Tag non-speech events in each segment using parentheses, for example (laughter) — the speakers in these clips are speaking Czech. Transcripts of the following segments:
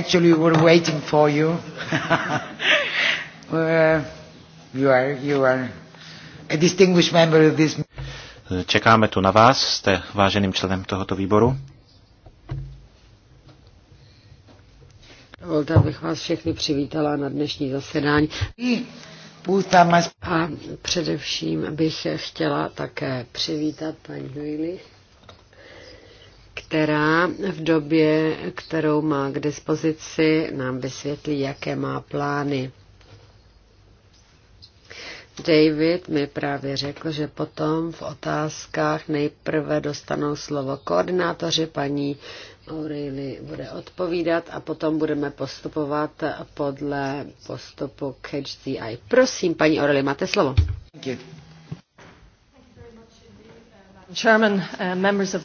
Actually, were waiting for you. (laughs) uh, you are, you are a distinguished member of this. Čekáme tu na vás, jste váženým členem tohoto výboru. Dovolte, abych vás všechny přivítala na dnešní zasedání. A především bych chtěla také přivítat paní Duilich která v době, kterou má k dispozici, nám vysvětlí, jaké má plány. David mi právě řekl, že potom v otázkách nejprve dostanou slovo koordinátoři, paní O'Reilly bude odpovídat a potom budeme postupovat podle postupu Catch the Eye. Prosím, paní O'Reilly, máte slovo. Thank you. Uh,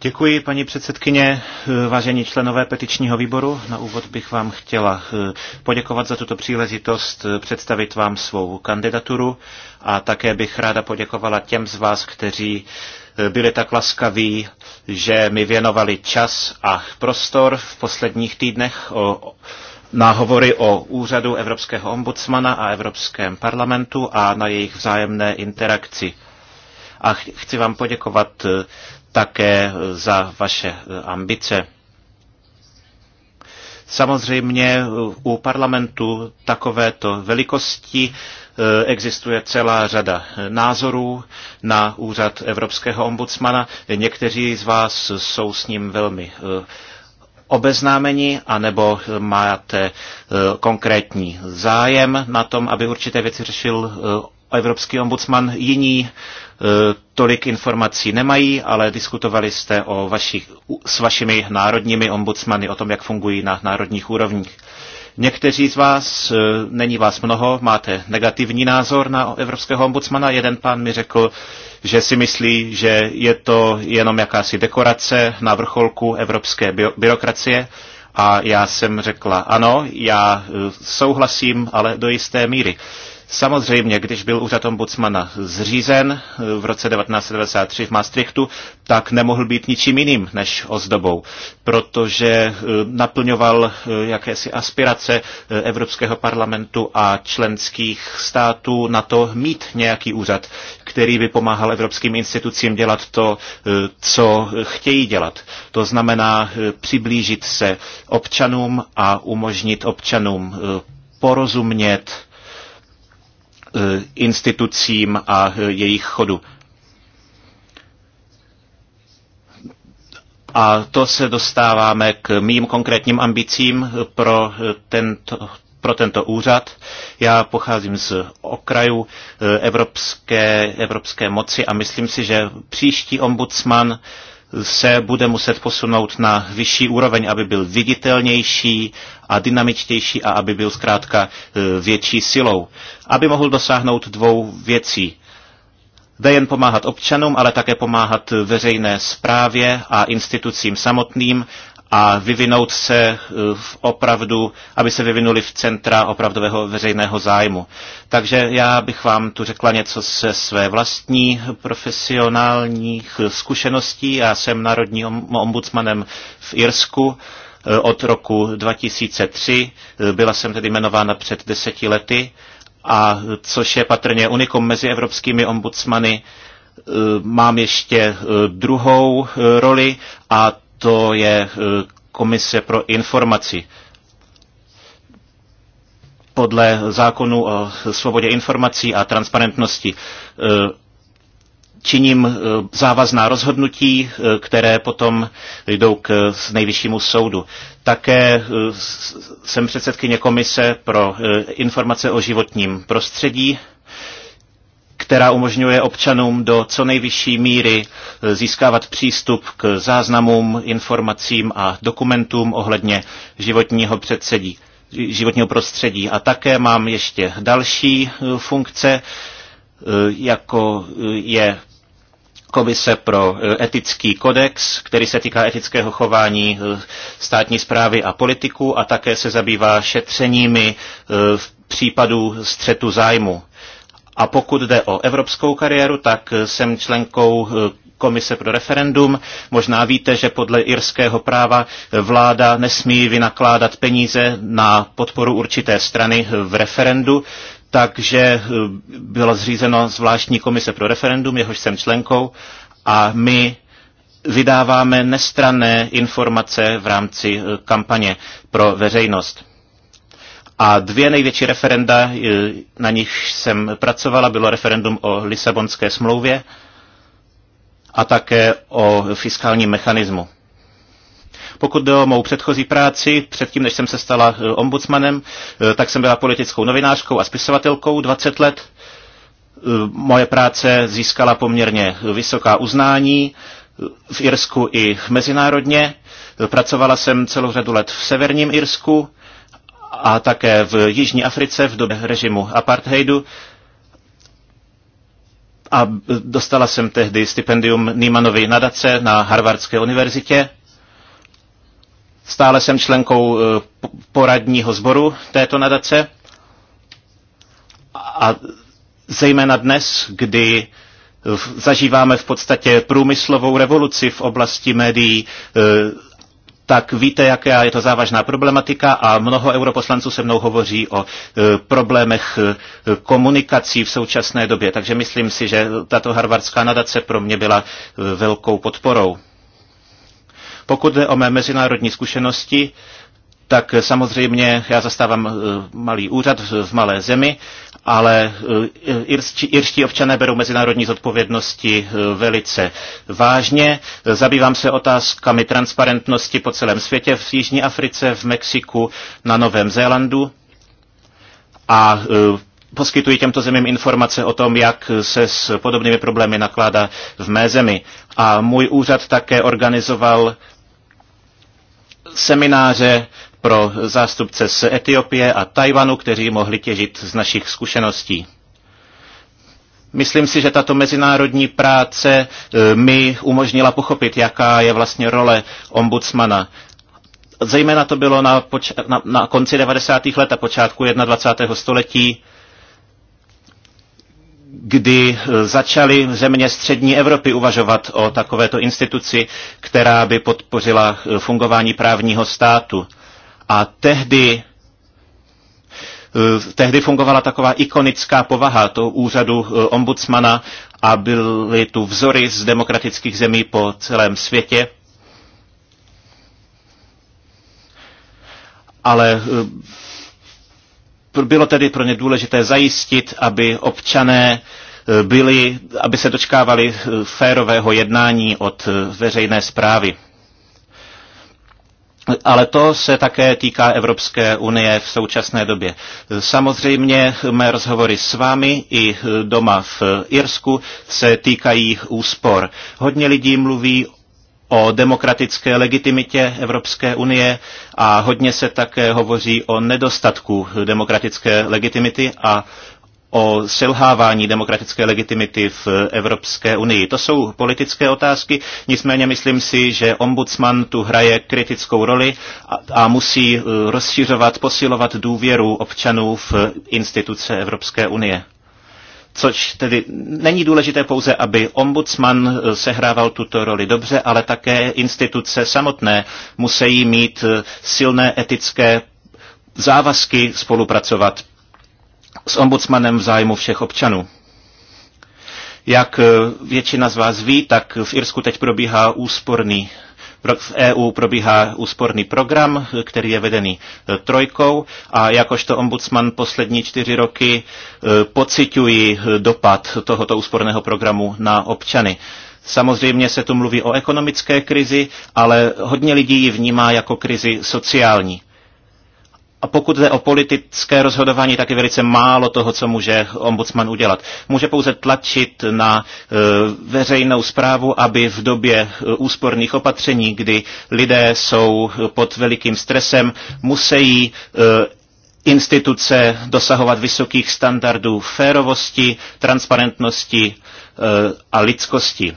Děkuji, paní předsedkyně. Vážení členové petičního výboru, na úvod bych vám chtěla eh, poděkovat za tuto příležitost eh, představit vám svou kandidaturu a také bych ráda poděkovala těm z vás, kteří eh, byli tak laskaví, že mi věnovali čas a prostor v posledních týdnech o na hovory o úřadu Evropského ombudsmana a Evropském parlamentu a na jejich vzájemné interakci. A chci vám poděkovat také za vaše ambice. Samozřejmě u parlamentu takovéto velikosti eh, existuje celá řada názorů na úřad Evropského ombudsmana. Někteří z vás jsou s ním velmi eh, obeznámeni, anebo máte eh, konkrétní zájem na tom, aby určité věci řešil Evropský ombudsman jiní e, tolik informací nemají, ale diskutovali jste o vaši, s vašimi národními ombudsmany o tom, jak fungují na národních úrovních. Někteří z vás, e, není vás mnoho, máte negativní názor na evropského ombudsmana. Jeden pán mi řekl, že si myslí, že je to jenom jakási dekorace na vrcholku evropské byrokracie. A já jsem řekla, ano, já e, souhlasím, ale do jisté míry. Samozřejmě, když byl úřad ombudsmana zřízen eh, v roce 1993 v Maastrichtu, tak nemohl být ničím jiným než ozdobou, protože eh, naplňoval eh, jakési aspirace Evropského parlamentu a členských států na to mít nějaký úřad, který by pomáhal evropským institucím dělat to, co chtějí dělat. To znamená přiblížit se občanům a umožnit občanům porozumět, Eh, institucím a eh, jejich chodu. A to se dostáváme k mým konkrétním ambicím pro eh, tento, pro tento úřad. Já pocházím z okraju evropské, evropské moci a myslím si, že příští ombudsman se bude muset posunout na vyšší úroveň, aby byl viditelnější a dynamičtější a aby byl zkrátka e, větší silou. Aby mohl dosáhnout dvou věcí. Jde jen pomáhat občanům, ale také pomáhat veřejné správě a institucím samotným a vyvinout se eh, v opravdu, aby se vyvinuli v centra opravdového veřejného zájmu. Takže já bych vám tu řekla něco ze své vlastní profesionálních eh, zkušeností. Já jsem národním ombudsmanem v Irsku eh, od roku 2003. Byla jsem tedy jmenována před deseti lety, a což je patrně unikum mezi evropskými ombudsmany, mám ještě druhou roli a to je eh, Komise pro informaci. Podle zákonu o svobodě informací a transparentnosti eh, činím eh, závazná rozhodnutí, které potom jdou k nejvyššímu soudu. Také jsem předsedkyně komise pro informace o životním prostředí která umožňuje občanům do co nejvyšší míry eh, získávat přístup k záznamům, informacím a dokumentům ohledně životního předsedí životního prostředí. A také mám ještě další eh, funkce, eh, jako je komise pro etický kodex, který se týká etického chování státní zprávy a politiku a také se zabývá šetřeními v případu střetu zájmu. A pokud jde o evropskou kariéru, tak jsem členkou eh, Komise pro referendum. Možná víte, že podle irského práva vláda nesmí vynakládat peníze na podporu určité strany eh, v referendu, takže eh, byla zřízena zvláštní komise pro referendum, jehož jsem členkou, a my vydáváme nestranné informace v rámci kampaně pro veřejnost. A dvě největší referenda, eh, na nich jsem pracovala, bylo referendum o Lisabonské smlouvě a také o fiskálním mechanismu. Pokud jde o mou předchozí práci, předtím, než jsem se stala eh, ombudsmanem, eh, tak jsem byla politickou novinářkou a spisovatelkou 20 let. Moje práce získala poměrně vysoká uznání v Irsku i mezinárodně. Pracovala jsem celou řadu let v severním Irsku a také v Jižní Africe v době režimu apartheidu. A dostala jsem tehdy stipendium Nýmanovy nadace na Harvardské univerzitě. Stále jsem členkou eh, poradního sboru této nadace. A zejména dnes, kdy zažíváme v podstatě průmyslovou revoluci v oblasti médií, eh, tak víte, jaká je to závažná problematika a mnoho europoslanců se mnou hovoří o e, problémech e, komunikací v současné době. Takže myslím si, že tato harvardská nadace pro mě byla e, velkou podporou. Pokud jde o mé mezinárodní zkušenosti, tak samozřejmě já zastávám eh, malý úřad v malé zemi, ale eh, irští, irští občané berou mezinárodní zodpovědnosti eh, velice vážně. Zabývám se otázkami transparentnosti po celém světě, v Jižní Africe, v Mexiku, na Novém Zélandu a poskytuji těmto zemím informace o tom, jak se s podobnými problémy nakládá v mé zemi. A můj úřad také organizoval semináře pro zástupce z Etiopie a Tajvanu, kteří mohli těžit z našich zkušeností. Myslím si, že tato mezinárodní práce e, mi umožnila pochopit, jaká je vlastně role ombudsmana. Zejména to bylo na, poč- na, na konci 90. let a počátku 21. století, kdy e, začaly země střední Evropy uvažovat o takovéto instituci, která by podpořila e, fungování právního státu. A tehdy eh, tehdy fungovala taková ikonická povaha toho úřadu eh, ombudsmana a byly tu vzory z demokratických zemí po celém světě. Ale eh, bylo tedy pro ně důležité zajistit, aby občané byli, aby se dočkávali férového jednání od veřejné zprávy ale to se také týká Evropské unie v současné době. Samozřejmě mé rozhovory s vámi i doma v Irsku se týkají úspor. Hodně lidí mluví o demokratické legitimitě Evropské unie a hodně se také hovoří o nedostatku demokratické legitimity a o selhávání demokratické legitimity v Evropské unii. To jsou politické otázky, nicméně myslím si, že ombudsman tu hraje kritickou roli a, a musí eh, rozšiřovat, posilovat důvěru občanů v instituce Evropské unie. Což tedy není důležité pouze, aby ombudsman eh, sehrával tuto roli dobře, ale také instituce samotné musí mít eh, silné etické závazky spolupracovat s ombudsmanem v zájmu všech občanů. Jak eh, většina z vás ví, tak v Irsku teď probíhá úsporný v EU probíhá úsporný program, eh, který je vedený eh, trojkou a jakožto ombudsman poslední čtyři roky pociťuji dopad tohoto úsporného programu na občany. Samozřejmě se tu mluví o ekonomické krizi, ale hodně lidí ji vnímá jako krizi sociální a pokud jde o politické rozhodování, tak je velice málo toho, co může ombudsman udělat. Může pouze tlačit na e, veřejnou zprávu, aby v době e, úsporných opatření, kdy lidé jsou pod velikým stresem, musí e, instituce dosahovat vysokých standardů férovosti, transparentnosti a lidskosti,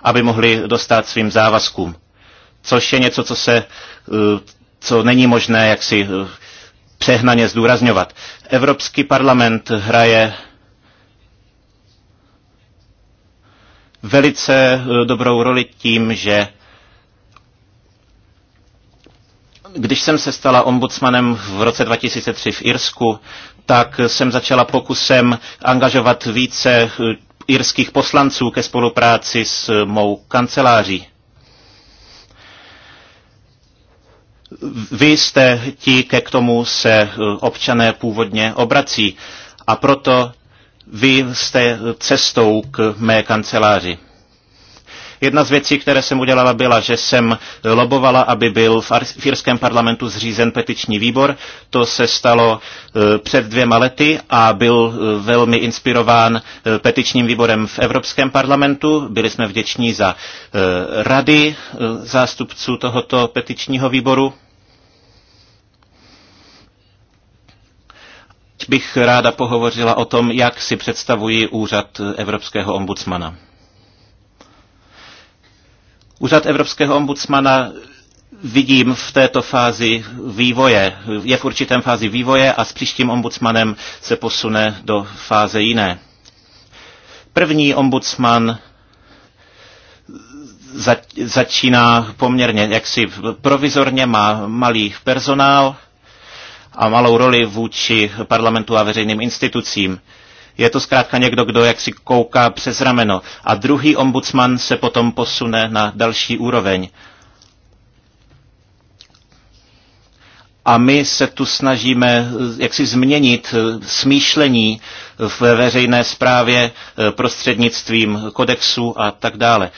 aby mohli dostat svým závazkům. Což je něco, co se co není možné jaksi eh, přehnaně zdůrazňovat. Evropský parlament hraje velice eh, dobrou roli tím, že když jsem se stala ombudsmanem v roce 2003 v Irsku, tak jsem začala pokusem angažovat více eh, irských poslanců ke spolupráci s mou kanceláří. Vy jste ti, ke k tomu se eh, občané původně obrací a proto vy jste cestou k mé kanceláři. Jedna z věcí, které jsem udělala, byla, že jsem lobovala, aby byl v irském parlamentu zřízen petiční výbor. To se stalo eh, před dvěma lety a byl eh, velmi inspirován petičním výborem v Evropském parlamentu. Byli jsme vděční za rady zástupců tohoto petičního výboru. bych ráda pohovořila o tom, jak si představuji úřad Evropského ombudsmana. Úřad Evropského ombudsmana vidím v této fázi vývoje, je v určitém fázi vývoje a s příštím ombudsmanem se posune do fáze jiné. První ombudsman začíná poměrně jaksi provizorně, má malý personál, a malou roli vůči parlamentu a veřejným institucím. Je to zkrátka někdo, kdo jak si kouká přes rameno. A druhý ombudsman se potom posune na další úroveň. A my se tu snažíme eh, jak si změnit eh, smýšlení ve veřejné správě eh, prostřednictvím kodexu a tak dále.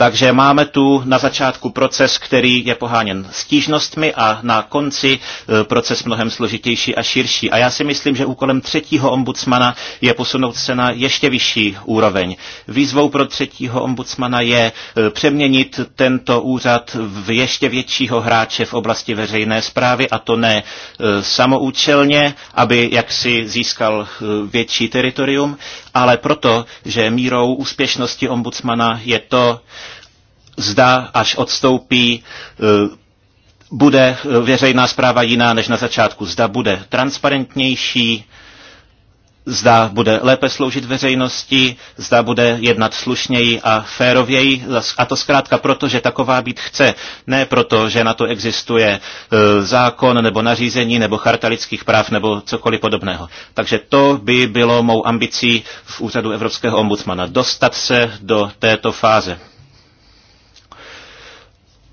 Takže máme tu na začátku proces, který je poháněn stížnostmi a na konci e, proces mnohem složitější a širší. A já si myslím, že úkolem třetího ombudsmana je posunout se na ještě vyšší úroveň. Výzvou pro třetího ombudsmana je e, přeměnit tento úřad v ještě většího hráče v oblasti veřejné zprávy a to ne e, samoučelně, aby jaksi získal větší teritorium, ale proto, že mírou úspěšnosti ombudsmana je to, zda až odstoupí e, bude veřejná zpráva jiná než na začátku. Zda bude transparentnější, zda bude lépe sloužit veřejnosti, zda bude jednat slušněji a férověji, a to zkrátka proto, že taková být chce, ne proto, že na to existuje e, zákon nebo nařízení nebo charta lidských práv nebo cokoliv podobného. Takže to by bylo mou ambicí v úřadu Evropského ombudsmana, dostat se do této fáze.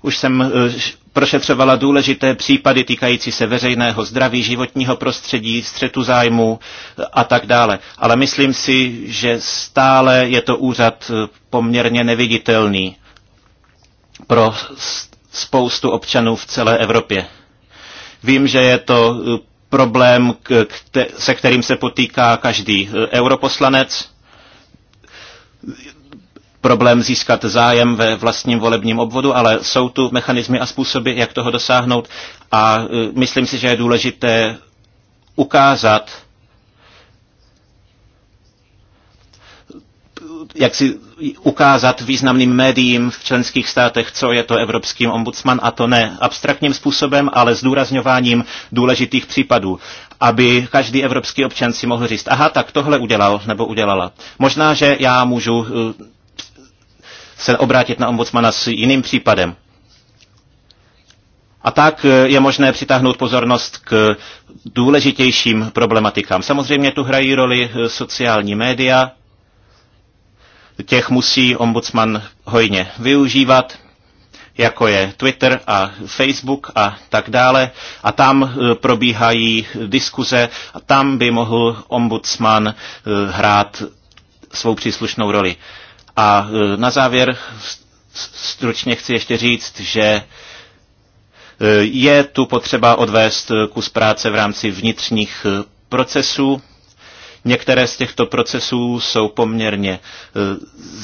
Už jsem e, prošetřovala důležité případy týkající se veřejného zdraví, životního prostředí, střetu zájmů eh, a tak dále. Ale myslím si, že stále je to úřad eh, poměrně neviditelný pro spoustu občanů v celé Evropě. Vím, že je to eh, problém, se kterým se potýká každý europoslanec problém získat zájem ve vlastním volebním obvodu, ale jsou tu mechanismy a způsoby, jak toho dosáhnout a e, myslím si, že je důležité ukázat, jak si ukázat významným médiím v členských státech, co je to evropský ombudsman, a to ne abstraktním způsobem, ale zdůrazňováním důležitých případů, aby každý evropský občan si mohl říct, aha, tak tohle udělal nebo udělala. Možná, že já můžu e, se obrátit na ombudsmana s jiným případem. A tak eh, je možné přitáhnout pozornost k důležitějším problematikám. Samozřejmě tu hrají roli eh, sociální média, těch musí ombudsman hojně využívat, jako je Twitter a Facebook a tak dále. A tam eh, probíhají diskuze a tam by mohl ombudsman hrát svou příslušnou roli. A e, na závěr stručně chci ještě říct, že e, je tu potřeba odvést e, kus práce v rámci vnitřních procesů Některé z těchto procesů jsou poměrně e,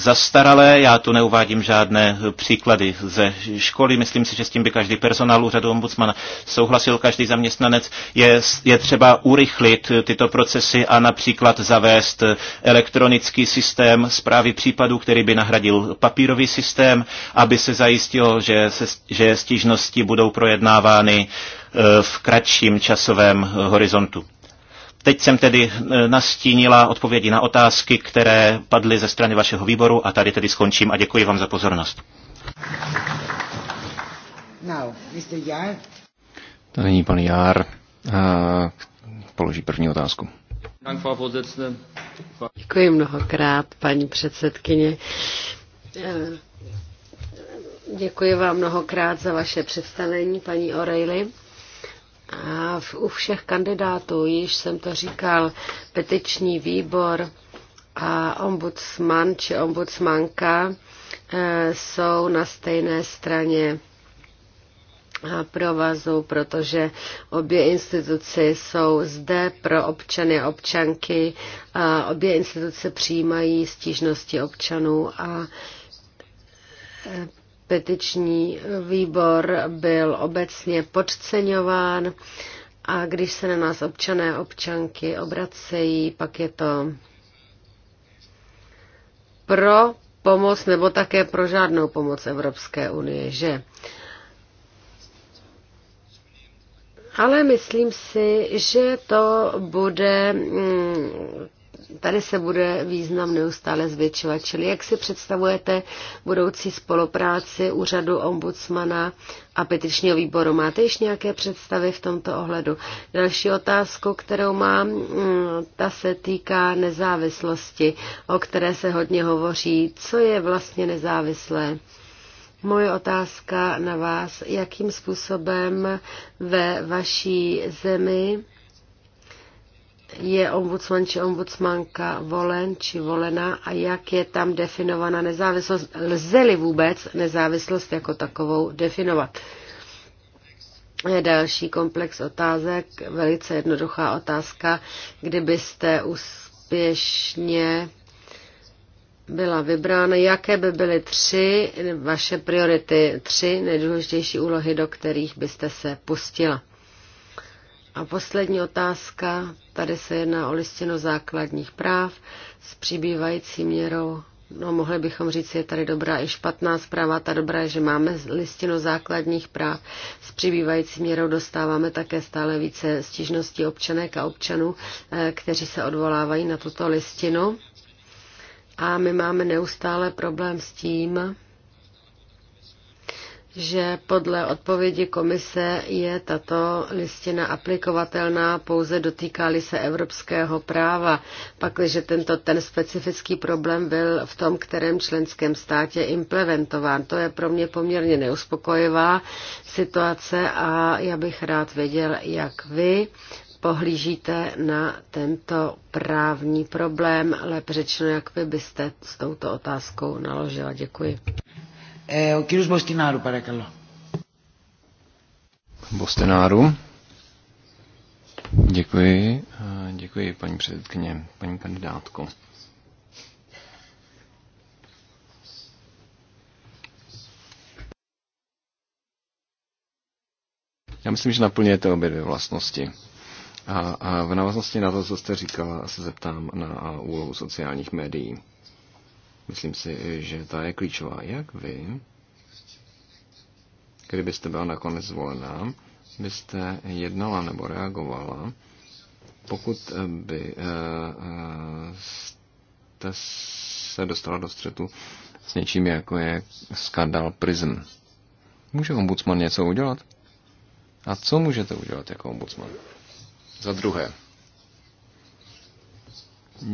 zastaralé. Já tu neuvádím žádné e, příklady ze školy. Myslím si, že s tím by každý personál úřadu ombudsmana souhlasil, každý zaměstnanec. Je, je třeba urychlit e, tyto procesy a například zavést elektronický systém zprávy případů, který by nahradil papírový systém, aby se zajistilo, že, se, že stížnosti budou projednávány v kratším časovém horizontu. Teď jsem tedy e, nastínila odpovědi na otázky, které padly ze strany vašeho výboru a tady tedy skončím a děkuji vám za pozornost. Now, Mr. Jár. To není pan Jár. A položí první otázku. Děkuji mnohokrát, paní předsedkyně. E, děkuji vám mnohokrát za vaše představení, paní O'Reilly v, u všech kandidátů, již jsem to říkal, petiční výbor a ombudsman či ombudsmanka eh, jsou na stejné straně provazu, protože obě instituce jsou zde pro občany a občanky. A obě instituce přijímají stížnosti občanů a eh, petiční výbor byl obecně podceňován a když se na nás občané občanky obracejí, pak je to pro pomoc nebo také pro žádnou pomoc Evropské unie, že? Ale myslím si, že to bude mm, tady se bude význam neustále zvětšovat. Čili jak si představujete budoucí spolupráci úřadu ombudsmana a petičního výboru? Máte již nějaké představy v tomto ohledu? Další otázku, kterou mám, mm, ta se týká nezávislosti, o které se hodně hovoří. Co je vlastně nezávislé? Moje otázka na vás, jakým způsobem ve vaší zemi je ombudsman či ombudsmanka volen či volena a jak je tam definovaná nezávislost. Lze-li vůbec nezávislost jako takovou definovat? Je Další komplex otázek, velice jednoduchá otázka. Kdybyste úspěšně byla vybrána, jaké by byly tři vaše priority, tři nejdůležitější úlohy, do kterých byste se pustila? A poslední otázka, tady se jedná o listinu základních práv s přibývající měrou no mohli bychom říct, je tady dobrá i špatná zpráva. Ta dobrá je, že máme listinu základních práv. S přibývající měrou dostáváme také stále více stížností občanek a občanů, eh, kteří se odvolávají na tuto listinu. A my máme neustále problém s tím, že podle odpovědi komise je tato listina aplikovatelná pouze dotýká se evropského práva, pakliže tento ten specifický problém byl v tom, kterém členském státě implementován. To je pro mě poměrně neuspokojivá situace a já bych rád věděl, jak vy pohlížíte na tento právní problém, lépe řečeno, jak vy byste s touto otázkou naložila. Děkuji. Ε, ο κύριος Μποστινάρου παρακαλώ. Bostenáru. Děkuji. Děkuji, paní předsedkyně, paní kandidátko. Já myslím, že naplňujete obě dvě vlastnosti. A, a v návaznosti na to, co jste říkala, se zeptám na úlohu sociálních médií. Myslím si, že ta je klíčová. Jak vy, kdybyste byla nakonec zvolená, byste jednala nebo reagovala, pokud eh, by eh, jste se dostala do střetu s něčím, jako je skandal Prism. Může ombudsman něco udělat? A co můžete udělat jako ombudsman? Za druhé,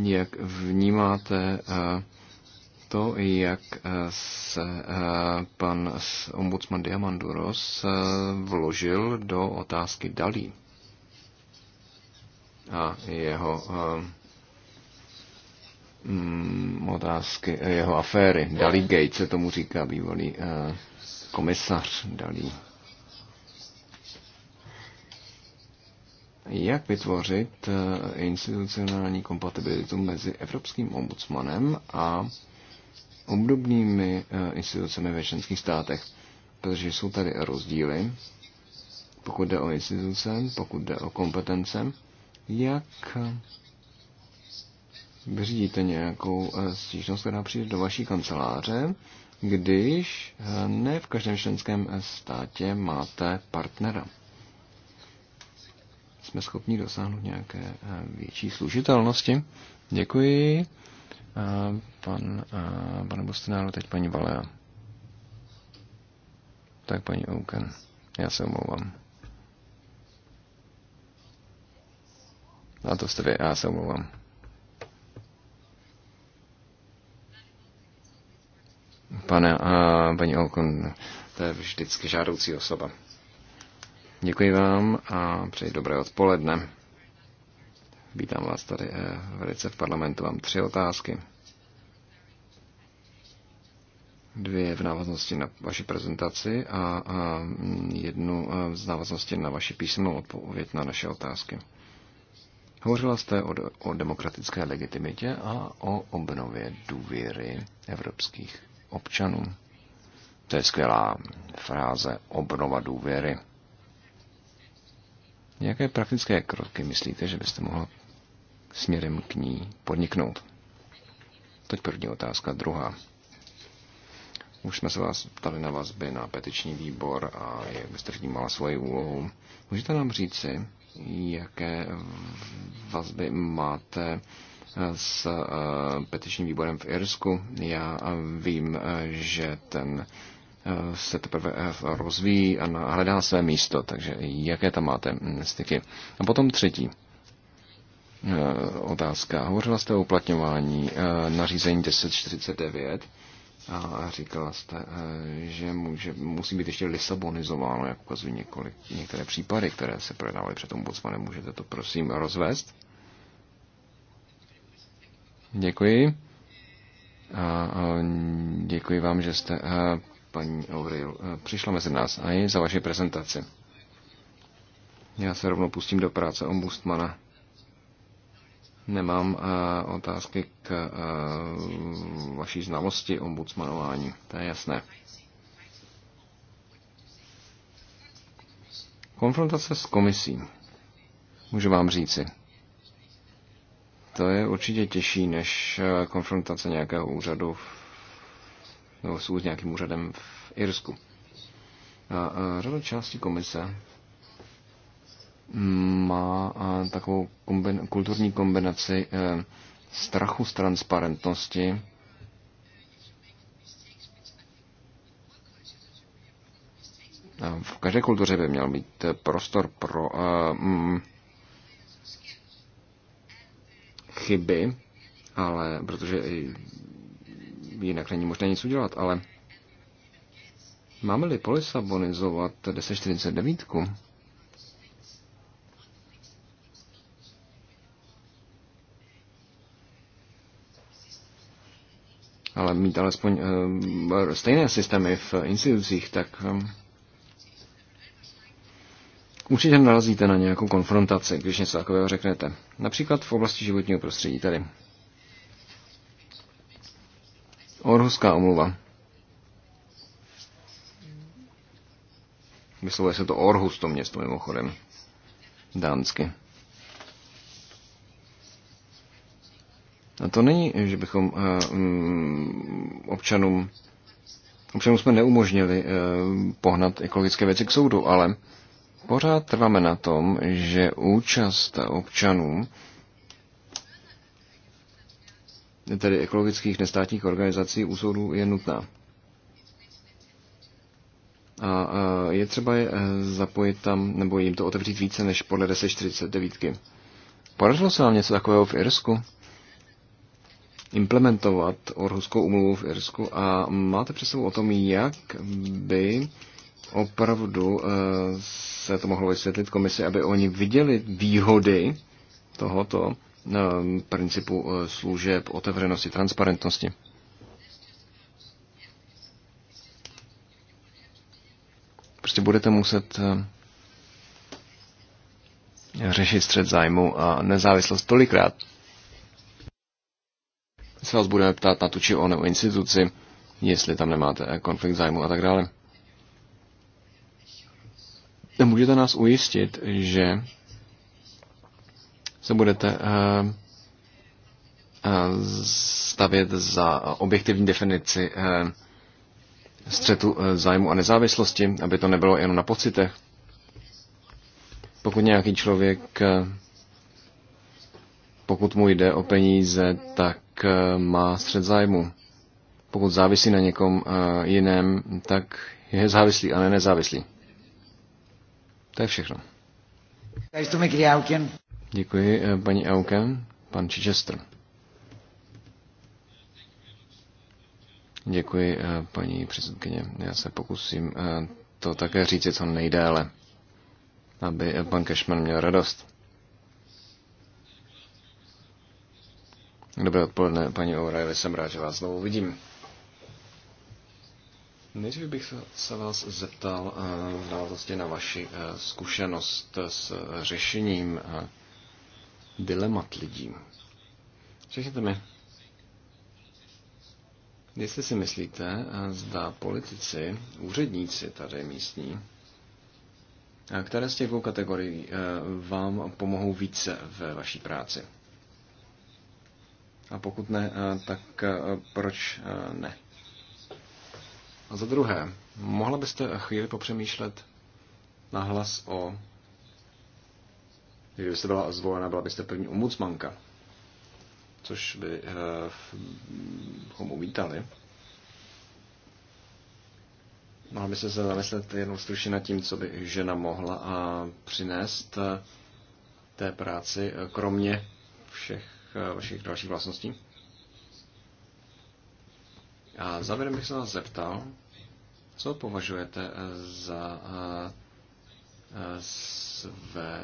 jak vnímáte eh, to, jak eh, se eh, pan ombudsman Diamanduros eh, vložil do otázky Dalí a jeho mm, otázky, jeho aféry. Dalí Gates se tomu říká bývalý komisař Dalí. jak vytvořit institucionální kompatibilitu mezi evropským ombudsmanem a obdobnými eh, institucemi ve členských státech, protože jsou tady rozdíly, pokud jde o instituce, pokud jde o kompetence, jak eh, vyřídíte nějakou eh, stížnost, která přijde do vaší kanceláře, když ne v každém členském státě máte partnera. Jsme schopni dosáhnout nějaké větší služitelnosti. Děkuji pan, pane Bostenáru, teď paní Valea. Tak paní Ouken, já se omlouvám. A to jste vy, já se omlouvám. Pane a paní Ouken, to je vždycky žádoucí osoba. Děkuji vám a přeji dobré odpoledne. Vítám vás tady eh, velice v parlamentu. Mám tři otázky. Dvě v návaznosti na vaši prezentaci a, a jednu eh, v návaznosti na vaši písemnou odpověď na naše otázky. Hovořila jste o, o demokratické legitimitě a o obnově důvěry evropských občanů. To je skvělá fráze obnova důvěry. Jaké praktické kroky myslíte, že byste mohla směrem k ní podniknout? Teď první otázka, druhá. Už jsme se vás ptali na vazby na petiční výbor a jak byste vnímala svoji úlohu. Můžete nám říci, jaké vazby máte s eh, petičním výborem v Irsku? Já vím, že ten eh, se teprve eh, rozvíjí a hledá své místo, takže jaké tam máte mm, styky? A potom třetí Eh, otázka. Hovořila jste o uplatňování eh, nařízení 1049 a říkala jste, eh, že může, musí být ještě lisabonizováno, jak ukazují několik, některé případy, které se projednávaly před ombudsmanem. Můžete to prosím rozvést? Děkuji. A děkuji vám, že jste, paní Auril, přišla mezi nás a i za vaši prezentaci. Já se rovnou pustím do práce ombudsmana Nemám eh, otázky k eh, vaší znalosti ombudsmanování, to je jasné. Konfrontace s komisí, můžu vám říci. To je určitě těžší než eh, konfrontace nějakého úřadu nebo s nějakým úřadem v Irsku. A, a řada částí komise má takovou kombin- kulturní kombinaci e, strachu z transparentnosti, V každé kultuře by měl být prostor pro uh, mm, chyby, ale protože jinak není možné nic udělat, ale máme-li polisabonizovat 1049, ale mít alespoň eh, stejné systémy v institucích, tak eh, určitě narazíte na nějakou konfrontaci, když něco takového řeknete. Například v oblasti životního prostředí tady. Orhuská omluva. Vyslovuje se to Orhus, to město mimochodem. Dánsky. To není, že bychom eh, mm, občanům, občanům jsme neumožnili eh, pohnat ekologické věci k soudu, ale pořád trváme na tom, že účast občanů, tedy ekologických nestátních organizací u soudu je nutná. A eh, je třeba je zapojit tam, nebo jim to otevřít více než podle 1049. Podařilo se nám něco takového v Irsku? implementovat Orhuskou umluvu v Irsku a máte představu o tom, jak by opravdu eh, se to mohlo vysvětlit komisi, aby oni viděli výhody tohoto eh, principu eh, služeb, otevřenosti, transparentnosti. Prostě budete muset řešit střed zájmu a nezávislost tolikrát, se vás budeme ptát na tu či onou instituci, jestli tam nemáte konflikt zájmu a tak dále. Můžete nás ujistit, že se budete eh, eh, stavět za objektivní definici eh, střetu zájmu a nezávislosti, aby to nebylo jen na pocitech. Pokud nějaký člověk, pokud mu jde o peníze, tak Eh, má střed zájmu. Pokud závisí na někom eh, jiném, tak je závislý a ne nezávislý. To je všechno. Děkuji, eh, paní Auken. Pan Chichester. Děkuji, paní předsedkyně. Já se pokusím to také říct co nejdéle, aby pan Cashman měl radost. Dobré odpoledne, paní Ourajeve, jsem rád, že vás znovu vidím. Nejdřív bych se vás zeptal eh, v návaznosti na vaši eh, zkušenost s eh, řešením dilemat lidí. Řekněte mi, jestli si myslíte, zda politici, úředníci tady místní, které z těch dvou kategorií vám pomohou více ve vaší práci? A pokud ne, eh, tak eh, proč eh, ne? A za druhé, mohla byste chvíli popřemýšlet na hlas o... Kdybyste byla zvolena, byla byste první ombudsmanka, což bychom uvítali. Mohla by se zamyslet jenom stručně nad tím, co by žena mohla a přinést té práci, kromě všech Eh, vašich dalších vlastností? A závěrem bych se vás zeptal, co považujete eh, za eh, své,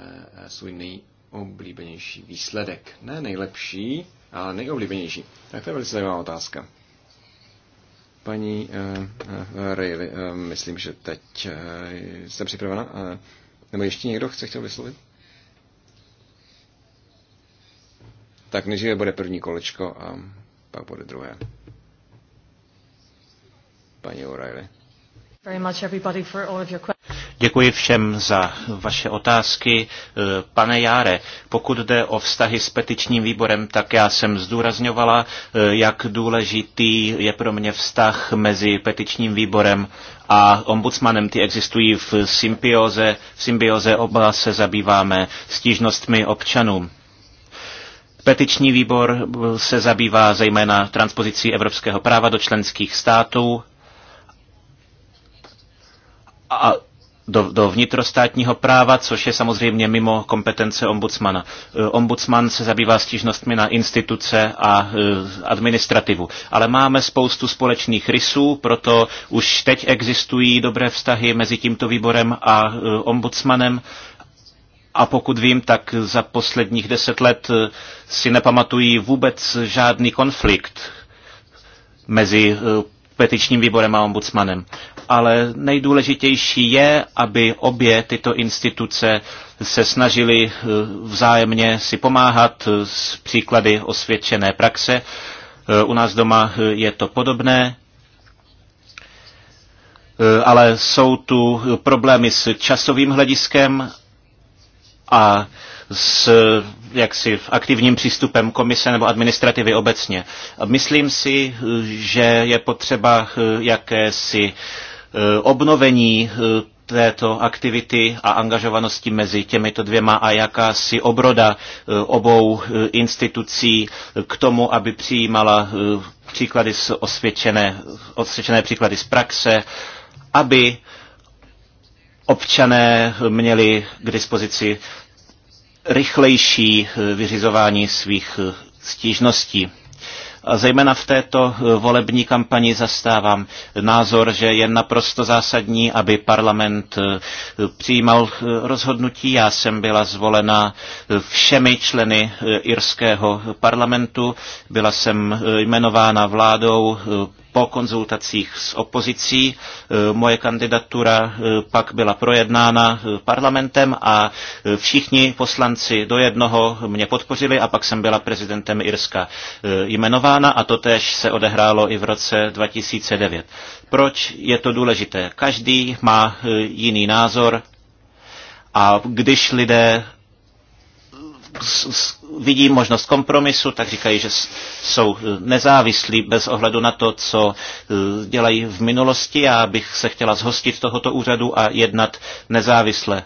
svůj nejoblíbenější výsledek. Ne nejlepší, ale nejoblíbenější. Tak to je velice zajímavá otázka. Paní uh, Rayleigh, uh, myslím, že teď uh, jste připravena. Uh, nebo ještě někdo chce chtěl vyslovit? Tak nejdříve bude první kolečko a pak bude druhé. Paní O'Reilly. Děkuji všem za vaše otázky. Eh, pane Járe, pokud jde o vztahy s petičním výborem, tak já jsem zdůrazňovala, eh, jak důležitý je pro mě vztah mezi petičním výborem a ombudsmanem. Ty existují v symbioze, v symbioze oba se zabýváme stížnostmi občanům. Petiční výbor eh, se zabývá zejména transpozicí evropského práva do členských států a do, do vnitrostátního práva, což je samozřejmě mimo kompetence ombudsmana. Eh, ombudsman se zabývá stížnostmi na instituce a eh, administrativu. Ale máme spoustu společných rysů, proto už teď existují dobré vztahy mezi tímto výborem a ombudsmanem a pokud vím, tak za posledních deset let eh, si nepamatují vůbec žádný konflikt mezi eh, petičním výborem a ombudsmanem. Ale nejdůležitější je, aby obě tyto instituce se snažily eh, vzájemně si pomáhat s příklady osvědčené praxe. U nás doma je to podobné, ale jsou tu problémy s časovým hlediskem a s jaksi aktivním přístupem komise nebo administrativy obecně. Myslím si, že je potřeba eh, jakési eh, obnovení eh, této aktivity a angažovanosti mezi těmito dvěma a jakási obroda obou institucí k tomu, aby přijímala příklady z osvědčené, osvědčené příklady z praxe, aby občané měli k dispozici rychlejší eh, vyřizování svých eh, stížností. A zejména v této eh, volební kampani zastávám názor, že je naprosto zásadní, aby parlament přijímal rozhodnutí. Já jsem byla zvolena všemi členy irského parlamentu, byla jsem jmenována vládou po konzultacích s opozicí e, moje kandidatura e, pak byla projednána e, parlamentem a všichni poslanci do jednoho mě podpořili a pak jsem byla prezidentem Irska jmenována a to tež se odehrálo i v roce 2009. Proč je to důležité? Každý má jiný názor a když lidé vidí možnost kompromisu, tak říkají, že jsou nezávislí bez ohledu na to, co e, dělají v minulosti. Já bych se chtěla zhostit tohoto úřadu a jednat nezávisle.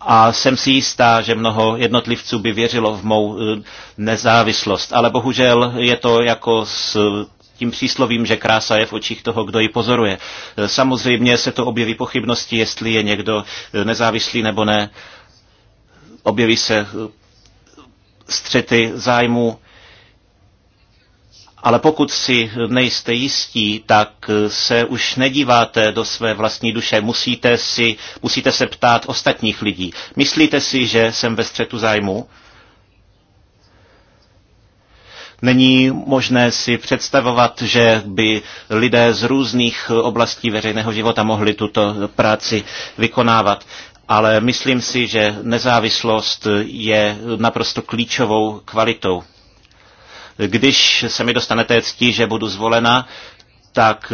A jsem si jistá, že mnoho jednotlivců by věřilo v mou e, nezávislost. Ale bohužel je to jako s e, tím příslovím, že krása je v očích toho, kdo ji pozoruje. Samozřejmě se to objeví pochybnosti, jestli je někdo nezávislý nebo ne objeví se eh, střety zájmu, ale pokud si nejste jistí, tak eh, se už nedíváte do své vlastní duše. Musíte, si, musíte se ptát ostatních lidí. Myslíte si, že jsem ve střetu zájmu? Není možné si představovat, že by lidé z různých oblastí veřejného života mohli tuto práci vykonávat ale myslím si, že nezávislost je naprosto klíčovou kvalitou. Když se mi dostane té cti, že budu zvolena, tak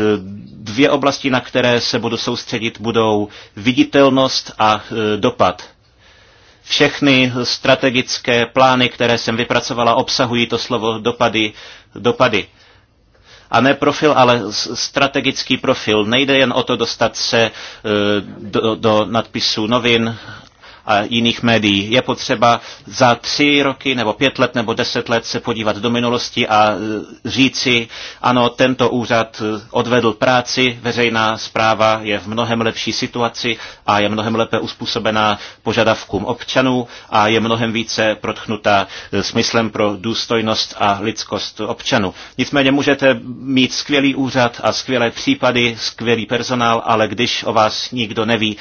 dvě oblasti, na které se budu soustředit, budou viditelnost a e, dopad. Všechny strategické plány, které jsem vypracovala, obsahují to slovo dopady. dopady a ne profil, ale strategický profil. Nejde jen o to dostat se eh, do, do nadpisů novin a jiných médií. Je potřeba za tři roky nebo pět let nebo deset let se podívat do minulosti a e, říci, ano, tento úřad e, odvedl práci, veřejná zpráva je v mnohem lepší situaci a je mnohem lépe uspůsobená požadavkům občanů a je mnohem více protchnutá e, smyslem pro důstojnost a lidskost občanů. Nicméně můžete mít skvělý úřad a skvělé případy, skvělý personál, ale když o vás nikdo neví,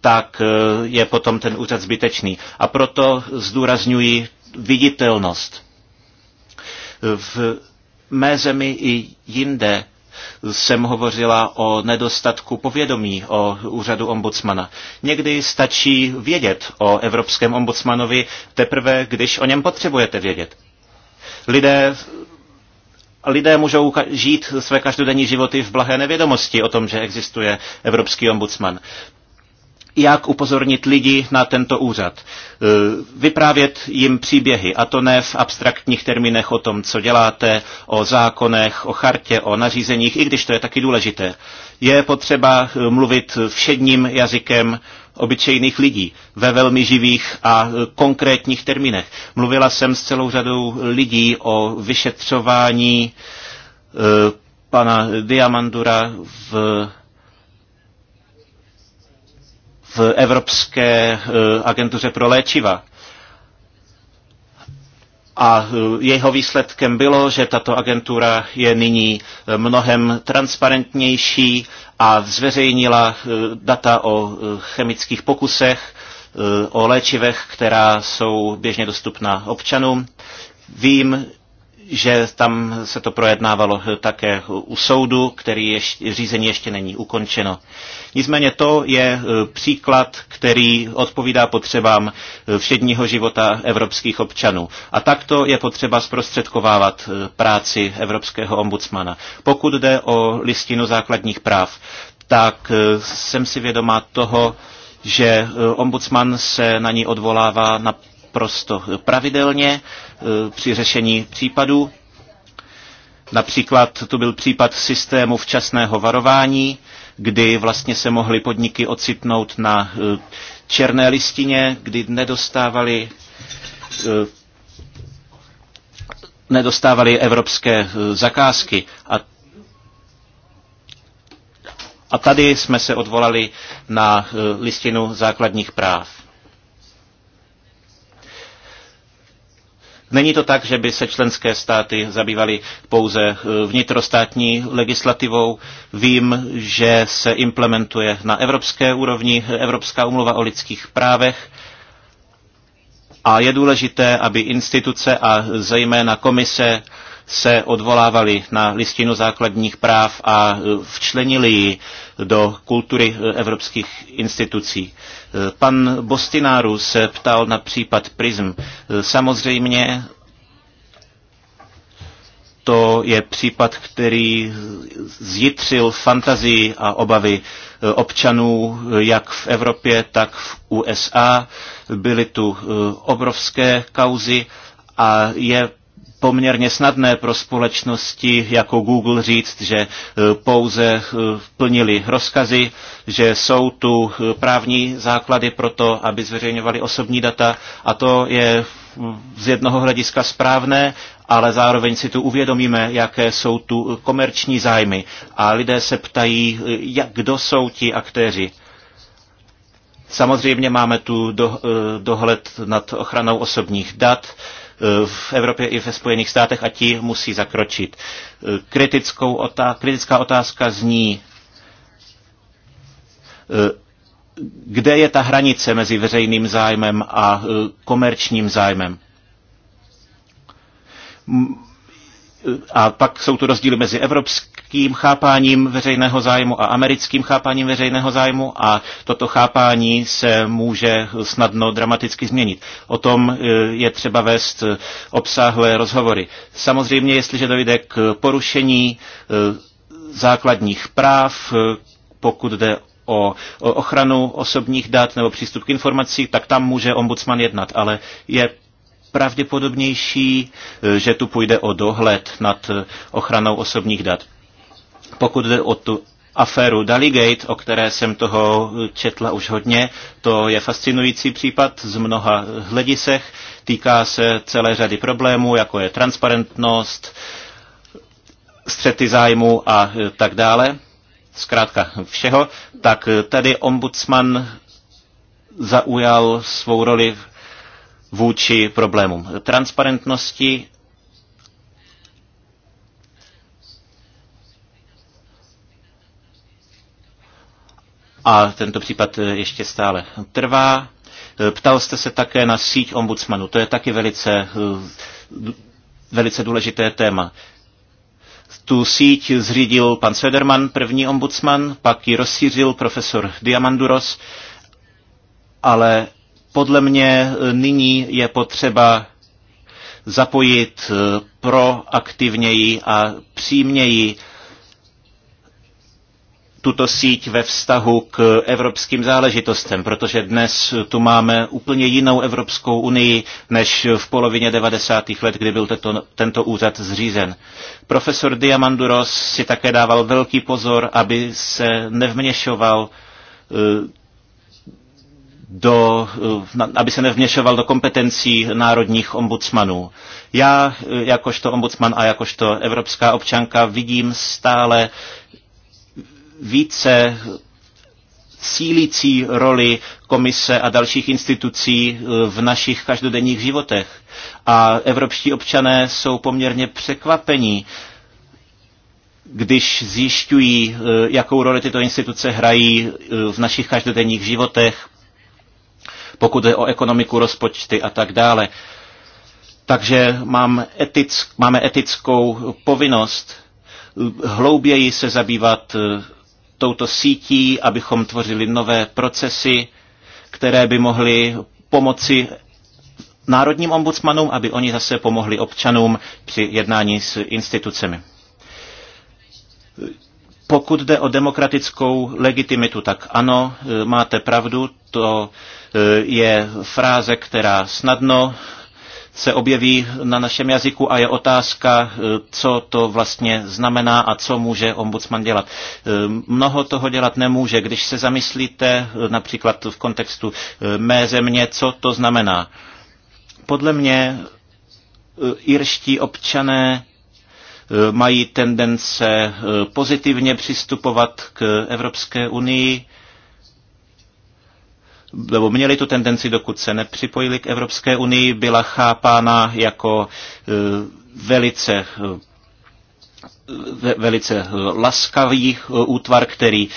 tak je potom ten úřad zbytečný. A proto zdůrazňuji viditelnost. V mé zemi i jinde jsem hovořila o nedostatku povědomí o úřadu ombudsmana. Někdy stačí vědět o evropském ombudsmanovi teprve, když o něm potřebujete vědět. Lidé lidé můžou žít své každodenní životy v blahé nevědomosti o tom, že existuje evropský ombudsman jak upozornit lidi na tento úřad. E, vyprávět jim příběhy, a to ne v abstraktních termínech o tom, co děláte, o zákonech, o chartě, o nařízeních, i když to je taky důležité. Je potřeba e, mluvit všedním jazykem obyčejných lidí ve velmi živých a e, konkrétních termínech. Mluvila jsem s celou řadou lidí o vyšetřování pana Diamandura v v Evropské eh, agentuře pro léčiva. A eh, jeho výsledkem bylo, že tato agentura je nyní eh, mnohem transparentnější a zveřejnila data o chemických pokusech, o léčivech, která jsou běžně dostupná občanům. Vím, že tam se to projednávalo také u soudu, který ještě, řízení ještě není ukončeno. Nicméně to je e, příklad, který odpovídá potřebám e, všedního života evropských občanů. A takto je potřeba zprostředkovávat e, práci evropského ombudsmana. Pokud jde o listinu základních práv, tak jsem si vědomá toho, že ombudsman se na ní odvolává na naprosto pravidelně eh, při řešení případů. Například tu byl případ systému včasného varování, kdy vlastně se mohly podniky ocitnout na eh, černé listině, kdy nedostávali eh, nedostávali evropské zakázky. A, a tady jsme se odvolali na listinu základních práv. Není to tak, že by se členské státy zabývaly pouze eh, vnitrostátní legislativou. Vím, že se implementuje na evropské úrovni Evropská umluva o lidských právech a je důležité, aby instituce a zejména komise se odvolávali na listinu základních práv a e, včlenili ji do kultury e, evropských institucí. E, pan Bostináru se ptal na případ PRISM. Samozřejmě to je případ, který zjitřil fantazii a obavy občanů jak v Evropě, tak v USA. Byly tu obrovské kauzy a je poměrně snadné pro společnosti jako Google říct, že e, pouze e, plnili rozkazy, že jsou tu e, právní základy pro to, aby zveřejňovali osobní data a to je z jednoho hlediska správné, ale zároveň si tu uvědomíme, jaké jsou tu komerční zájmy. A lidé se ptají, jak, kdo jsou ti aktéři. Samozřejmě máme tu do, dohled nad ochranou osobních dat, Eh, v Evropě i ve Spojených státech a ti musí zakročit. Eh, kritickou otá- kritická otázka zní, eh, kde je ta hranice mezi veřejným zájmem a komerčním zájmem a pak jsou tu rozdíly mezi evropským chápáním veřejného zájmu a americkým chápáním veřejného zájmu a toto chápání se může snadno dramaticky změnit. O tom e, je třeba vést e, obsáhlé rozhovory. Samozřejmě, jestliže dojde k porušení e, základních práv, pokud jde o ochranu osobních dat nebo přístup k informací, tak tam může ombudsman jednat, ale je pravděpodobnější, eh, že tu půjde o dohled nad eh, ochranou osobních dat. Pokud jde o tu aféru Daligate, o které jsem toho eh, četla už hodně. To je fascinující případ z mnoha hledisech. Týká se celé řady problémů, jako je transparentnost, střety zájmu a tak dále. Zkrátka všeho. Tak tady ombudsman zaujal svou roli vůči problémům. Transparentnosti a tento případ eh, ještě stále trvá. Eh, ptal jste se také na síť ombudsmanů. To je taky velice, eh, velice důležité téma. Tu síť zřídil pan Svederman, první ombudsman, pak ji rozšířil profesor Diamanduros, ale podle mě e, nyní je potřeba zapojit e, proaktivněji a přímněji tuto síť ve vztahu k evropským záležitostem, protože dnes tu máme úplně jinou Evropskou unii než v polovině 90. let, kdy byl tento, tento úřad zřízen. Profesor Diamanduros si také dával velký pozor, aby se nevměšoval e, do, aby se nevměšoval do kompetencí národních ombudsmanů. Já, jakožto ombudsman a jakožto evropská občanka, vidím stále více cílící roli komise a dalších institucí eh, v našich každodenních životech. A evropští občané jsou poměrně překvapení, když zjišťují, eh, jakou roli tyto instituce hrají eh, v našich každodenních životech, pokud je o ekonomiku, rozpočty a tak dále. Takže mám etick, máme etickou povinnost hlouběji se zabývat eh, touto sítí, abychom tvořili nové procesy, které by mohly pomoci národním ombudsmanům, aby oni zase pomohli občanům při jednání s institucemi. Pokud jde o demokratickou legitimitu, tak ano, e, máte pravdu, to e, je fráze, která snadno se objeví na našem jazyku a je otázka, e, co to vlastně znamená a co může ombudsman dělat. Mnoho toho dělat nemůže. Když se zamyslíte například v kontextu mé země, co to znamená? Podle mě irští občané Eh, mají tendence eh, pozitivně přistupovat k Evropské unii, nebo měli tu tendenci, dokud se nepřipojili k Evropské unii, byla chápána jako eh, velice velice laskavý útvar, který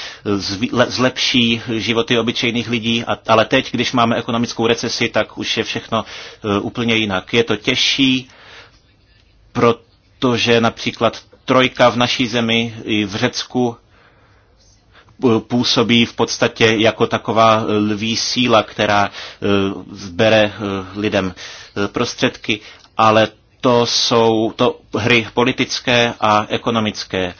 zlepší životy obyčejných lidí, ale teď, když máme ekonomickou recesi, tak už je všechno úplně jinak. Je to těžší, proto to, že například trojka v naší zemi i v Řecku působí v podstatě jako taková lví síla, která e, zbere e, lidem e, prostředky, ale to jsou to hry politické a ekonomické.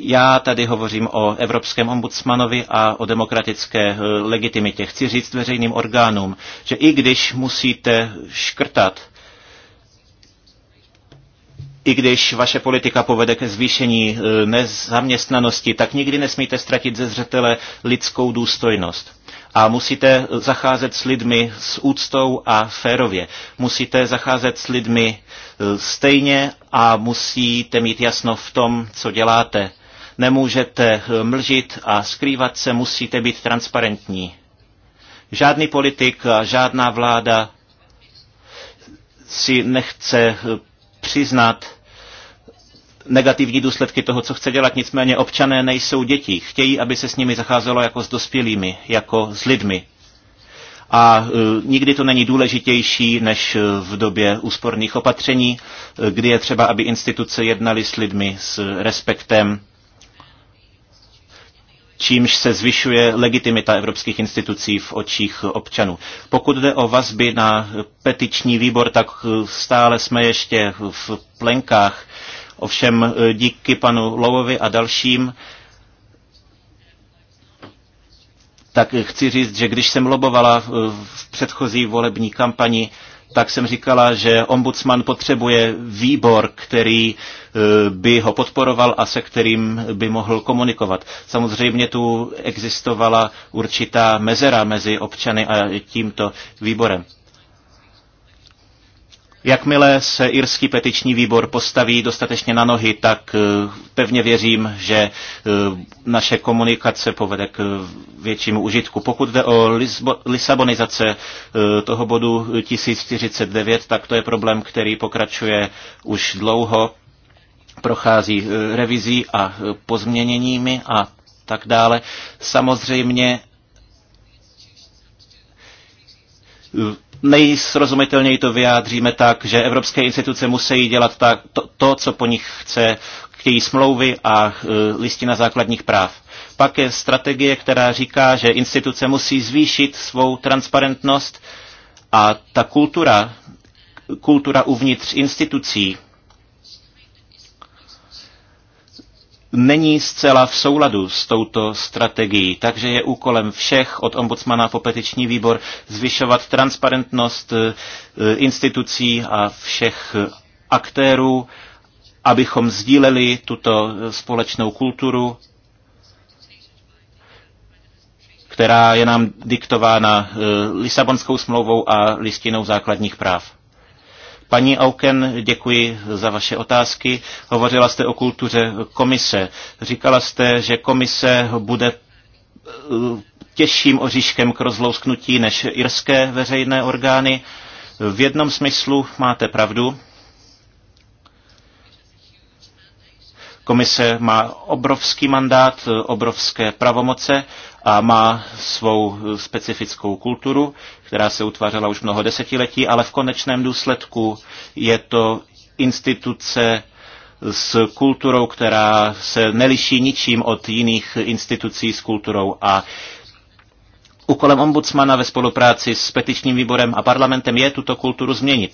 Já tady hovořím o Evropském ombudsmanovi a o demokratické legitimitě. Chci říct veřejným orgánům, že i když musíte škrtat, i když vaše politika povede ke zvýšení eh, nezaměstnanosti, tak nikdy nesmíte ztratit ze zřetele lidskou důstojnost. A musíte eh, zacházet s lidmi s úctou a férově. Musíte zacházet s lidmi eh, stejně a musíte mít jasno v tom, co děláte. Nemůžete mlžit a skrývat se, musíte být transparentní. Žádný politik, a žádná vláda si nechce přiznat negativní důsledky toho, co chce dělat. Nicméně občané nejsou děti. Chtějí, aby se s nimi zacházelo jako s dospělými, jako s lidmi. A e, nikdy to není důležitější než e, v době úsporných opatření, e, kdy je třeba, aby instituce jednaly s lidmi s respektem čímž se zvyšuje legitimita evropských institucí v očích občanů. Pokud jde o vazby na petiční výbor, tak stále jsme ještě v plenkách. Ovšem díky panu Lovovi a dalším tak chci říct, že když jsem lobovala v předchozí volební kampani, tak jsem říkala, že ombudsman potřebuje výbor, který eh, by ho podporoval a se kterým by mohl komunikovat. Samozřejmě tu existovala určitá mezera mezi občany a tímto výborem. Jakmile se irský petiční výbor postaví dostatečně na nohy, tak eh, pevně věřím, že eh, naše komunikace povede k eh, většímu užitku. Pokud jde o Lisabonizace toho bodu 1049, tak to je problém, který pokračuje už dlouho, prochází revizí a pozměněními a tak dále. Samozřejmě nejsrozumitelněji to vyjádříme tak, že evropské instituce musí dělat tak, to, to, co po nich chce, chtějí smlouvy a e, listina základních práv. Pak je strategie, která říká, že instituce musí zvýšit svou transparentnost a ta kultura, kultura uvnitř institucí, není zcela v souladu s touto strategií, takže je úkolem všech od ombudsmana po petiční výbor zvyšovat transparentnost eh, eh, institucí a všech eh, aktérů, abychom sdíleli tuto společnou kulturu, která je nám diktována Lisabonskou smlouvou a listinou základních práv. Paní Auken, děkuji za vaše otázky. Hovořila jste o kultuře komise. Říkala jste, že komise bude eh, těžším oříškem k rozlousknutí než irské veřejné orgány. V jednom smyslu máte pravdu. Komise má obrovský mandát, obrovské pravomoce a má svou specifickou kulturu, která se utvářela už mnoho desetiletí, ale v konečném důsledku je to instituce s kulturou, která se neliší ničím od jiných institucí s kulturou a Úkolem ombudsmana ve spolupráci s petičním výborem a parlamentem je tuto kulturu změnit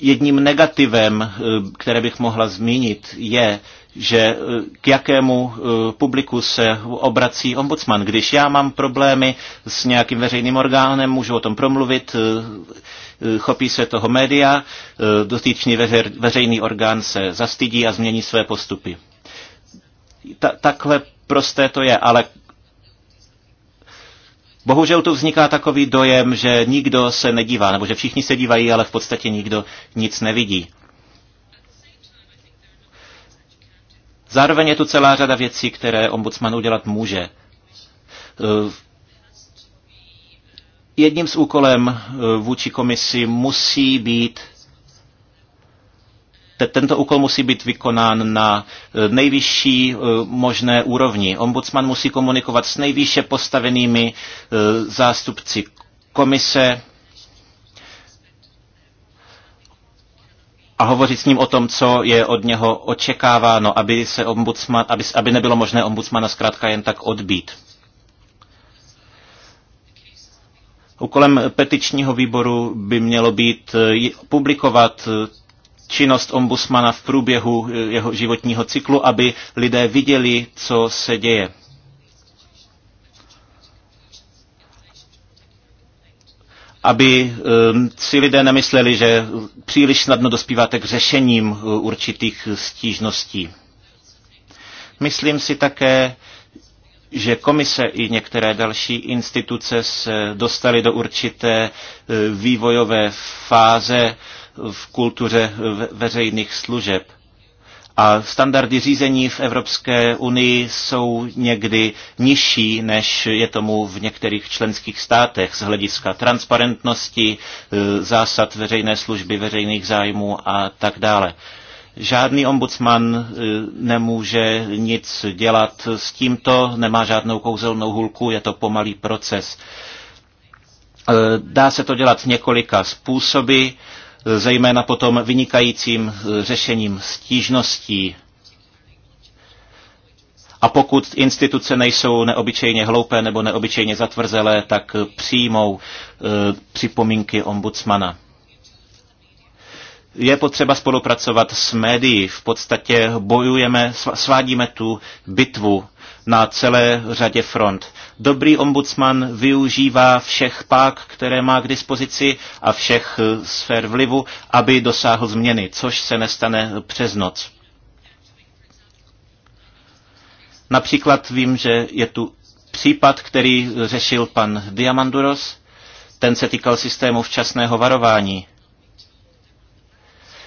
jedním negativem, eh, které bych mohla zmínit, je, že eh, k jakému eh, publiku se obrací ombudsman. Když já mám problémy s nějakým veřejným orgánem, můžu o tom promluvit, chopí se toho média, dotyčný veřejný orgán se zastydí a změní své postupy. Ta, takhle prosté to je, ale Bohužel tu vzniká takový dojem, že nikdo se nedívá, nebo že všichni se dívají, ale v podstatě nikdo nic nevidí. Zároveň je tu celá řada věcí, které ombudsman udělat může. Eh, jedním z úkolem eh, vůči komisi musí být tento úkol musí být vykonán na e, nejvyšší e, možné úrovni. Ombudsman musí komunikovat s nejvýše postavenými e, zástupci komise a hovořit s ním o tom, co je od něho očekáváno, aby, se ombudsman, aby, aby nebylo možné ombudsmana zkrátka jen tak odbít. Úkolem petičního výboru by mělo být publikovat činnost ombudsmana v průběhu eh, jeho životního cyklu, aby lidé viděli, co se děje. aby ehm, si lidé nemysleli, že příliš snadno dospíváte k řešením eh, určitých stížností. Myslím si také, že komise i některé další instituce se dostaly do určité eh, vývojové fáze v kultuře veřejných služeb. A standardy řízení v Evropské unii jsou někdy nižší, než je tomu v některých členských státech z hlediska transparentnosti, e, zásad veřejné služby, veřejných zájmů a tak dále. Žádný ombudsman e, nemůže nic dělat s tímto, nemá žádnou kouzelnou hulku, je to pomalý proces. E, dá se to dělat několika způsoby zejména potom vynikajícím eh, řešením stížností. A pokud instituce nejsou neobyčejně hloupé nebo neobyčejně zatvrzelé, tak přijmou eh, připomínky ombudsmana je potřeba spolupracovat s médií. V podstatě bojujeme, svádíme tu bitvu na celé řadě front. Dobrý ombudsman využívá všech pák, které má k dispozici a všech eh, sfér vlivu, aby dosáhl změny, což se nestane přes noc. Například vím, že je tu případ, který řešil pan Diamanduros. Ten se týkal systému včasného varování.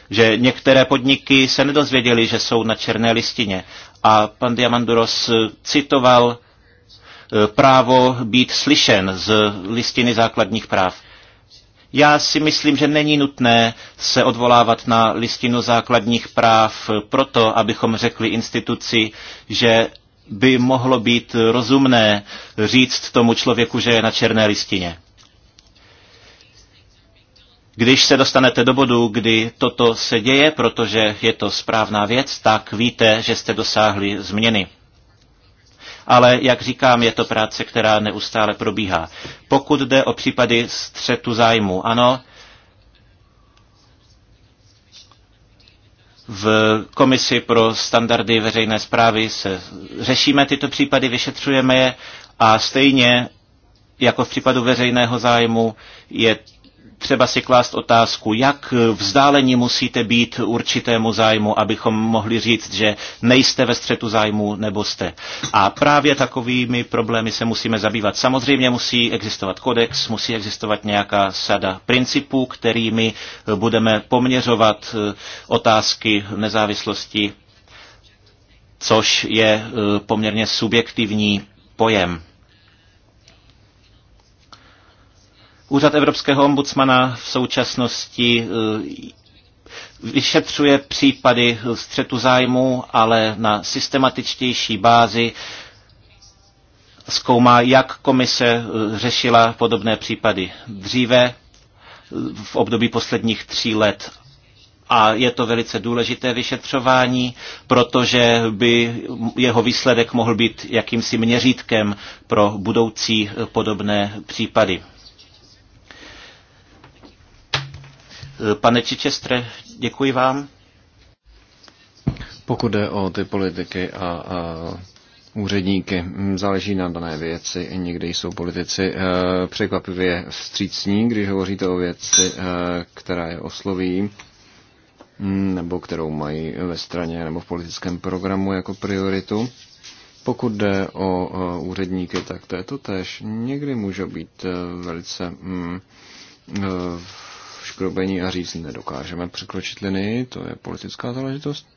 Že některé podniky se nedozvěděly, že jsou na černé listině. A pan Diamanduros eh, citoval Eh, právo být slyšen z listiny základních práv. Já si myslím, že není nutné se odvolávat na listinu základních práv proto, abychom řekli instituci, že by mohlo být rozumné říct tomu člověku, že je na černé listině. Když se dostanete do bodu, kdy toto se děje, protože je to správná věc, tak víte, že jste dosáhli změny ale jak říkám, je to práce, která neustále probíhá. Pokud jde o případy střetu zájmu, ano, v Komisi pro standardy veřejné zprávy se řešíme tyto případy, vyšetřujeme je a stejně jako v případu veřejného zájmu je třeba si klást otázku, jak vzdálení musíte být určitému zájmu, abychom mohli říct, že nejste ve střetu zájmu nebo jste. A právě takovými problémy se musíme zabývat. Samozřejmě musí existovat kodex, musí existovat nějaká sada principů, kterými budeme poměřovat eh, otázky nezávislosti, což je eh, poměrně subjektivní pojem. Úřad Evropského ombudsmana v současnosti eh, vyšetřuje případy střetu zájmu, ale na systematičtější bázi zkoumá, jak komise eh, řešila podobné případy dříve eh, v období posledních tří let. A je to velice důležité vyšetřování, protože by jeho výsledek mohl být jakýmsi měřítkem pro budoucí podobné případy. Pane Čičestre, děkuji vám. Pokud jde o ty politiky a, a úředníky, záleží na dané věci. Někdy jsou politici e, překvapivě vstřícní, když hovoříte o věci, e, která je osloví, mm, nebo kterou mají ve straně nebo v politickém programu jako prioritu. Pokud jde o eh, úředníky, tak to je to tež. Někdy může být velice mm, skrobení a říct, nedokážeme překročit linii, to je politická záležitost.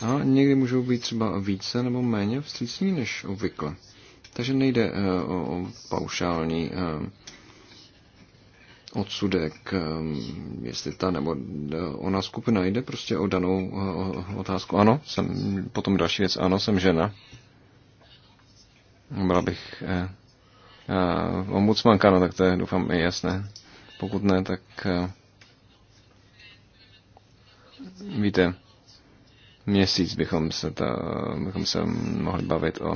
A někdy můžou být třeba více nebo méně vstřícní než obvykle. Takže nejde eh, o paušální eh, odsudek, eh, jestli ta nebo ona skupina jde prostě o danou otázku. Ano, jsem, potom další věc, ano, jsem žena. Byla bych ombudsmanka, no tak to je doufám i jasné. Pokud ne, tak eh, víte, měsíc bychom se, ta, bychom se mohli bavit o,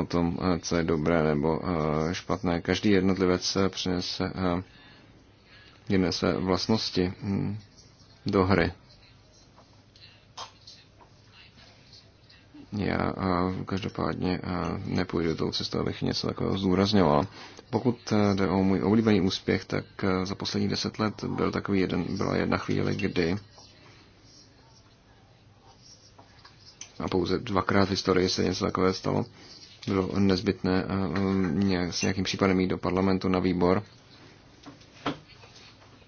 o tom, eh, co je dobré nebo eh, špatné. Každý jednotlivec přinese jiné své vlastnosti hm, do hry. Já každopádně nepůjdu tou cestou, abych něco takového zdůrazňoval. Pokud eh, jde o můj oblíbený úspěch, tak eh, za poslední deset let byl takový jeden, byla jedna chvíle, kdy a pouze dvakrát v historii se něco takové stalo. Bylo nezbytné eh, nějak, s nějakým případem jít do parlamentu na výbor,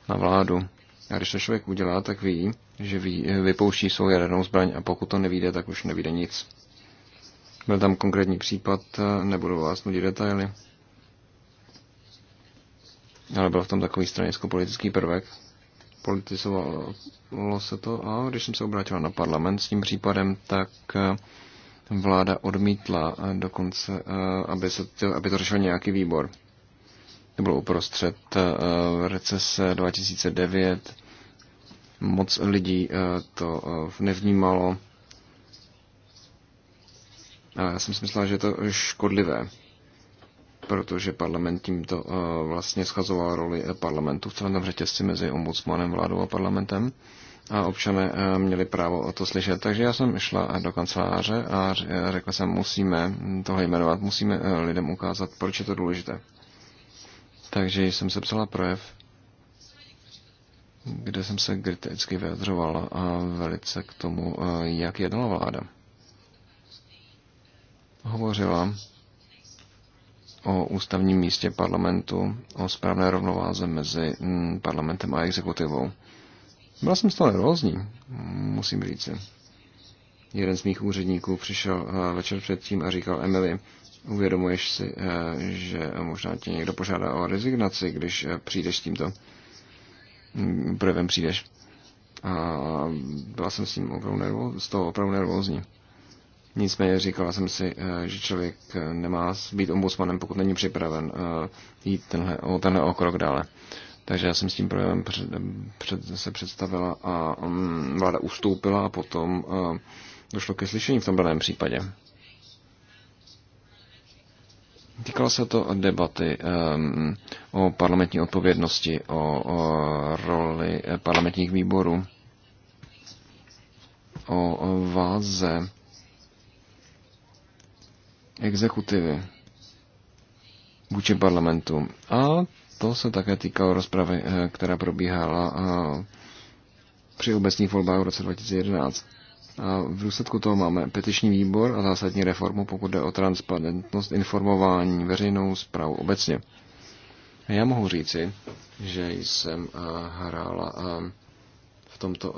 na vládu. A když to člověk udělá, tak ví, že ví, vypouští svou jadernou zbraň a pokud to nevíde, tak už nevíde nic. Byl tam konkrétní případ, nebudu vás nudit detaily ale byl v tom takový stranicko-politický prvek. Politizovalo se to a když jsem se obrátila na parlament s tím případem, tak eh, vláda odmítla eh, dokonce, eh, aby, se to, aby to řešil nějaký výbor. To bylo uprostřed recese 2009. Moc lidí to nevnímalo. A já jsem si myslel, že je to škodlivé protože parlament tímto eh, vlastně schazoval roli eh, parlamentu v celém řetězci mezi ombudsmanem, vládou a parlamentem a občané eh, měli právo o to slyšet. Takže já jsem šla do kanceláře a řekla jsem, musíme tohle jmenovat, musíme lidem ukázat, proč je to důležité. Takže jsem psala projev, kde jsem se kriticky vyjadřovala a velice k tomu, jak jednala vláda. Hovořila o ústavním místě parlamentu, o správné rovnováze mezi mm, parlamentem a exekutivou. Byl jsem z toho nervózní, musím říct. Jeden z mých úředníků přišel eh, večer předtím a říkal Emily, uvědomuješ si, eh, že možná tě někdo požádá o rezignaci, když eh, přijdeš s tímto mm, projevem přijdeš. A byla jsem s tím opravdu nervóz, z toho opravdu nervózní. Nicméně říkal jsem si, eh, že člověk eh, nemá být ombudsmanem, pokud není připraven eh, jít tenhle, o tenhle okrok dále. Takže já jsem s tím problémem před, před, se představila a um, vláda ustoupila a potom uh, došlo ke slyšení v tom daném případě. Týkalo se to debaty um, o parlamentní odpovědnosti, o, o roli parlamentních výborů, o váze exekutivy vůči parlamentu. A to se také týkalo rozpravy, eh, která probíhala eh, při obecních volbách v roce 2011. A v důsledku toho máme petiční výbor a zásadní reformu, pokud jde o transparentnost informování, veřejnou zprávu obecně. Já mohu říci, že jsem eh, hrála v tomto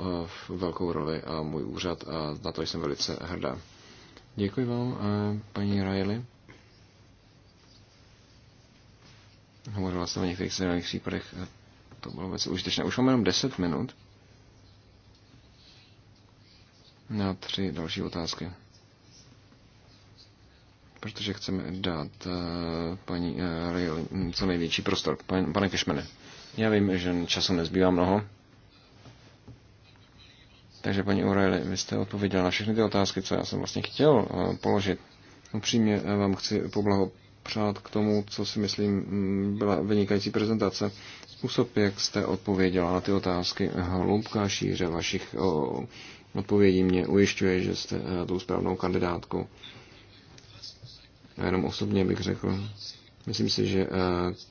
velkou roli a můj úřad a na to jsem velice hrdá. Děkuji vám, paní Riley. Hovořila jsem o některých zajímavých případech, to bylo vůbec užitečné. Už máme jenom 10 minut na tři další otázky. Protože chceme dát eh, paní eh, Riley co největší prostor. Pane Kešmene, já vím, že času nezbývá mnoho. Takže paní O'Reilly, vy jste odpověděla na všechny ty otázky, co já jsem vlastně chtěl eh, položit. Upřímně eh, vám chci poblahopřát k tomu, co si myslím mm, byla vynikající prezentace. Způsob, jak jste odpověděla na ty otázky, hloubka šíře vašich odpovědí mě ujišťuje, že jste eh, tou správnou kandidátkou. A jenom osobně bych řekl, myslím si, že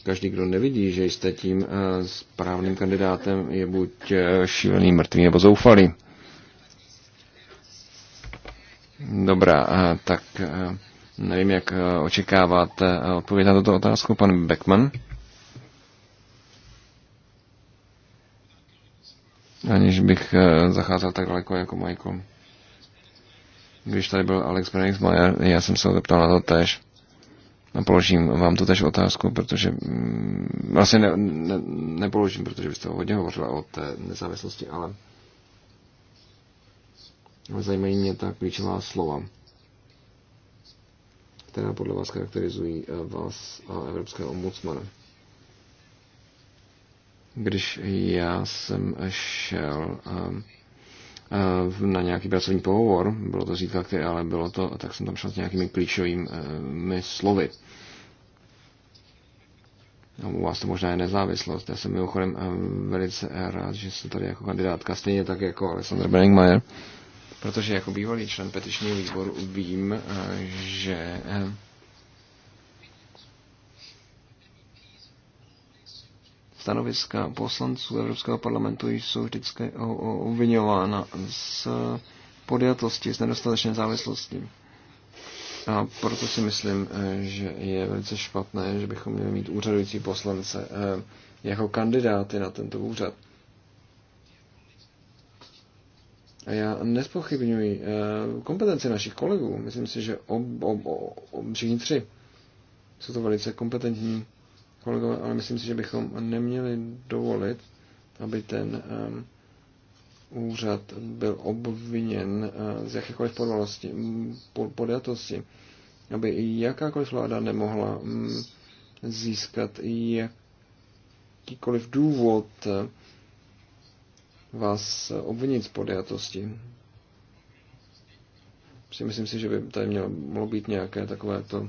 každý, kdo nevidí, že jste tím správným kandidátem, je buď šílený, mrtvý nebo zoufalý. Dobrá, tak e, nevím, jak e, očekáváte e, odpověď na tuto otázku, pan Beckman. Aniž bych zacházel tak daleko jako Michael. Když tady byl Alex Brenningsmeyer, já jsem se ho zeptal na to tež. A položím vám tu tež otázku, protože mm, vlastně ne, ne, nepoložím, protože byste hodně hovořila o té nezávislosti, ale Zajímají mě ta klíčová slova, která podle vás charakterizují eh, vás a Evropského ombudsmana. Když já jsem šel ehm, eh, na nějaký pracovní pohovor, bylo to zítra, který, ale bylo to, tak jsem tam šel s nějakými klíčovými ehm, slovy. No, u vás to možná je nezávislost. Já jsem mimochodem ehm, velice rád, že jste tady jako kandidátka, stejně tak jako Alessandra Brenningmeier protože jako bývalý člen petičního výboru vím, eh, že eh, stanoviska poslanců Evropského parlamentu jsou vždycky obvinována z podjatosti, z nedostatečné závislosti. A proto si myslím, eh, že je velice špatné, že bychom měli mít úřadující poslance jako kandidáty na tento úřad. A Já nespochybňuji eh, kompetence našich kolegů. Myslím si, že ob, ob, ob, všichni tři jsou to velice kompetentní kolegové, ale myslím si, že bychom neměli dovolit, aby ten um, úřad byl obviněn uh, z jakékoliv podvalosti, podjatosti, aby jakákoliv vláda nemohla um, získat jakýkoliv důvod uh, vás obvinit z podjatosti. Si myslím si, že by tady mělo být nějaké to eh,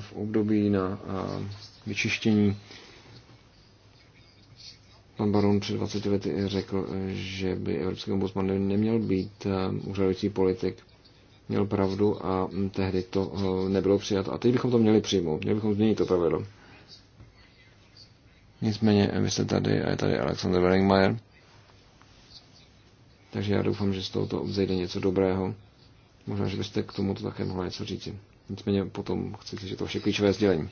v období na eh, vyčištění. Pan Baron před 20 lety řekl, že by evropský ombudsman neměl být eh, úřadující politik. Měl pravdu a hm, tehdy to nebylo přijato. A teď bychom to měli přijmout. Měli bychom změnit to pravidlo. Nicméně vy jste tady a je tady Alexander Wellingmeier. Takže já doufám, že z tohoto vzejde něco dobrého. Možná, že byste k tomu to také mohla něco říci. Nicméně potom chci že to vše klíčové sdělení.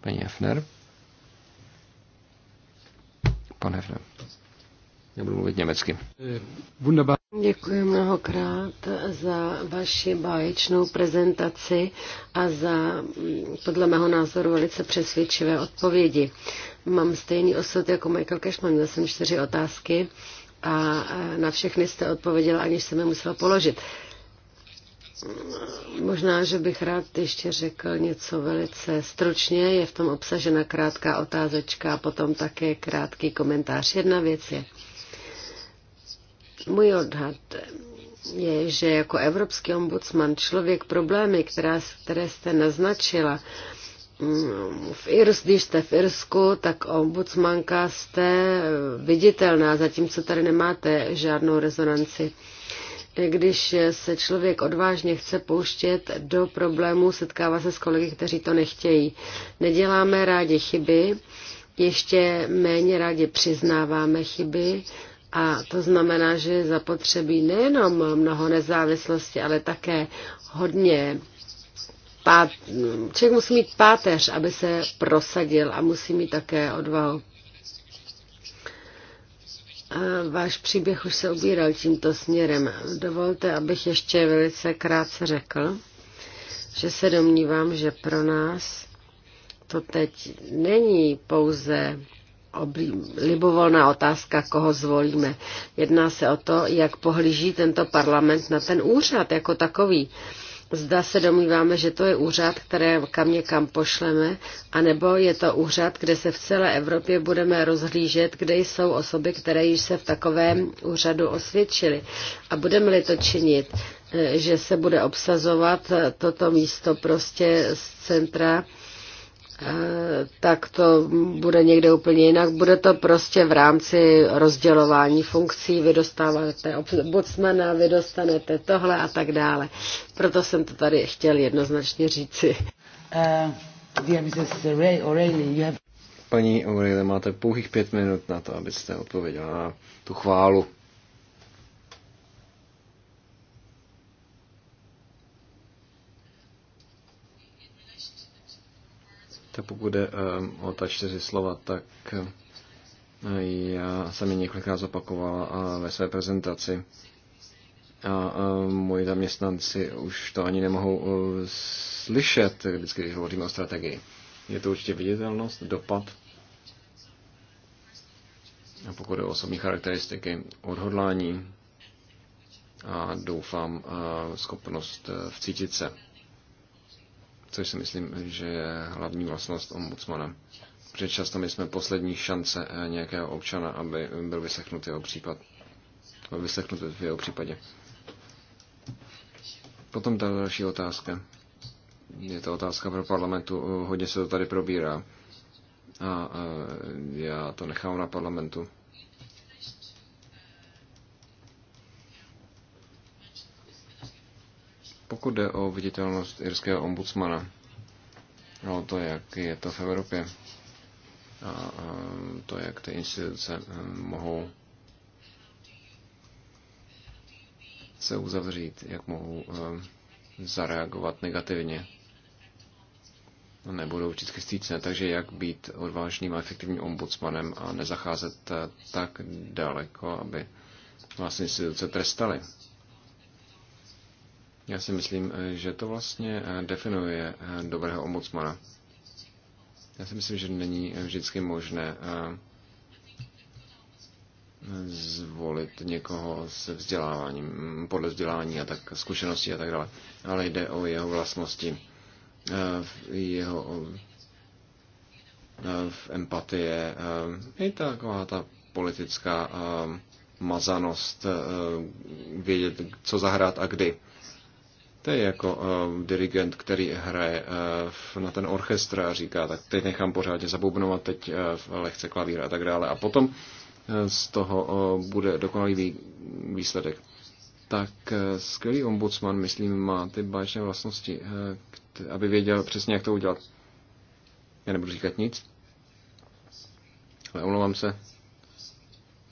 Paní Hefner. Pan Hefner. Já budu mluvit německy. Děkuji mnohokrát za vaši báječnou prezentaci a za, podle mého názoru, velice přesvědčivé odpovědi. Mám stejný osud jako Michael Cashman, měl jsem čtyři otázky a na všechny jste odpověděla, aniž jsem je musela položit. Možná, že bych rád ještě řekl něco velice stručně. Je v tom obsažena krátká otázečka a potom také krátký komentář. Jedna věc je, můj odhad je, že jako evropský ombudsman člověk problémy, která, které jste naznačila, Mm, v Irs, když jste v Irsku, tak ombudsmanka jste eh, viditelná, zatímco tady nemáte žádnou rezonanci. Když se člověk odvážně chce pouštět do problémů, setkává se s kolegy, kteří to nechtějí. Neděláme rádi chyby, ještě méně rádi přiznáváme chyby a to znamená, že zapotřebí nejenom mnoho nezávislosti, ale také hodně pát, člověk musí mít páteř, aby se prosadil a musí mít také odvahu. A váš příběh už se ubíral tímto směrem. Dovolte, abych ještě velice krátce řekl, že se domnívám, že pro nás to teď není pouze oblí- libovolná otázka, koho zvolíme. Jedná se o to, jak pohlíží tento parlament na ten úřad jako takový. Uh, Zda se domníváme, že to je úřad, které kam někam pošleme, anebo je to úřad, kde se v celé Evropě budeme rozhlížet, kde jsou osoby, které již se v takovém úřadu osvědčily. A budeme-li to činit, eh, že se bude obsazovat eh, toto místo prostě z centra, tak to bude někde úplně jinak. Bude to prostě v rámci rozdělování funkcí, vy dostáváte obocmana, vy dostanete tohle a tak dále. Proto jsem to tady chtěl jednoznačně říci. Uh, Paní O'Reilly, máte pouhých pět minut na to, abyste odpověděla na tu chválu. Tak pokud jde eh, o ta čtyři slova, tak eh, já jsem je několikrát zopakovala eh, ve své prezentaci. A moji zaměstnanci už to ani nemohou slyšet, vždycky, když hovoříme o strategii. Je to určitě viditelnost, dopad, a pokud je o osobní charakteristiky, odhodlání a doufám schopnost vcítit se což si myslím, že je hlavní vlastnost ombudsmana. Protože často my jsme poslední šance eh, nějakého občana, aby byl vyslechnut jeho případ. Vyslechnut v jeho případě. Potom ta další otázka. Je to otázka pro parlamentu, hodně se to tady probírá. A, a eh, já to nechám na parlamentu. Pokud jde o viditelnost irského ombudsmana, No to, jak je to v Evropě a to, jak ty instituce hm, mohou se uzavřít, jak mohou hm, zareagovat negativně. No, nebudou vždycky stýcné, takže jak být odvážným a efektivním ombudsmanem a nezacházet eh, tak daleko, aby vlastně instituce trestaly. Já si myslím, eh, že to vlastně eh, definuje eh, dobrého ombudsmana. Já si myslím, že není vždycky možné zvolit někoho se vzděláváním, mm, podle vzdělání a tak zkušeností a tak dále, ale jde o jeho vlastnosti, jeho v empatie, i taková ta politická mazanost, vědět, co zahrát a kdy. To je jako uh, dirigent, který hraje uh, na ten orchestr a říká, tak teď nechám pořádně zabubnovat, teď uh, lehce klavír a tak dále. A potom uh, z toho uh, bude dokonalý vý, výsledek. Tak uh, skvělý ombudsman, myslím, má ty báječné vlastnosti, uh, kt- aby věděl přesně, jak to udělat. Já nebudu říkat nic, ale omlouvám se.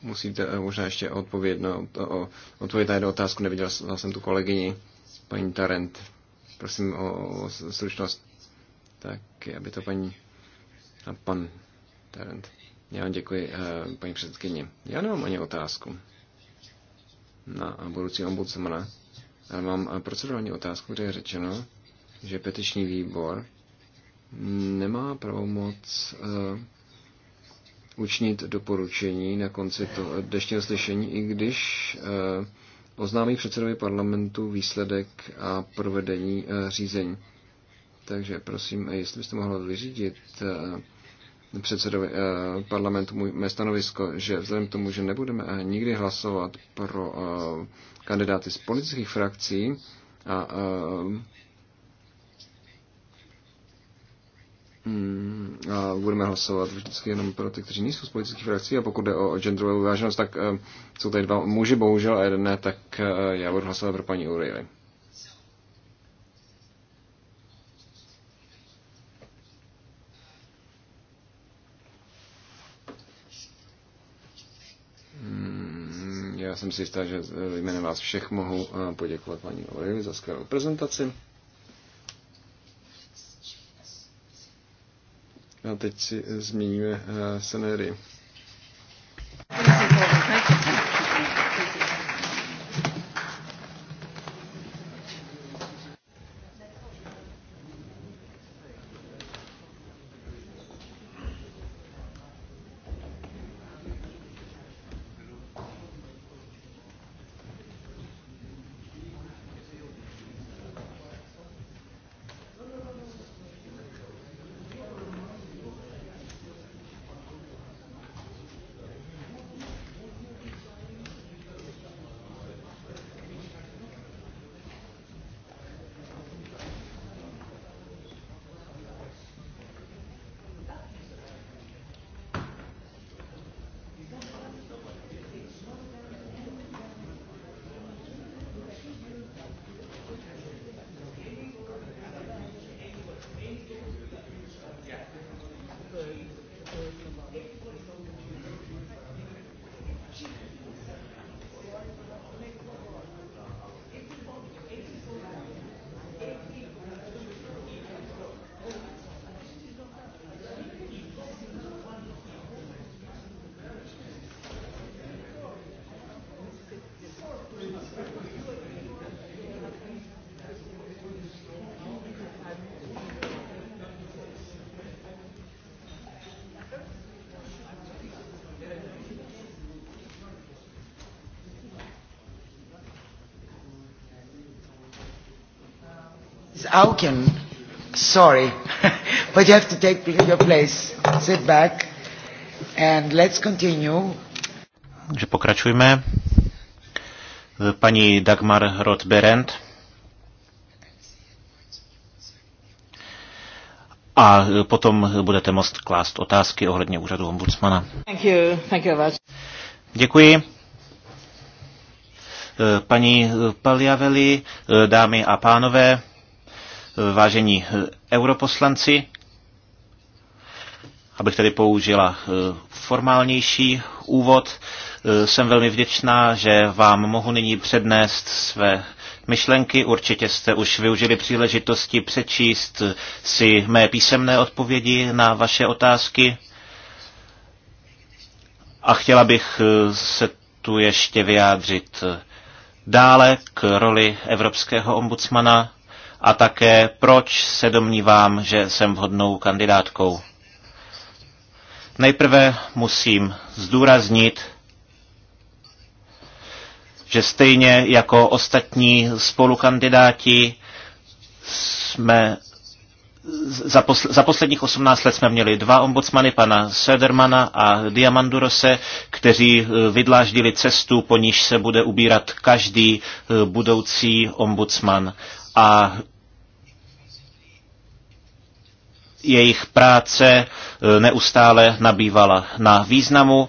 Musíte uh, možná ještě odpovědět na, no, odpovědět na jednu otázku, neviděl jsem tu kolegyni. Paní Tarent, prosím o slušnost. Tak, aby to paní a pan Tarent. Já vám děkuji, eh, paní předsedkyně. Já nemám ani otázku na budoucí ombudsmana, ale mám eh, procedurální otázku, kde je řečeno, že petiční výbor nemá pravomoc eh, učinit doporučení na konci toho dnešního slyšení, i když oznámí předsedovi parlamentu výsledek a provedení eh, řízení. Takže prosím, eh, jestli byste mohla vyřídit eh, předsedovi parlamentu můj, mé stanovisko, že vzhledem k tomu, že nebudeme nikdy hlasovat pro kandidáty z politických frakcí a Mm, a budeme hlasovat vždycky jenom pro ty, kteří nejsou z politických frakcí. A pokud jde o genderovou vyváženost, tak uh, jsou tady dva muži, bohužel, a jeden ne, tak uh, já budu hlasovat pro paní O'Reilly. Mm, já jsem si jistá, že eh, jménem vás všech mohu poděkovat paní Olivi za skvělou prezentaci. A teď si eh, zmíníme eh, scenérii. Auken, sorry, (laughs) but you have to take your place. Sit back and let's continue. Takže pokračujeme. Paní Dagmar Roth-Berendt. A potom budete most klást otázky ohledně úřadu ombudsmana. Thank you. Thank you much. Děkuji. Paní Paliaveli, dámy a pánové, Vážení eh, europoslanci, abych tedy použila eh, formálnější úvod, eh, jsem velmi vděčná, že vám mohu nyní přednést své myšlenky. Určitě jste už využili příležitosti přečíst si mé písemné odpovědi na vaše otázky. A chtěla bych se tu ještě vyjádřit dále k roli evropského ombudsmana a také proč se domnívám, že jsem vhodnou kandidátkou. Nejprve musím zdůraznit, že stejně jako ostatní spolukandidáti jsme za, posl- za posledních 18 let jsme měli dva ombudsmany, pana Södermana a Diamandurose, kteří eh, vydláždili cestu, po níž se bude ubírat každý eh, budoucí ombudsman. A jejich práce e, neustále nabývala na významu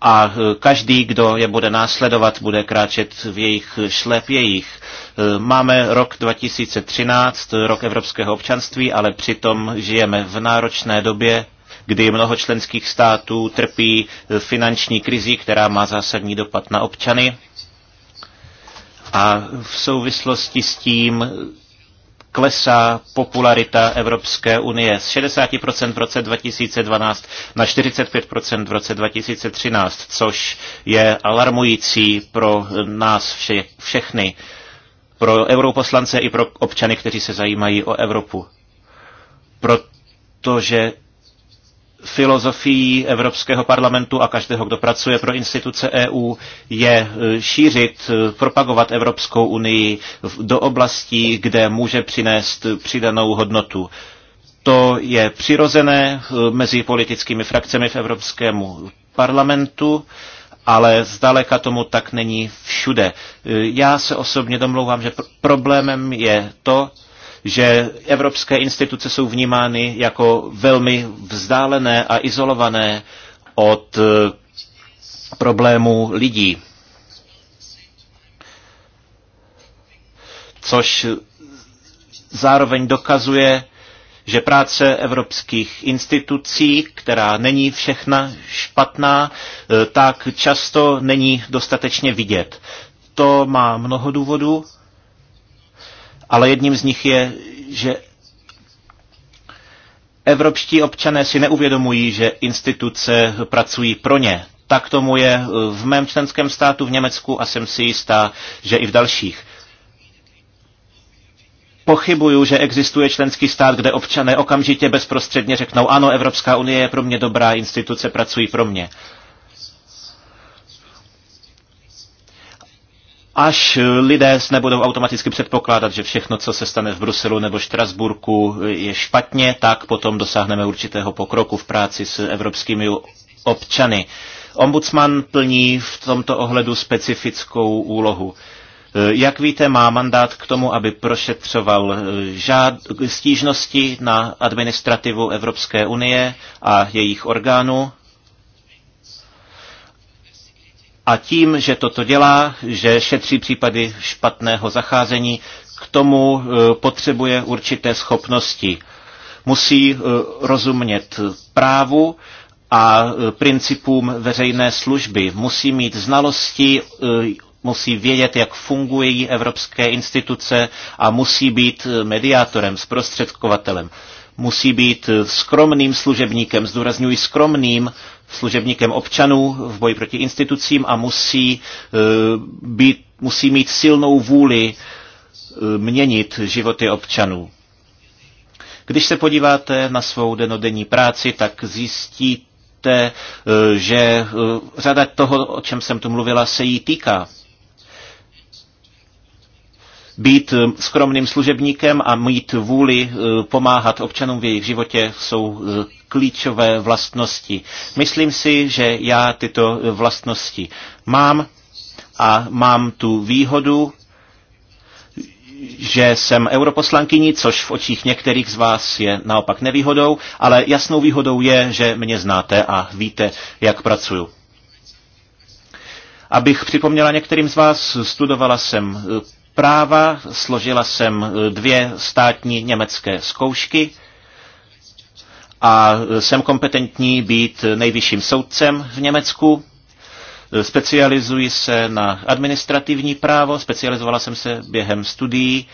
a e, každý, kdo je bude následovat, bude kráčet v jejich šlepějích. E, máme rok 2013, rok evropského občanství, ale přitom žijeme v náročné době, kdy mnoho členských států trpí finanční krizi, která má zásadní dopad na občany. A v souvislosti s tím klesá popularita Evropské unie z 60% v roce 2012 na 45% v roce 2013, což je alarmující pro nás vše, všechny, pro europoslance i pro občany, kteří se zajímají o Evropu. Protože filozofií Evropského parlamentu a každého, kdo pracuje pro instituce EU, je e, šířit, e, propagovat Evropskou unii do oblastí, kde může přinést přidanou hodnotu. To je přirozené e, mezi politickými frakcemi v Evropskému parlamentu ale zdaleka tomu tak není všude. Já se osobně domlouvám, že problémem je to, že evropské instituce jsou vnímány jako velmi vzdálené a izolované od eh, problémů lidí. Což zároveň dokazuje, že práce evropských institucí, která není všechna špatná, eh, tak často není dostatečně vidět. To má mnoho důvodů ale jedním z nich je, že evropští občané si neuvědomují, že instituce pracují pro ně. Tak tomu je v mém členském státu v Německu a jsem si jistá, že i v dalších. Pochybuju, že existuje členský stát, kde občané okamžitě bezprostředně řeknou, ano, Evropská unie je pro mě dobrá, instituce pracují pro mě. až lidé nebudou automaticky předpokládat, že všechno, co se stane v Bruselu nebo Štrasburku, je špatně, tak potom dosáhneme určitého pokroku v práci s evropskými občany. Ombudsman plní v tomto ohledu specifickou úlohu. Jak víte, má mandát k tomu, aby prošetřoval eh, žád, stížnosti na administrativu Evropské unie a jejich orgánů a tím, že toto dělá, že šetří případy špatného zacházení, k tomu e, potřebuje určité schopnosti. Musí e, rozumět právu a e, principům veřejné služby. Musí mít znalosti, musí vědět, jak fungují evropské instituce a musí být mediátorem, zprostředkovatelem musí být skromným služebníkem, zdůrazňuji skromným služebníkem občanů v boji proti institucím a musí, eh, být, musí mít silnou vůli eh, měnit životy občanů. Když se podíváte na svou denodenní práci, tak zjistíte, eh, že řada toho, o čem jsem tu mluvila, se jí týká. Být eh, skromným služebníkem a mít vůli eh, pomáhat občanům v jejich životě jsou eh, klíčové vlastnosti. Myslím si, že já tyto vlastnosti mám a mám tu výhodu, že jsem europoslankyní, což v očích některých z vás je naopak nevýhodou, ale jasnou výhodou je, že mě znáte a víte, jak pracuju. Abych připomněla některým z vás, studovala jsem práva, složila jsem eh, dvě státní německé zkoušky a eh, jsem kompetentní být nejvyšším soudcem v Německu. Eh, specializuji se na administrativní právo, specializovala jsem se během studií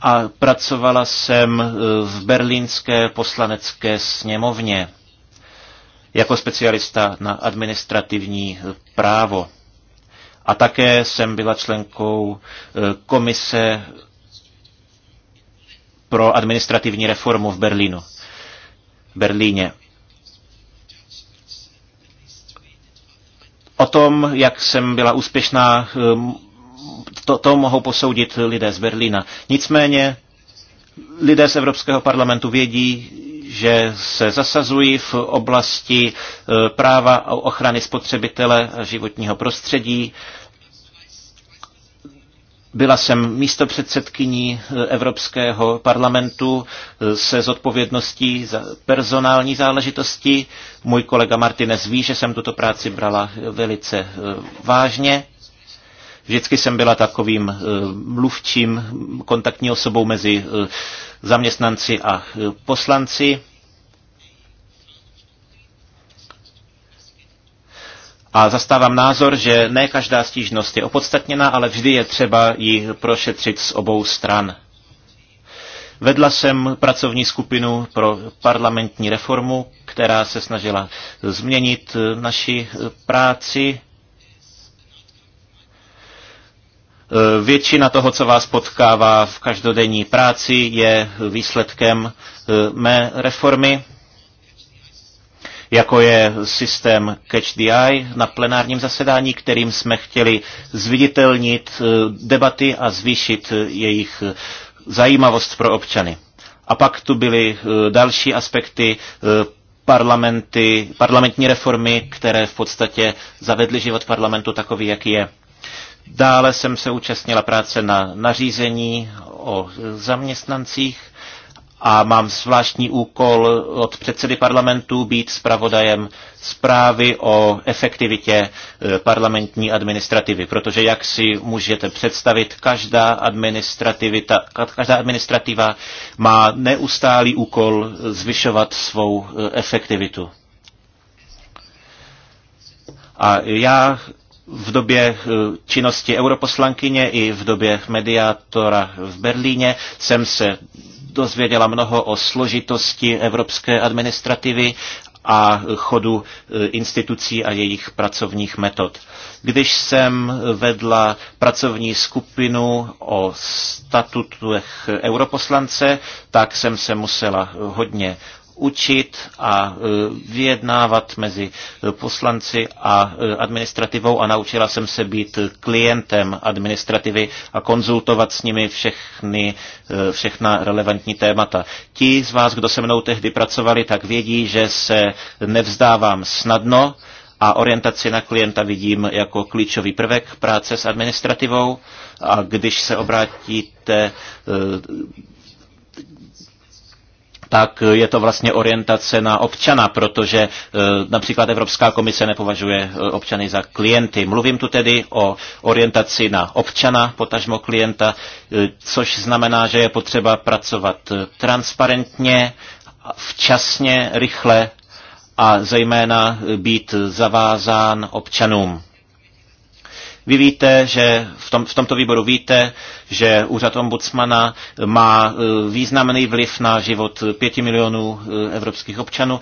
a pracovala jsem v berlínské poslanecké sněmovně jako specialista na administrativní právo. A také jsem byla členkou e, komise pro administrativní reformu v Berlínu. Berlíně. O tom, jak jsem byla úspěšná, e, to, to mohou posoudit lidé z Berlína. Nicméně lidé z Evropského parlamentu vědí, že se zasazují v oblasti e, práva a ochrany spotřebitele a životního prostředí. Byla jsem místopředsedkyní e, Evropského parlamentu e, se zodpovědností za personální záležitosti. Můj kolega Martinez ví, že jsem tuto práci brala velice vážně. Vždycky jsem byla takovým eh, mluvčím, kontaktní osobou mezi eh, zaměstnanci a eh, poslanci. A zastávám názor, že ne každá stížnost je opodstatněná, ale vždy je třeba ji prošetřit z obou stran. Vedla jsem pracovní skupinu pro parlamentní reformu, která se snažila změnit naši práci Eh, většina toho, co vás potkává v každodenní práci, je výsledkem eh, mé reformy, jako je systém Catch the Eye na plenárním zasedání, kterým jsme chtěli zviditelnit eh, debaty a zvýšit jejich zajímavost pro občany. A pak tu byly další aspekty parlamenty, parlamentní reformy, které v podstatě zavedly život parlamentu takový, jaký je. Dále jsem se účastnila práce na nařízení o zaměstnancích a mám zvláštní úkol od předsedy parlamentu být zpravodajem zprávy o efektivitě e, parlamentní administrativy, protože jak si můžete představit, každá, administrativita, každá administrativa má neustálý úkol zvyšovat svou e, efektivitu. A já v době eh, činnosti europoslankyně i v době mediátora v Berlíně jsem se dozvěděla mnoho o složitosti evropské administrativy a chodu eh, institucí a jejich pracovních metod. Když jsem vedla pracovní skupinu o statutech europoslance, tak jsem se musela hodně učit a e, vyjednávat mezi e, poslanci a e, administrativou a naučila jsem se být klientem administrativy a konzultovat s nimi všechny, všechna relevantní témata. Ti z vás, kdo se mnou tehdy pracovali, tak vědí, že se nevzdávám snadno a orientaci na klienta vidím jako klíčový prvek práce s administrativou a když se obrátíte tak eh, je to vlastně orientace na občana, protože eh, například Evropská komise nepovažuje eh, občany za klienty. Mluvím tu tedy o orientaci na občana, potažmo klienta, což znamená, že je potřeba pracovat transparentně, včasně, rychle a zejména být zavázán občanům. Vy víte, že v, tom, v tomto výboru víte, že úřad ombudsmana má eh, významný vliv na život pěti milionů eh, evropských občanů.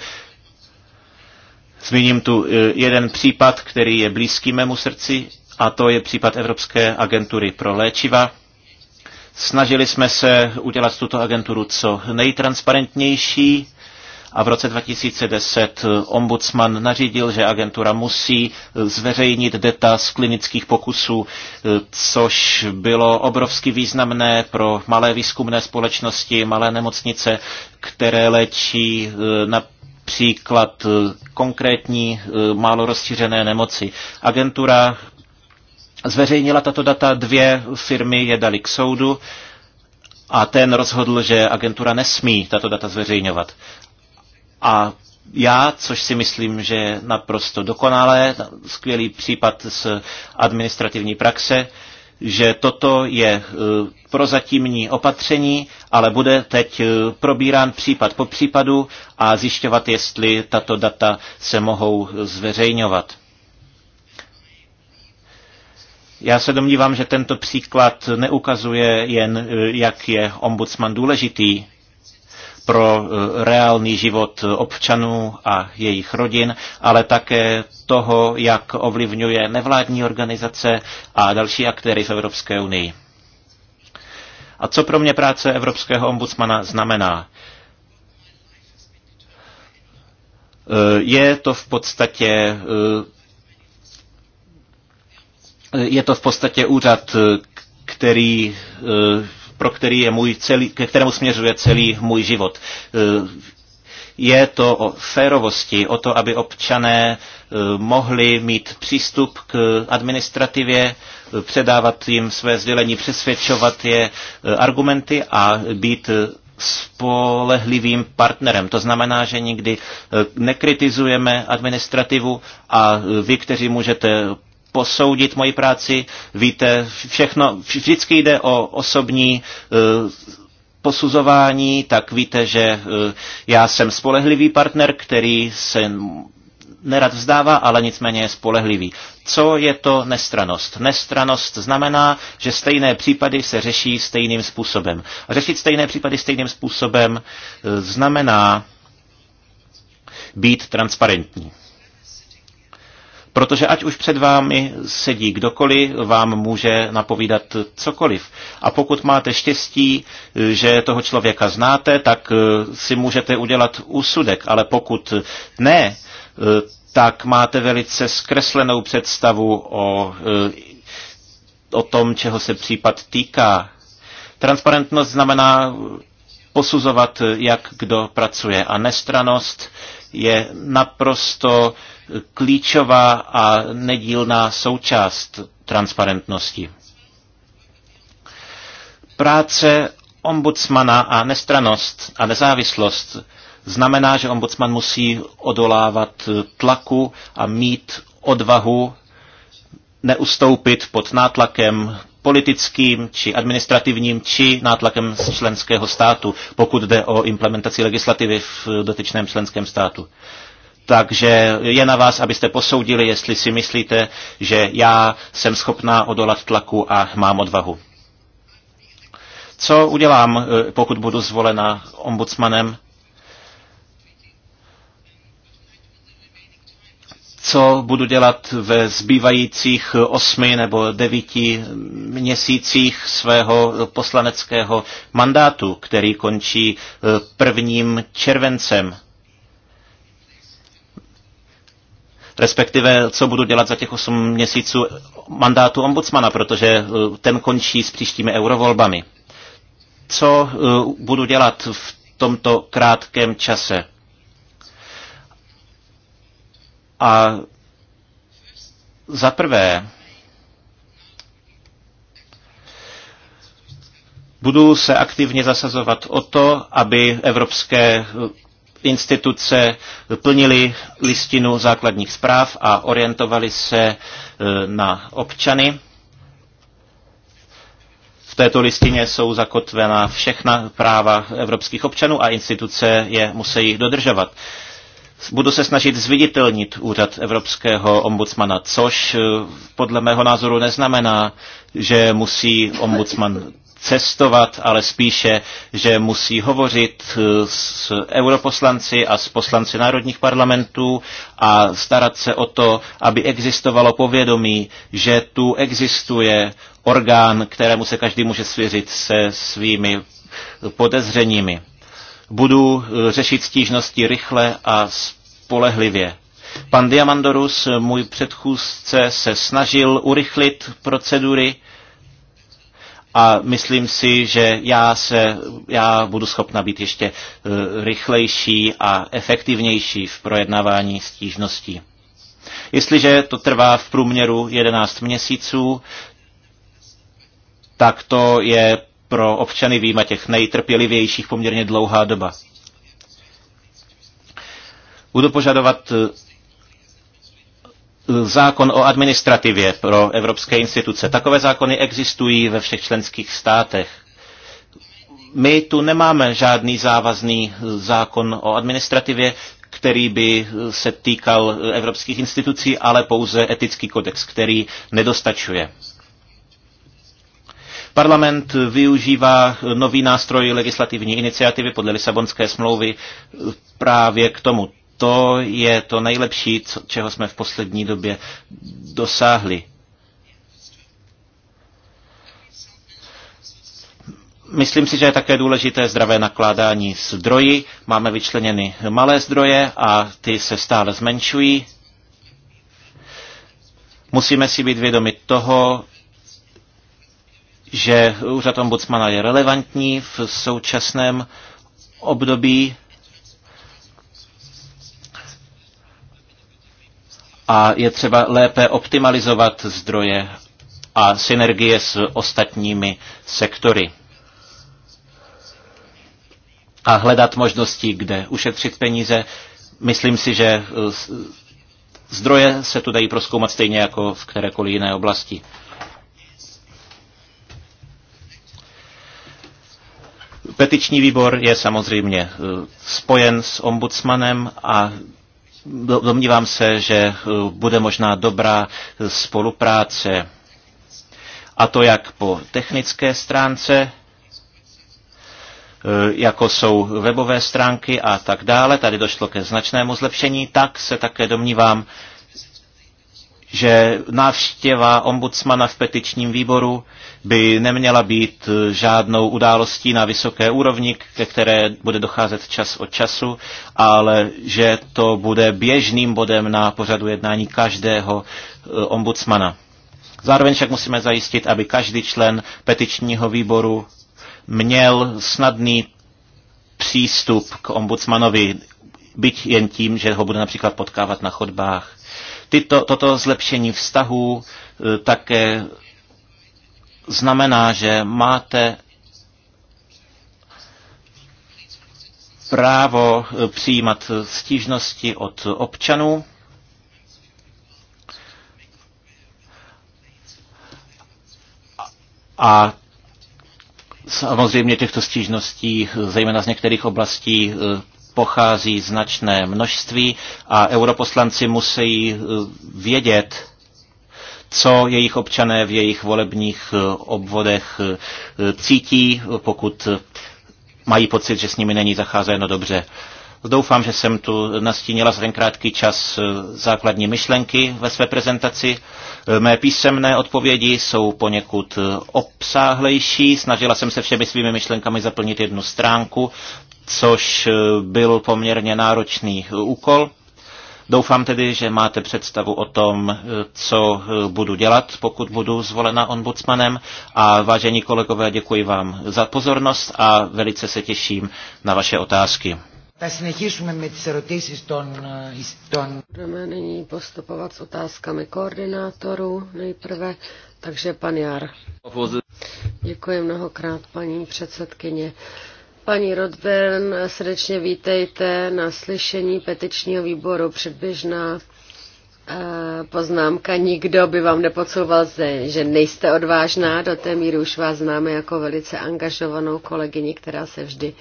Zmíním tu eh, jeden případ, který je blízký mému srdci, a to je případ Evropské agentury pro léčiva. Snažili jsme se udělat tuto agenturu co nejtransparentnější, a v roce 2010 eh, ombudsman nařídil, že agentura musí eh, zveřejnit data z klinických pokusů, eh, což bylo obrovsky významné pro malé výzkumné společnosti, malé nemocnice, které léčí na příklad konkrétní málo rozšířené nemoci. Agentura zveřejnila tato data, dvě firmy je dali k soudu a ten rozhodl, že agentura nesmí tato data zveřejňovat. A já, což si myslím, že je naprosto dokonalé, skvělý případ z administrativní praxe, že toto je e, prozatímní opatření, ale bude teď e, probírán případ po případu a zjišťovat, jestli tato data se mohou zveřejňovat. Já se domnívám, že tento příklad neukazuje jen, e, jak je ombudsman důležitý, pro eh, reálný život občanů a jejich rodin, ale také toho, jak ovlivňuje nevládní organizace a další aktéry v Evropské unii. A co pro mě práce Evropského ombudsmana znamená? Eh, je to v podstatě eh, je to v podstatě úřad, který pro který je můj celý, ke kterému směřuje celý můj život. Eh, je to o férovosti, o to, aby občané eh, mohli mít přístup k administrativě, eh, předávat jim své sdělení, přesvědčovat je argumenty a být spolehlivým partnerem. To znamená, že nikdy nekritizujeme administrativu a vy, kteří můžete posoudit moji práci. Víte, všechno, vždycky jde o osobní eh, posuzování, tak víte, že eh, já jsem spolehlivý partner, který se nerad vzdává, ale nicméně je spolehlivý. Co je to nestranost? Nestranost znamená, že stejné případy se řeší stejným způsobem. A řešit stejné případy stejným způsobem eh, znamená být transparentní. Protože ať už před vámi sedí kdokoliv, vám může napovídat cokoliv. A pokud máte štěstí, že toho člověka znáte, tak eh, si můžete udělat úsudek. Ale pokud ne, eh, tak máte velice zkreslenou představu o, eh, o tom, čeho se případ týká. Transparentnost znamená posuzovat, jak kdo pracuje. A nestranost je naprosto klíčová a nedílná součást transparentnosti. Práce ombudsmana a nestranost a nezávislost znamená, že ombudsman musí odolávat tlaku a mít odvahu neustoupit pod nátlakem politickým či administrativním či nátlakem z členského státu, pokud jde o implementaci legislativy v dotyčném členském státu. Takže je na vás, abyste posoudili, jestli si myslíte, že já jsem schopná odolat tlaku a mám odvahu. Co udělám, eh, pokud budu zvolena ombudsmanem? co budu dělat ve zbývajících osmi nebo devíti měsících svého poslaneckého mandátu, který končí eh, prvním červencem. Respektive, co budu dělat za těch osm měsíců mandátu ombudsmana, protože eh, ten končí s příštími eurovolbami. Co eh, budu dělat v tomto krátkém čase? A za prvé, budu se aktivně zasazovat o to, aby evropské instituce plnily listinu základních zpráv a orientovali se e, na občany. V této listině jsou zakotvena všechna práva evropských občanů a instituce je musí dodržovat budu se snažit zviditelnit úřad evropského ombudsmana, což eh, podle mého názoru neznamená, že musí ombudsman cestovat, ale spíše, že musí hovořit eh, s europoslanci a s poslanci národních parlamentů a starat se o to, aby existovalo povědomí, že tu existuje orgán, kterému se každý může svěřit se svými podezřeními budu eh, řešit stížnosti rychle a spolehlivě. Pan Diamandorus, eh, můj předchůzce, se snažil urychlit procedury a myslím si, že já, se, já budu schopna být ještě eh, rychlejší a efektivnější v projednávání stížností. Jestliže to trvá v průměru 11 měsíců, tak to je pro občany výjima těch nejtrpělivějších poměrně dlouhá doba. Budu požadovat eh, zákon o administrativě pro evropské instituce. Takové zákony existují ve všech členských státech. My tu nemáme žádný závazný eh, zákon o administrativě, který by eh, se týkal evropských institucí, ale pouze etický kodex, který nedostačuje. Parlament využívá nový nástroj legislativní iniciativy podle Lisabonské smlouvy právě k tomu. To je to nejlepší, co, čeho jsme v poslední době dosáhli. Myslím si, že je také důležité zdravé nakládání zdroji. Máme vyčleněny malé zdroje a ty se stále zmenšují. Musíme si být vědomi toho, že úřad ombudsmana je relevantní v současném období a je třeba lépe optimalizovat zdroje a synergie s ostatními sektory a hledat možnosti, kde ušetřit peníze. Myslím si, že zdroje se tu dají proskoumat stejně jako v kterékoliv jiné oblasti. Petiční výbor je samozřejmě eh, spojen s ombudsmanem a domnívám se, že eh, bude možná dobrá eh, spolupráce. A to jak po technické stránce, jako jsou webové stránky a tak dále, tady došlo ke značnému zlepšení, tak se také domnívám, že návštěva ombudsmana v petičním výboru by neměla být žádnou událostí na vysoké úrovni, ke které bude docházet čas od času, ale že to bude běžným bodem na pořadu jednání každého eh, ombudsmana. Zároveň však musíme zajistit, aby každý člen petičního výboru měl snadný přístup k ombudsmanovi, byť jen tím, že ho bude například potkávat na chodbách. Tyto, toto zlepšení vztahů e, také znamená, že máte právo e, přijímat stížnosti od občanů. A samozřejmě těchto stížností, e, zejména z některých oblastí, pochází značné množství a europoslanci musí eh, vědět, co jejich občané v jejich volebních eh, obvodech eh, cítí, pokud mají pocit, že s nimi není zacházeno dobře. Doufám, že jsem tu nastínila za ten krátký čas eh, základní myšlenky ve své prezentaci. Eh, mé písemné odpovědi jsou poněkud eh, obsáhlejší. Snažila jsem se všemi svými myšlenkami zaplnit jednu stránku, což byl poměrně náročný úkol. Doufám tedy, že máte představu o tom, co budu dělat, pokud budu zvolena ombudsmanem. A vážení kolegové, děkuji vám za pozornost a velice se těším na vaše otázky. Θα συνεχίσουμε με τις ερωτήσεις των... των... Budeme nyní postupovat s otázkami koordinátorů nejprve, takže pan Jar. Děkuji mnohokrát, paní předsedkyně. Paní Rodbern, srdečně vítejte na slyšení petičního výboru předběžná eh, poznámka. Nikdo by vám nepodsouval, že nejste odvážná. Do té míry už vás známe jako velice angažovanou kolegyni, která se vždy uh,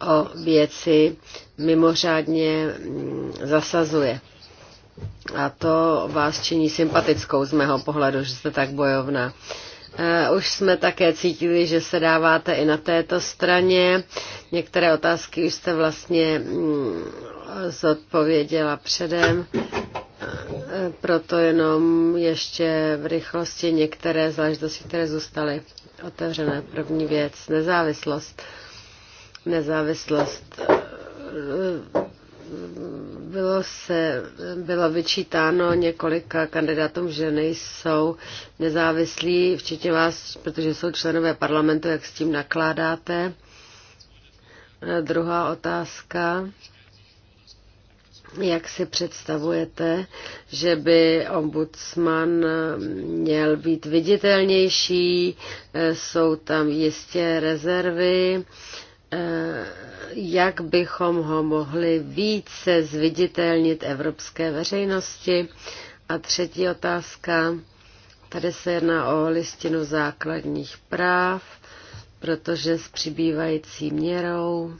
o věci mimořádně mm, zasazuje. A to vás činí sympatickou z mého pohledu, že jste tak bojovná. E, už jsme také cítili, že se dáváte i na této straně. Některé otázky už jste vlastně mm, zodpověděla předem. E, proto jenom ještě v rychlosti některé záležitosti, které zůstaly otevřené. První věc, nezávislost. Uh, nezávislost. Bylo, se, bylo vyčítáno několika kandidátům, že nejsou nezávislí, včetně vás, protože jsou členové parlamentu, jak s tím nakládáte. Druhá otázka. Jak si představujete, že by ombudsman měl být viditelnější? Jsou tam jistě rezervy. Eh, jak bychom ho mohli více zviditelnit evropské veřejnosti. A třetí otázka, tady se jedná o listinu základních práv, protože s přibývající měrou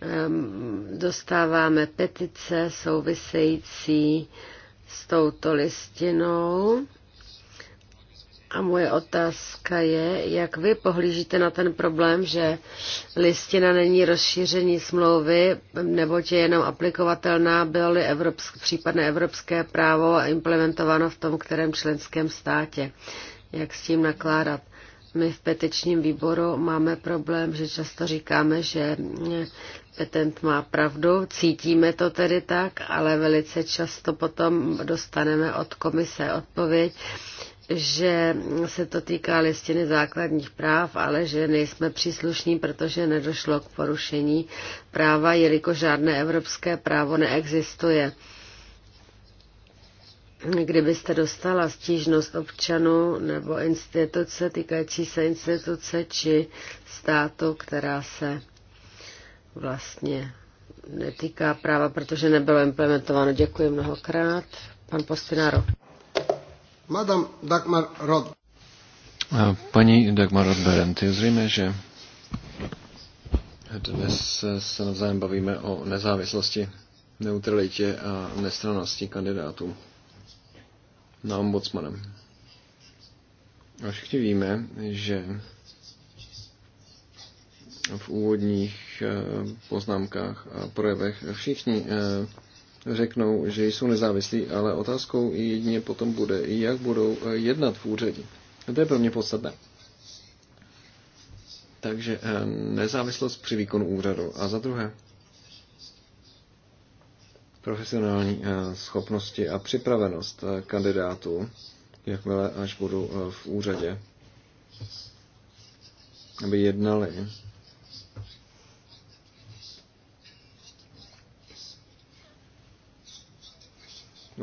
ehm, dostáváme petice související s touto listinou a moje otázka je, jak vy pohlížíte na ten problém, že listina není rozšíření smlouvy, nebo je jenom aplikovatelná, bylo-li evropsk, případné evropské právo implementováno v tom, kterém členském státě. Jak s tím nakládat? My v petičním výboru máme problém, že často říkáme, že petent má pravdu, cítíme to tedy tak, ale velice často potom dostaneme od komise odpověď, že se to týká listiny základních práv, ale že nejsme příslušní, protože nedošlo k porušení práva, jelikož žádné evropské právo neexistuje. Kdybyste dostala stížnost občanů nebo instituce týkající se instituce či státu, která se vlastně netýká práva, protože nebylo implementováno. Děkuji mnohokrát. Pan Postináro. Madam Dagmar Rod. Paní Dagmar Rodberent, je zřejmé, že dnes se navzájem bavíme o nezávislosti, neutralitě a nestranosti kandidátů na ombudsmanem. A všichni víme, že v úvodních eh, poznámkách a projevech všichni eh, řeknou, že jsou nezávislí, ale otázkou jedině potom bude, jak budou eh, jednat v úřadě. To je pro mě podstatné. Takže eh, nezávislost při výkonu úřadu. A za druhé, profesionální eh, schopnosti a připravenost kandidátů, jakmile až budou v úřadě, aby jednali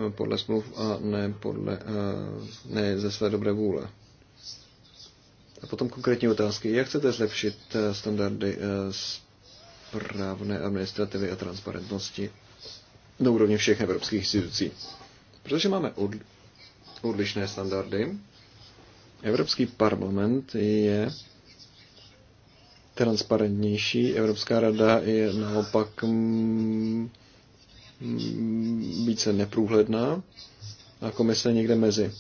podle smluv a ne, podle, eh, ne ze své dobré vůle. A potom konkrétní otázky. Jak chcete zlepšit eh, standardy eh, správné administrativy a transparentnosti na úrovni všech evropských institucí? Protože máme odlišné standardy. Evropský parlament je transparentnější, Evropská rada je naopak mm, Mm, více neprůhledná a komise někde mezi.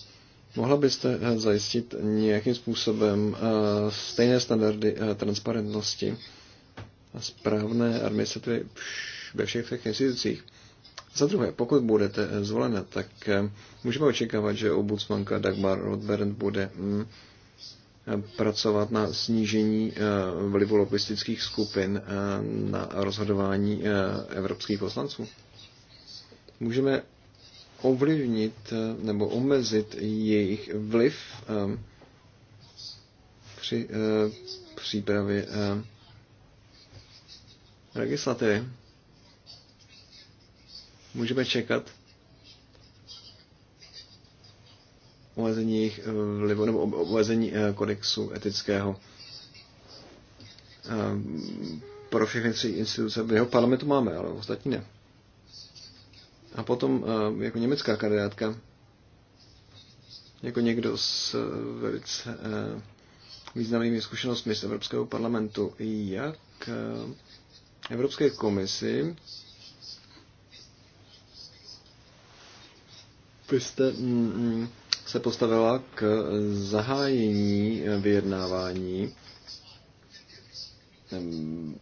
Mohla byste eh, zajistit nějakým způsobem eh, stejné standardy eh, transparentnosti a správné administrativy ve všech těch institucích? Za druhé, pokud budete zvolena, tak můžeme očekávat, že obudsmanka Dagmar Rothberg bude mm, pracovat na snížení vlivu lobistických skupin na rozhodování evropských poslanců? můžeme ovlivnit eh, nebo omezit jejich vliv ehm, při eh, přípravě eh, legislativy. Můžeme čekat omezení jejich vlivu nebo omezení kodexu etického ehm, pro všechny tři instituce. V jeho parlamentu máme, ale ostatní ne. A potom eh, jako německá kandidátka, jako někdo s eh, velice eh, významnými zkušenostmi z Evropského parlamentu, jak Evropské komisi byste mm, mm, se postavila k zahájení vyjednávání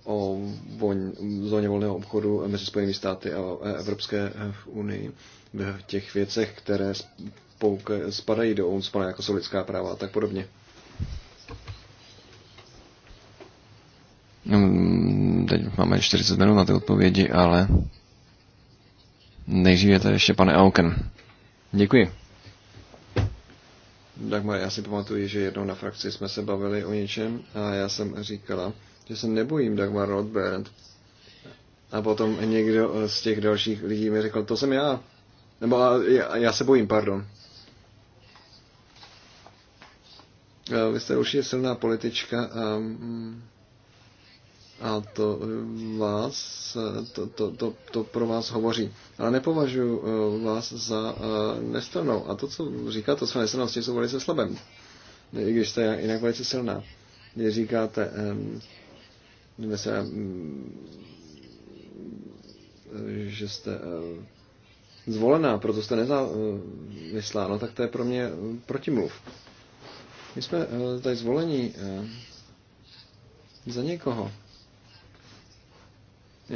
o voň, zóně volného obchodu mezi Spojenými státy a Evropské eh, unii v těch věcech, které spouk, spadají do ombudsmana, jako jsou lidská práva a tak podobně. Teď máme 40 minut na ty odpovědi, ale je to ještě pane Auken. Děkuji. Tak já si pamatuju, že jednou na frakci jsme se bavili o něčem a já jsem říkala, že se nebojím Dagmar Rothberg. A potom někdo z těch dalších lidí mi řekl, to jsem já. Nebo já, já se bojím, pardon. Vy jste určitě silná politička a, a to vás, to, to, to, to pro vás hovoří. Ale nepovažuji eh, vás za eh, nestranou. A to, co říkáte o své nestranosti, jsou velice slabé. I když jste jinak velice silná. Když říkáte, se mm, že jste eh, zvolená, proto jste nezávislá, no tak to je pro mě eh, protimluv. My jsme eh, tady zvolení za někoho.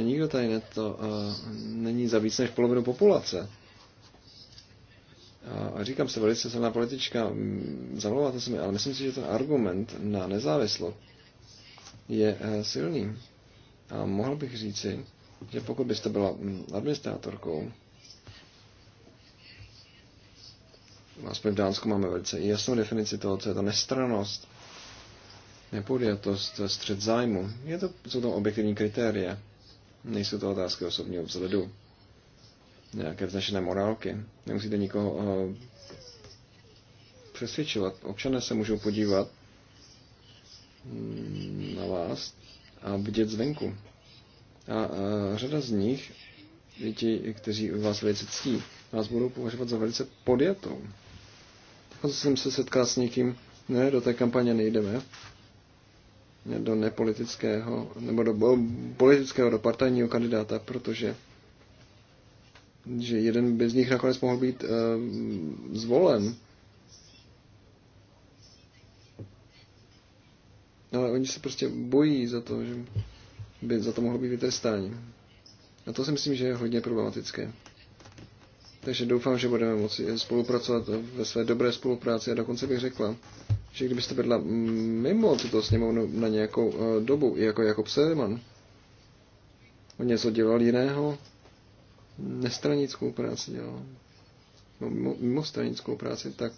A nikdo tady neto, není za víc než polovinu populace. A říkám se, velice silná politička, mm, zamlouváte se mi, ale myslím si, že ten argument na nezávislost je eh, silný. A mohl bych říci, že pokud byste byla mm, administrátorkou, aspoň v Dánsku máme velice jasnou definici toho, co je to nestranost, nepodjatost, střed zájmu. Je to, jsou to objektivní kritéria. Nejsou to otázky osobního vzhledu, nějaké vznešené morálky. Nemusíte nikoho uh, přesvědčovat. Občané se můžou podívat Mm, na vás a vidět zvenku. A, a řada z nich, ti, kteří vás velice ctí, vás budou považovat za velice podjatou. A jsem se setkal s někým, ne, do té kampaně nejdeme, ne do nepolitického, nebo do politického, do partajního kandidáta, protože že jeden by z nich nakonec mohl být e, zvolen No, ale oni se prostě bojí za to, že by za to mohlo být vytrestání. A to si myslím, že je hodně problematické. Takže doufám, že budeme moci spolupracovat ve své dobré spolupráci a dokonce bych řekla, že kdybyste vedla mimo tuto sněmovnu na nějakou uh, dobu, jako Jakob Sedeman, on něco dělal jiného, nestranickou práci dělal, no, mimo, mimo stranickou práci, tak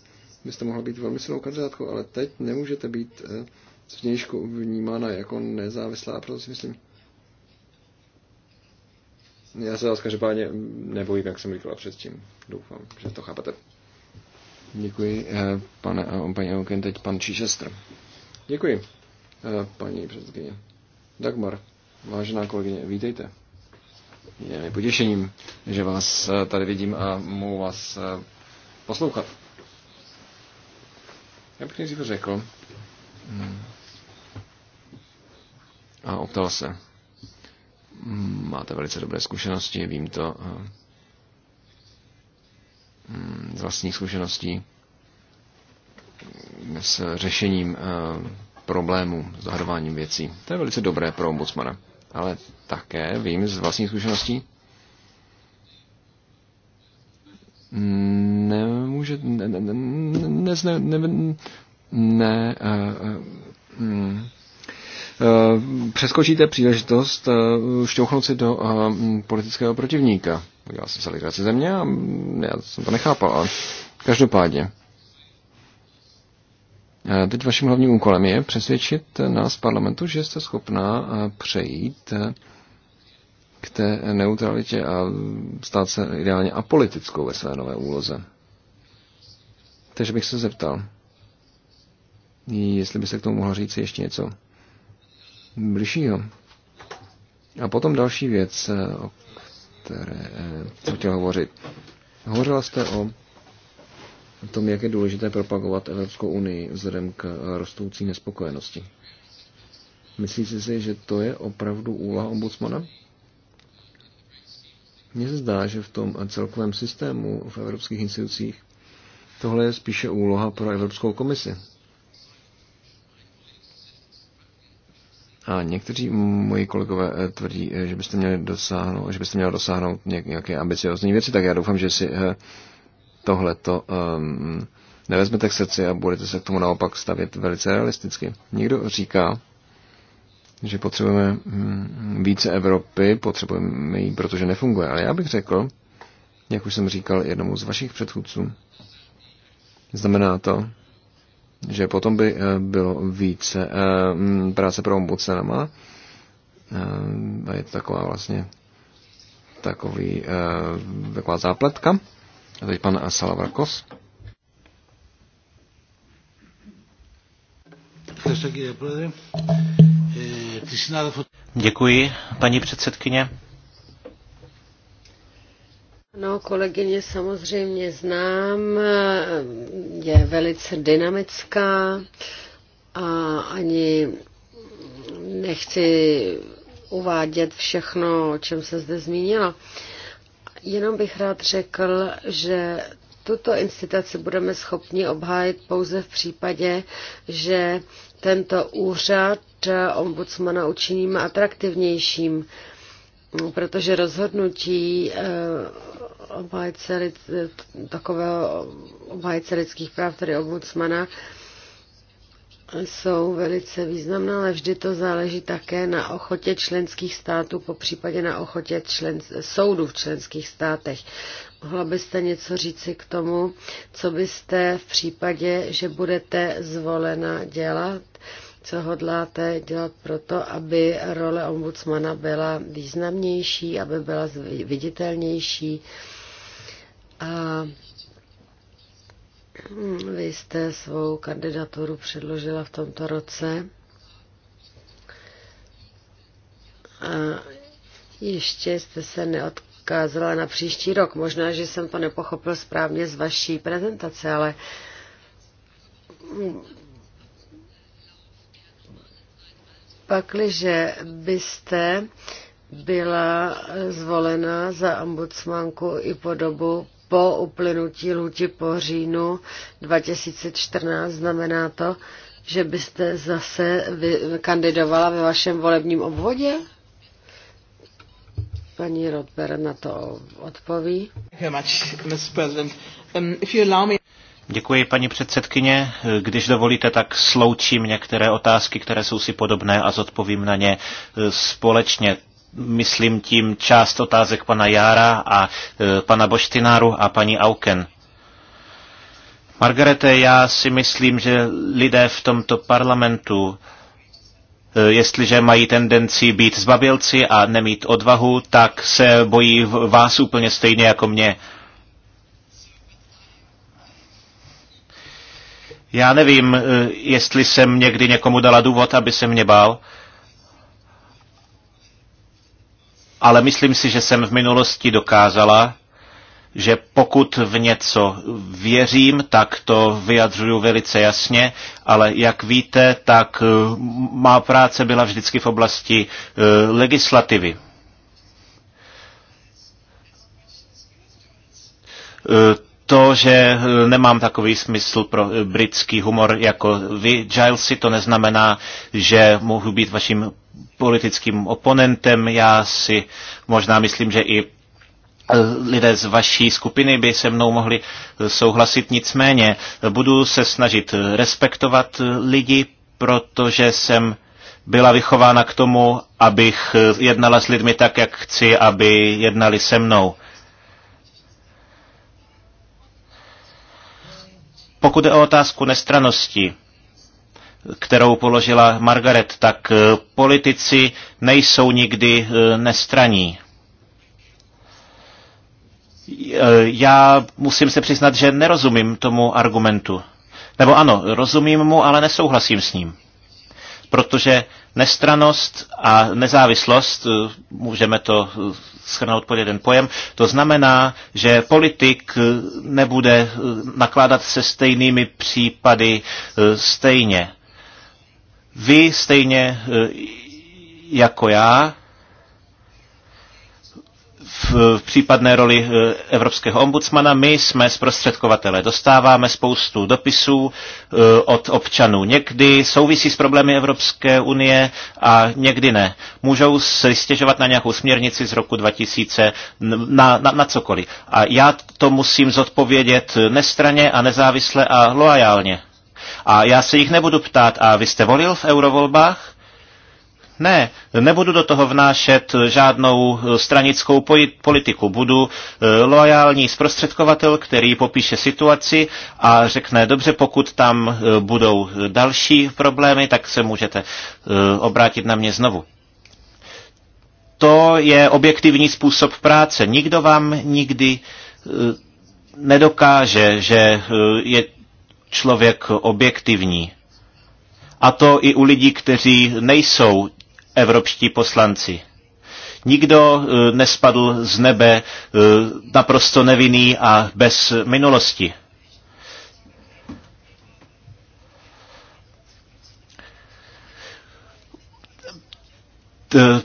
byste mohla být velmi silnou kandidátkou, ale teď nemůžete být uh, zvnějšku vnímána jako nezávislá, proto si myslím. Já se vás každopádně nebojím, jak jsem říkal předtím. Doufám, že to chápete. Děkuji, eh, pane, eh, paní Auken, teď pan Číšestr. Děkuji, eh, paní předsedkyně. Dagmar, vážená kolegyně, vítejte. Je mi potěšením, že vás tady vidím a mohu vás poslouchat. Já bych nejdřív řekl, a optal se. Máte velice dobré zkušenosti, vím to mm, z vlastních zkušeností s řešením problémů, s zahadováním věcí. To je velice dobré pro ombudsmana. Ale také vím z vlastních zkušeností, nemůže, ne, ne, ne, ne, ne, ne, eh, eh, mm, eh, přeskočíte příležitost šťouchnout si do politického protivníka. Já jsem se legraci mě, a já jsem to nechápal, ale každopádně. Teď vaším hlavním úkolem je přesvědčit nás parlamentu, že jste schopná přejít k té neutralitě a stát se ideálně apolitickou ve své nové úloze. Takže bych se zeptal, jestli by se k tomu mohla říct ještě něco bližšího. A potom další věc, eh, o které eh, jsem chtěl hovořit. Hovořila jste o tom, jak je důležité propagovat Evropskou unii vzhledem k rostoucí nespokojenosti. Myslíte si, že to je opravdu úloha ombudsmana? Mně se zdá, že v tom celkovém systému v evropských institucích tohle je spíše úloha pro Evropskou komisi. A někteří moji kolegové eh, tvrdí, eh, že byste měli dosáhnout, že byste měli dosáhnout nějaké ambiciozní věci, tak já doufám, že si eh, tohleto um, nevezmete k srdci a budete se k tomu naopak stavět velice realisticky. Někdo říká, že potřebujeme hm, více Evropy, potřebujeme ji, protože nefunguje. Ale já bych řekl, jak už jsem říkal jednomu z vašich předchůdců, znamená to, že potom by eh, bylo více eh, práce pro ombudsmana. Eh, a je to taková vlastně takový, taková zápletka. A teď pan Salavrakos. Děkuji, paní předsedkyně. No, kolegyně samozřejmě znám, je velice dynamická a ani nechci uvádět všechno, o čem se zde zmínila. Jenom bych rád řekl, že tuto instituci budeme schopni obhájit pouze v případě, že tento úřad ombudsmana učiníme atraktivnějším, protože rozhodnutí eh, obhájce, takového obhájce lidských práv, tedy ombudsmana, jsou velice významná, ale vždy to záleží také na ochotě členských států, po případě na ochotě člen, soudu v členských státech. Mohla byste něco říci k tomu, co byste v případě, že budete zvolena dělat? Co hodláte dělat proto, aby role ombudsmana byla významnější, aby byla viditelnější? A hm, vy jste svou kandidaturu předložila v tomto roce. A ještě jste se neodkázala na příští rok. Možná, že jsem to nepochopil správně z vaší prezentace, ale pakliže byste byla zvolena za ombudsmanku i po dobu po uplynutí lůti po říjnu 2014. Znamená to, že byste zase vy, kandidovala ve vašem volebním obvodě? Paní Rodber na to odpoví. Um, Děkuji, paní předsedkyně. Když dovolíte, tak sloučím některé otázky, které jsou si podobné a zodpovím na ně eh, společně myslím tím část otázek pana Jára a e, pana Boštináru a paní Auken. Margarete, já si myslím, že lidé v tomto parlamentu, e, jestliže mají tendenci být zbabělci a nemít odvahu, tak se bojí vás úplně stejně jako mě. Já nevím, e, jestli jsem někdy někomu dala důvod, aby se mě bál. Uh, ale myslím si, že jsem v minulosti dokázala, že pokud v něco věřím, tak to vyjadřuju velice jasně, ale jak víte, tak eh, má práce byla vždycky v oblasti eh, legislativy. Eh, to, že nemám takový smysl pro britský humor jako vy, Gilesi, to neznamená, že mohu být vaším politickým oponentem. Já si možná myslím, že i e, lidé z vaší skupiny by se mnou mohli e, souhlasit, nicméně budu se snažit e, respektovat lidi, protože jsem byla vychována k tomu, abych jednala s lidmi tak, jak chci, aby jednali se mnou. Pokud je o otázku nestranosti, kterou položila Margaret, tak eh, politici nejsou nikdy eh, nestraní. Eh, já musím se přiznat, že nerozumím tomu argumentu. Nebo ano, rozumím mu, ale nesouhlasím s ním. Protože nestranost a nezávislost, můžeme to schrnout pod jeden pojem, to znamená, že politik nebude nakládat se stejnými případy stejně. Vy stejně e, jako já v případné roli e, evropského ombudsmana. My jsme zprostředkovatele. Dostáváme spoustu dopisů e, od občanů. Někdy souvisí s problémy Evropské unie a někdy ne. Můžou se stěžovat na nějakou směrnici z roku 2000, na, na, na cokoliv. A já to musím zodpovědět nestraně a nezávisle a loajálně. A já se jich nebudu ptát, a vy jste volil v eurovolbách? Ne, nebudu do toho vnášet žádnou eh, stranickou politiku. Budu eh, loajální zprostředkovatel, který popíše situaci a řekne, dobře, pokud tam eh, budou další problémy, tak se můžete obrátit na mě znovu. To je objektivní způsob práce. Nikdo vám nikdy nedokáže, že je člověk objektivní. A to i u lidí, kteří nejsou evropští poslanci. Nikdo eh, nespadl z nebe eh, naprosto nevinný a bez minulosti.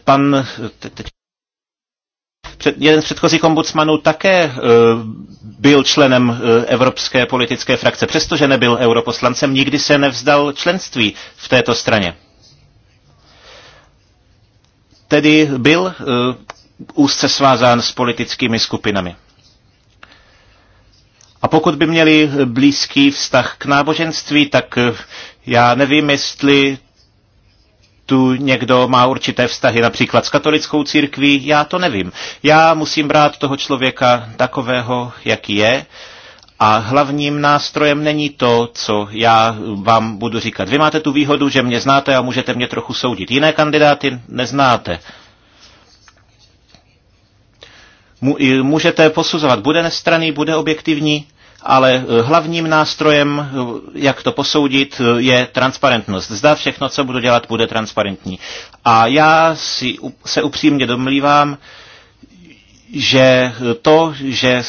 Pan, teď, před, jeden z předchozích ombudsmanů také e, byl členem e, Evropské politické frakce, přestože nebyl europoslancem, nikdy se nevzdal členství v této straně. Tedy byl e, úzce svázán s politickými skupinami. A pokud by měli blízký vztah k náboženství, tak já nevím, jestli tu někdo má určité vztahy například s katolickou církví, já to nevím. Já musím brát toho člověka takového, jaký je. A hlavním nástrojem není to, co já vám budu říkat. Vy máte tu výhodu, že mě znáte a můžete mě trochu soudit. Jiné kandidáty neznáte. Můžete posuzovat, bude nestraný, bude objektivní ale eh, hlavním nástrojem, eh, jak to posoudit, eh, je transparentnost. Zda všechno, co budu dělat, bude transparentní. A já si, se upřímně domlívám, že to, že,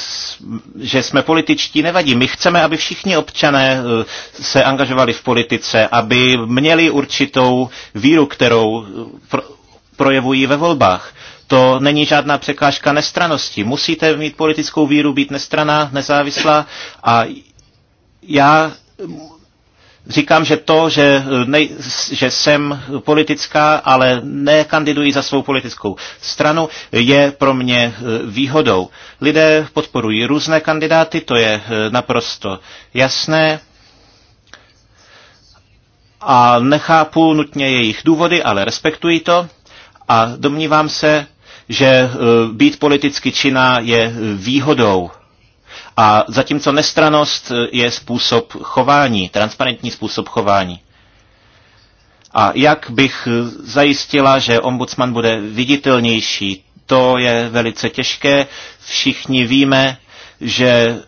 že jsme političtí, nevadí. My chceme, aby všichni občané se angažovali v politice, aby měli určitou víru, kterou projevují ve volbách to není žádná překážka nestranosti. Musíte mít politickou víru, být nestraná, nezávislá a já říkám, že to, že, nej, že jsem politická, ale nekandiduji za svou politickou stranu, je pro mě eh, výhodou. Lidé podporují různé kandidáty, to je eh, naprosto jasné. A nechápu nutně jejich důvody, ale respektuji to. A domnívám se, že eh, být politicky činná je eh, výhodou. A zatímco nestranost eh, je způsob chování, transparentní způsob chování. A jak bych zajistila, že ombudsman bude viditelnější, to je velice těžké. Všichni víme, že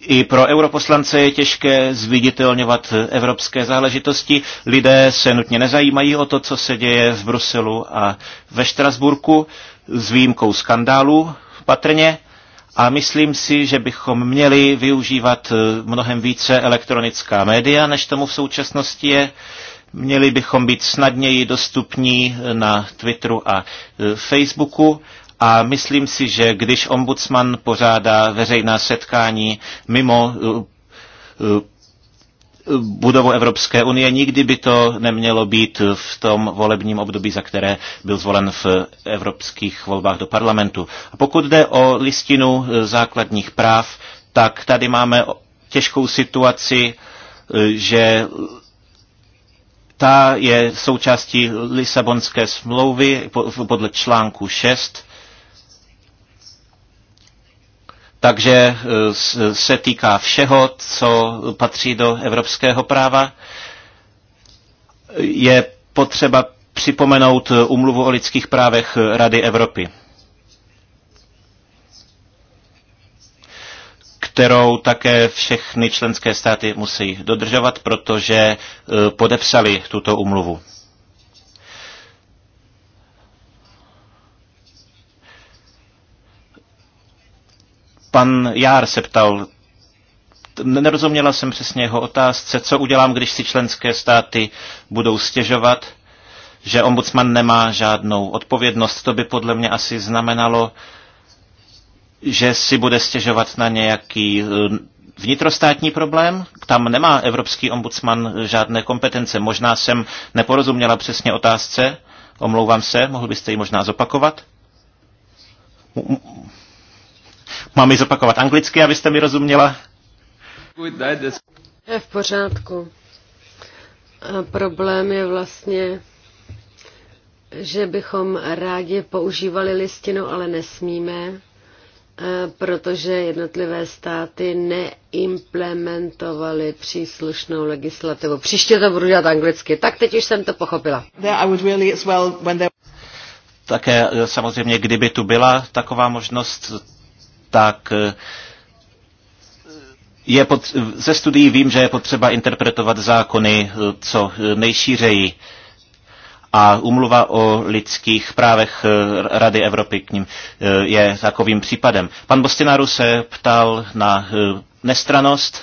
i pro europoslance je těžké zviditelňovat evropské záležitosti. Lidé se nutně nezajímají o to, co se děje v Bruselu a ve Štrasburku s výjimkou skandálů patrně, a myslím si, že bychom měli využívat eh, mnohem více elektronická média, než tomu v současnosti je. Měli bychom být snadněji dostupní eh, na Twitteru a eh, Facebooku a myslím si, že když ombudsman pořádá veřejná setkání mimo budovu Evropské unie. Nikdy by to nemělo být v tom volebním období, za které byl zvolen v evropských volbách do parlamentu. A pokud jde o listinu eh, základních práv, tak tady máme těžkou situaci, eh, že ta je součástí Lisabonské smlouvy podle článku 6 takže e, se týká všeho, co patří do evropského práva. Je potřeba připomenout umluvu o lidských právech Rady Evropy, kterou také všechny členské státy musí dodržovat, protože e, podepsali tuto umluvu. Pan Jár se ptal, nerozuměla jsem přesně jeho otázce, co udělám, když si členské státy budou stěžovat, že ombudsman nemá žádnou odpovědnost. To by podle mě asi znamenalo, že si bude stěžovat na nějaký e, vnitrostátní problém. Tam nemá evropský ombudsman žádné kompetence. Možná jsem neporozuměla přesně otázce. Omlouvám se, mohl byste ji možná zopakovat? Mám ji zopakovat anglicky, abyste mi rozuměla? Je v pořádku. A problém je vlastně, že bychom rádi používali listinu, ale nesmíme, e, protože jednotlivé státy neimplementovaly příslušnou legislativu. Příště to budu dělat anglicky. Tak teď už jsem to pochopila. Také e, samozřejmě, kdyby tu byla taková možnost, tak eh, je pod, ze studií vím, že je potřeba interpretovat zákony eh, co eh, nejšířeji. A umluva o lidských právech Rady Evropy k ním je takovým případem. Pan Bostinaru se ptal na nestranost.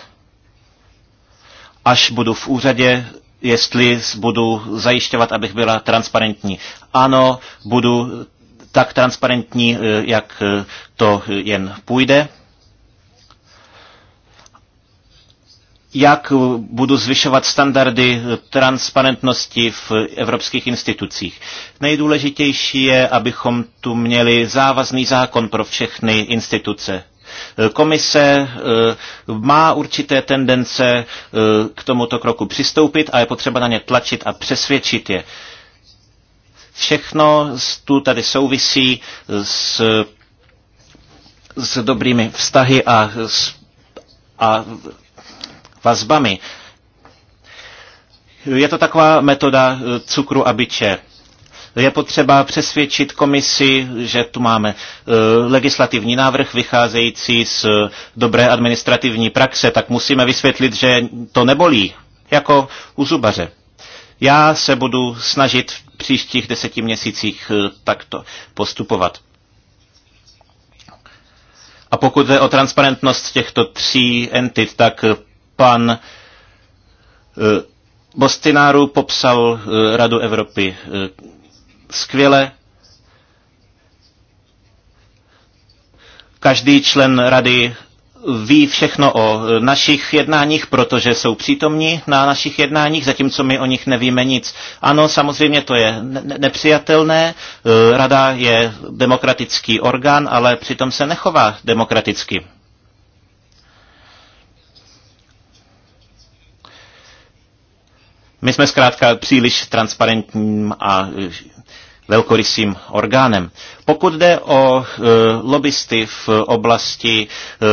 Až budu v úřadě, jestli budu zajišťovat, abych byla transparentní. Ano, budu tak transparentní, eh, jak eh, to jen půjde. jak budu zvyšovat standardy eh, transparentnosti v evropských institucích. Nejdůležitější je, abychom tu měli závazný zákon pro všechny instituce. Komise má určité tendence k tomuto kroku přistoupit a je potřeba na ně tlačit a přesvědčit je. Všechno tu tady souvisí s, s dobrými vztahy a, a vazbami. Je to taková metoda eh, cukru a byče je potřeba přesvědčit komisi, že tu máme eh, legislativní návrh vycházející z eh, dobré administrativní praxe, tak musíme vysvětlit, že to nebolí, jako u zubaře. Já se budu snažit příštích deseti měsících eh, takto postupovat. A pokud jde o transparentnost těchto tří entit, tak eh, pan eh, Bostináru popsal Radu Evropy skvěle. Každý člen rady ví všechno o našich jednáních, protože jsou přítomní na našich jednáních, zatímco my o nich nevíme nic. Ano, samozřejmě to je ne- nepřijatelné. E, Rada je demokratický orgán, ale přitom se nechová demokraticky. My jsme zkrátka příliš transparentním a velkorysým orgánem. Pokud jde o e, lobbysty v oblasti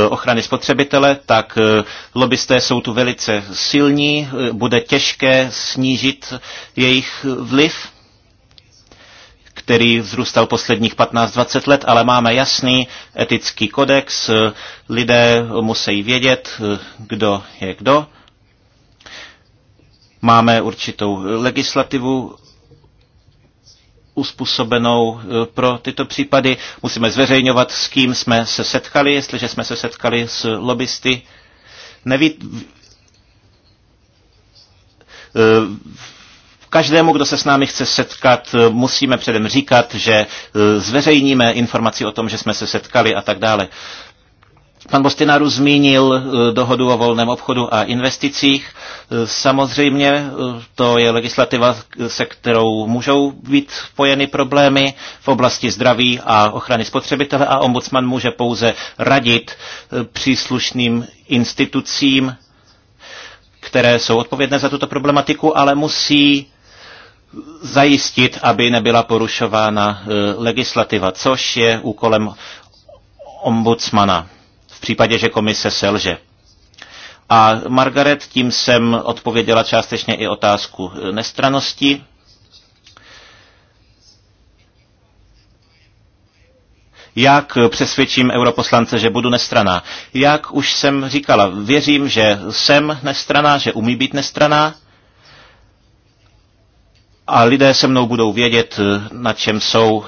e, ochrany spotřebitele, tak e, lobbysté jsou tu velice silní, e, bude těžké snížit jejich vliv který vzrůstal posledních 15-20 let, ale máme jasný etický kodex, e, lidé musí vědět, e, kdo je kdo. Máme určitou legislativu uspůsobenou eh, pro tyto případy. Musíme zveřejňovat, s kým jsme se setkali, jestliže jsme se setkali s lobbysty. Neví... Eh, každému, kdo se s námi chce setkat, eh, musíme předem říkat, že zveřejníme informaci o tom, že jsme se setkali a tak dále. Pan Bostinaru zmínil eh, dohodu o volném obchodu a investicích. Eh, samozřejmě eh, to je legislativa, se kterou můžou být spojeny problémy v oblasti zdraví a ochrany spotřebitele a ombudsman může pouze radit příslušným institucím, které jsou odpovědné za tuto problematiku, ale musí zajistit, aby nebyla porušována legislativa, což je úkolem ombudsmana v případě, že komise selže. A Margaret, tím jsem odpověděla částečně i otázku nestranosti. Jak přesvědčím europoslance, že budu nestraná? Jak už jsem říkala, věřím, že jsem nestraná, že umí být nestraná a lidé se mnou budou vědět, na čem jsou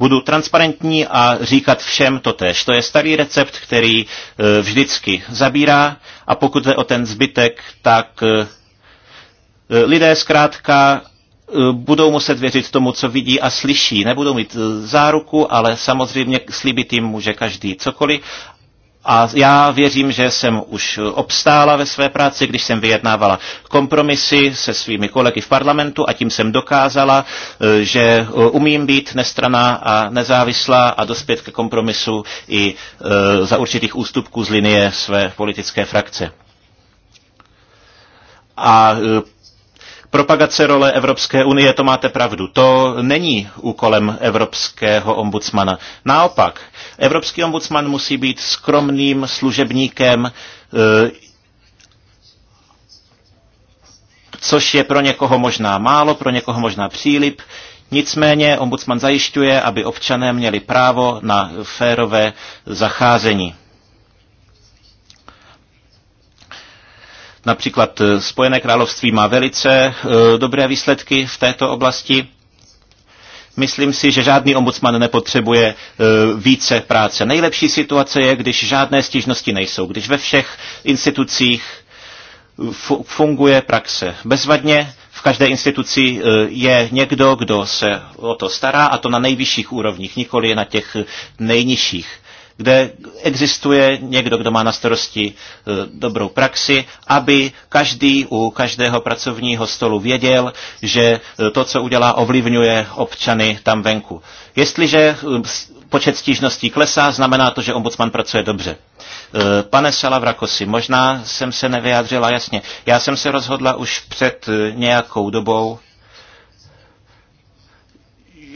Budu transparentní a říkat všem to tež. To je starý recept, který eh, vždycky zabírá a pokud je o ten zbytek, tak eh, eh, lidé zkrátka budou muset věřit tomu, co vidí a slyší. Nebudou mít záruku, ale samozřejmě slíbit jim může každý cokoliv a já věřím, že jsem už obstála ve své práci, když jsem vyjednávala kompromisy se svými kolegy v parlamentu a tím jsem dokázala, eh, že eh, umím být nestraná a nezávislá a dospět ke kompromisu i eh, za určitých ústupků z linie své politické frakce. A Propagace role Evropské unie, to máte pravdu, to není úkolem evropského ombudsmana. Naopak, evropský ombudsman musí být skromným služebníkem, eh, což je pro někoho možná málo, pro někoho možná přílip. Nicméně ombudsman zajišťuje, aby občané měli právo na férové zacházení. Například eh, Spojené království má velice eh, dobré výsledky v této oblasti. Myslím si, že žádný ombudsman nepotřebuje eh, více práce. Nejlepší situace je, když žádné stížnosti nejsou, když ve všech institucích funguje praxe. Bezvadně v každé instituci je někdo, kdo se o to stará a to na nejvyšších úrovních, nikoli na těch nejnižších kde existuje někdo, kdo má na starosti e, dobrou praxi, aby každý u každého pracovního stolu věděl, že e, to, co udělá, ovlivňuje občany tam venku. Jestliže e, počet stížností klesá, znamená to, že ombudsman pracuje dobře. Pane Salavrakosi, možná jsem se nevyjádřila jasně. Já jsem se rozhodla už před nějakou dobou,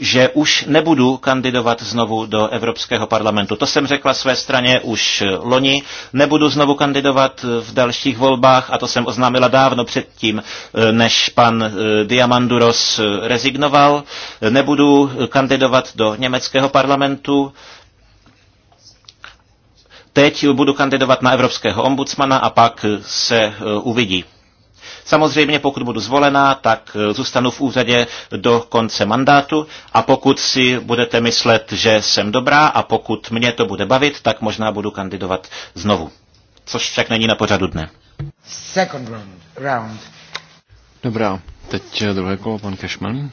že už nebudu kandidovat znovu do Evropského parlamentu. To jsem řekla své straně už loni. Nebudu znovu kandidovat v dalších volbách a to jsem oznámila dávno předtím, než pan eh, Diamanduros eh, rezignoval. Nebudu kandidovat do německého parlamentu. Teď budu kandidovat na evropského ombudsmana a pak se eh, uvidí. Samozřejmě, pokud budu zvolená, tak eh, zůstanu v úřadě do konce mandátu a pokud si budete myslet, že jsem dobrá a pokud mě to bude bavit, tak možná budu kandidovat znovu. Což však není na pořadu dne. Second round. round. Dobrá, teď eh, druhé kolo, pan Cashman.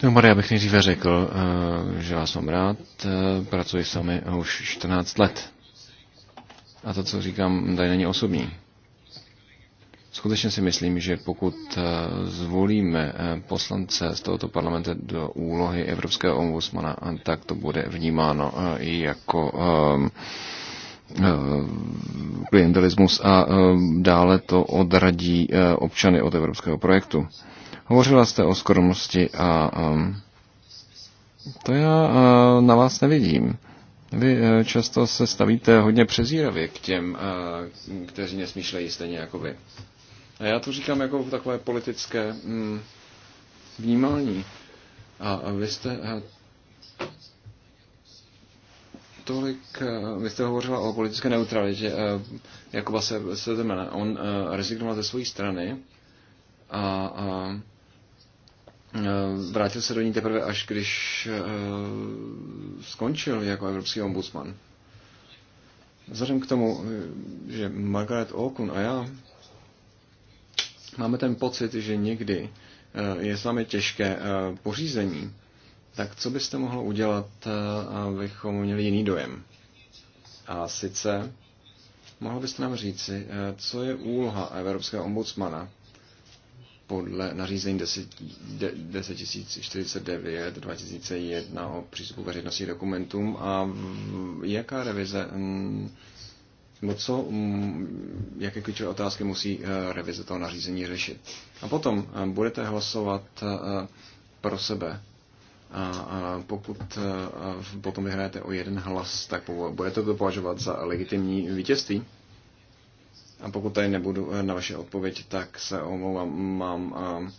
Dobře, já bych nejdříve řekl, eh, že vás mám rád. Pracuji sami už 14 let. A to, co říkám, tady není osobní. Skutečně si myslím, že pokud eh, zvolíme eh, poslance z tohoto parlamentu do úlohy Evropského ombudsmana, tak to bude vnímáno eh, i jako ehm, klientelismus a dále to odradí občany od evropského projektu. Hovořila jste o skromnosti a ehm, to já na vás nevidím. Vy eh, často se stavíte hodně přezíravě k těm, eh, kteří nesmýšlejí stejně jako vy. A já to říkám jako takové politické mm, vnímání. A vy jste eh, tolik, vy jste hovořila o politické neutralitě to Sedemena. On rezignoval ze své strany a, a Eh, vrátil se do ní teprve až když eh, skončil jako evropský ombudsman. Vzhledem k tomu, eh, že Margaret Okun a já máme ten pocit, že někdy je s námi těžké pořízení, tak co byste mohlo udělat, abychom měli jiný dojem? A sice, mohl byste nám říci, co je úloha Evropského ombudsmana podle nařízení 10049 2001 o přístupu veřejnosti k dokumentům a jaká revize, mm, no co, mm, jaké klíčové otázky musí eh, revize toho nařízení řešit. A potom eh, budete hlasovat eh, pro sebe. A pokud potom vyhráte o jeden hlas, tak budete to považovat za legitimní vítězství? A pokud tady nebudu eh, na vaše odpověď, tak se omlouvám, mám a, eh,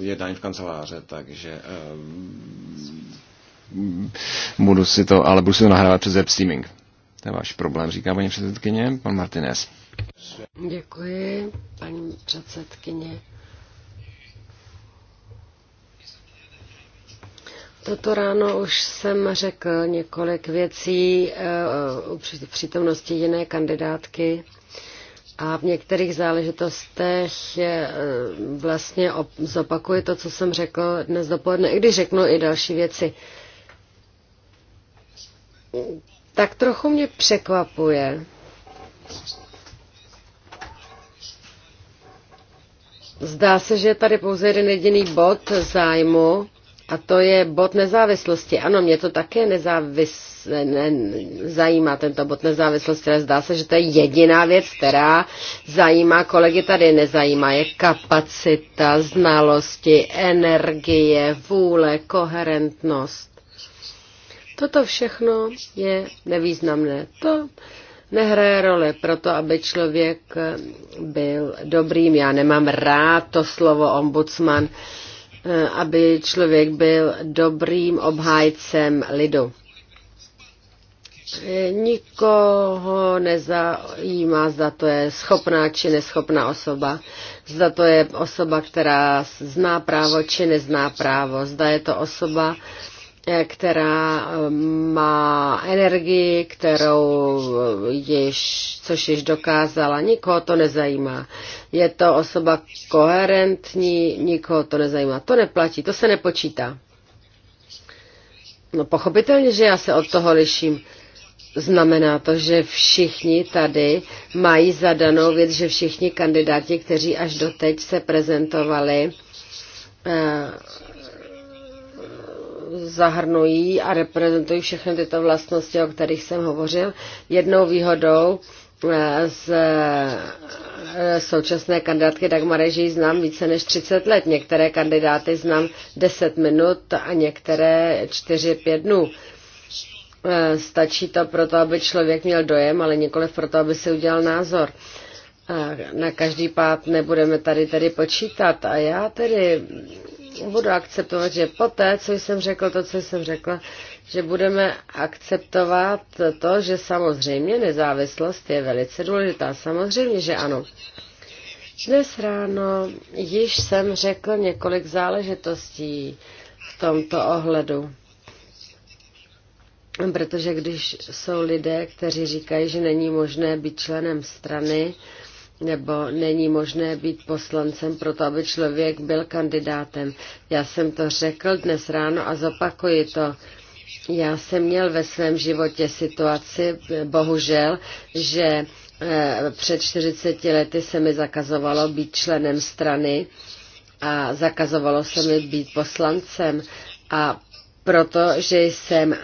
eh, jednání v kanceláře, takže budu si to, ale budu si to nahrávat přes web streaming. To je váš problém, říká paní předsedkyně, pan Martinez. Děkuji, paní předsedkyně. Toto ráno už jsem řekl několik věcí v eh, přítomnosti jiné kandidátky a v některých záležitostech eh, vlastně zopakuji to, co jsem řekl dnes dopoledne, i když řeknu i další věci. Tak trochu mě překvapuje, Zdá se, že je tady pouze jeden jediný bod zájmu a to je bod nezávislosti. Ano, mě to také nezávis, ne, zajímá, tento bod nezávislosti, ale zdá se, že to je jediná věc, která zajímá kolegy tady. Nezajímá je kapacita, znalosti, energie, vůle, koherentnost. Toto všechno je nevýznamné. To nehraje roli to, aby člověk byl dobrým. Já nemám rád to slovo ombudsman. Eh, aby člověk byl dobrým obhájcem lidu. Eh, nikoho nezajímá, zda to je schopná či neschopná osoba, zda to je osoba, která zná právo či nezná právo, zda je to osoba, která um, má energii, kterou již, což již dokázala, nikoho to nezajímá. Je to osoba koherentní, nikoho to nezajímá. To neplatí, to se nepočítá. No pochopitelně, že já se od toho liším. Znamená to, že všichni tady mají zadanou věc, že všichni kandidáti, kteří až doteď se prezentovali, eh, zahrnují a reprezentují všechny tyto vlastnosti, o kterých jsem hovořil. Jednou výhodou eh, z eh, současné kandidátky Dagmare, že ji znám více než 30 let. Některé kandidáty znám 10 minut a některé 4-5 dnů. Eh, stačí to proto, aby člověk měl dojem, ale nikoliv proto, aby si udělal názor. Na každý pát nebudeme tady tady počítat. A já tedy budu akceptovat, že poté, co jsem řekl, to, co jsem řekla, že budeme akceptovat to, že samozřejmě nezávislost je velice důležitá. Samozřejmě, že ano. Dnes ráno již jsem řekl několik záležitostí v tomto ohledu. Protože když jsou lidé, kteří říkají, že není možné být členem strany, nebo není možné být poslancem proto, aby člověk byl kandidátem. Já jsem to řekl dnes ráno a zopakuji to. Já jsem měl ve svém životě situaci, bohužel, že eh, před 40 lety se mi zakazovalo být členem strany a zakazovalo se mi být poslancem. A protože jsem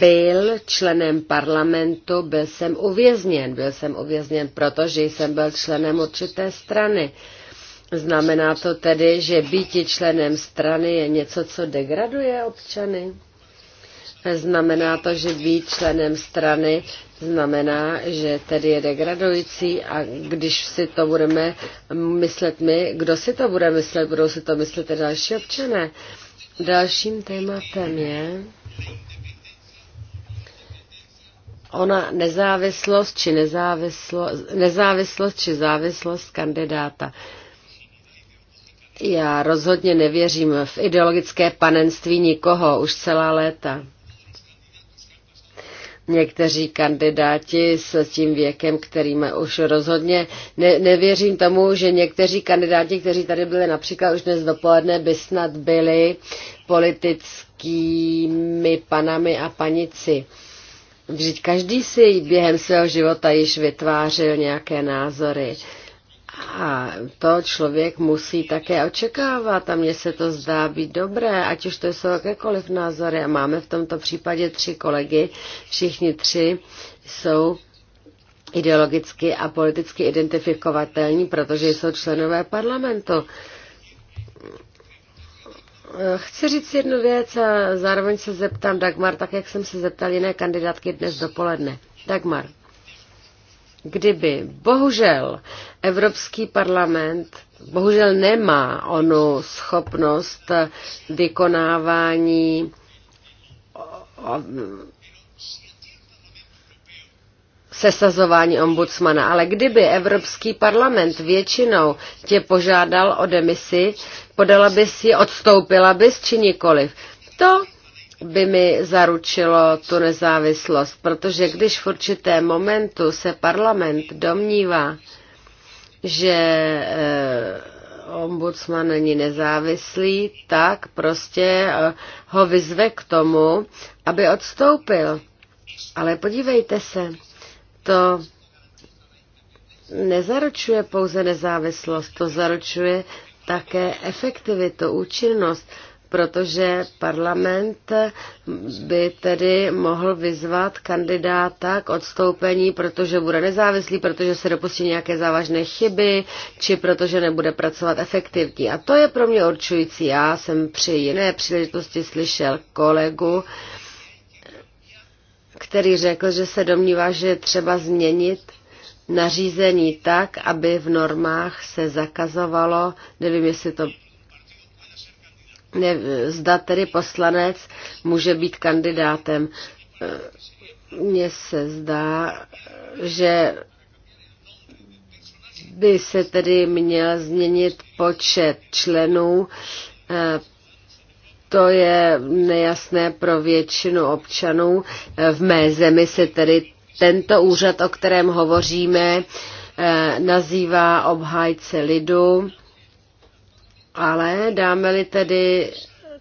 byl členem parlamentu, byl jsem uvězněn. Byl jsem uvězněn, protože jsem byl členem určité strany. Znamená to tedy, že být členem strany je něco, co degraduje občany? Znamená to, že být členem strany znamená, že tedy je degradující a když si to budeme myslet my, kdo si to bude myslet, budou si to myslet i další občané. Dalším tématem je ona nezávislost či nezávislo, nezávislost či závislost kandidáta. Já rozhodně nevěřím v ideologické panenství nikoho už celá léta někteří kandidáti s tím věkem, kterým už rozhodně ne, nevěřím tomu, že někteří kandidáti, kteří tady byli například už dnes dopoledne, by snad byli politickými panami a panici. Vždyť každý si během svého života již vytvářel nějaké názory. A to člověk musí také očekávat a mně se to zdá být dobré, ať už to jsou jakékoliv názory. A máme v tomto případě tři kolegy, všichni tři jsou ideologicky a politicky identifikovatelní, protože jsou členové parlamentu. Chci říct jednu věc a zároveň se zeptám Dagmar, tak jak jsem se zeptal jiné kandidátky dnes dopoledne. Dagmar, kdyby bohužel Evropský parlament bohužel nemá onu schopnost vykonávání sesazování ombudsmana, ale kdyby Evropský parlament většinou tě požádal o demisi, podala bys ji, odstoupila bys či nikoliv. To by mi zaručilo tu nezávislost, protože když v určitém momentu se parlament domnívá, že eh, ombudsman není nezávislý, tak prostě eh, ho vyzve k tomu, aby odstoupil. Ale podívejte se, to nezaručuje pouze nezávislost, to zaručuje také efektivitu, účinnost protože parlament by tedy mohl vyzvat kandidáta k odstoupení, protože bude nezávislý, protože se dopustí nějaké závažné chyby, či protože nebude pracovat efektivně. A to je pro mě určující. Já jsem při jiné příležitosti slyšel kolegu, který řekl, že se domnívá, že je třeba změnit nařízení tak, aby v normách se zakazovalo, nevím, jestli to ne, zda tedy poslanec může být kandidátem. Mně se zdá, že by se tedy měl změnit počet členů. To je nejasné pro většinu občanů. V mé zemi se tedy tento úřad, o kterém hovoříme, eh, nazývá obhájce lidu ale dáme-li tedy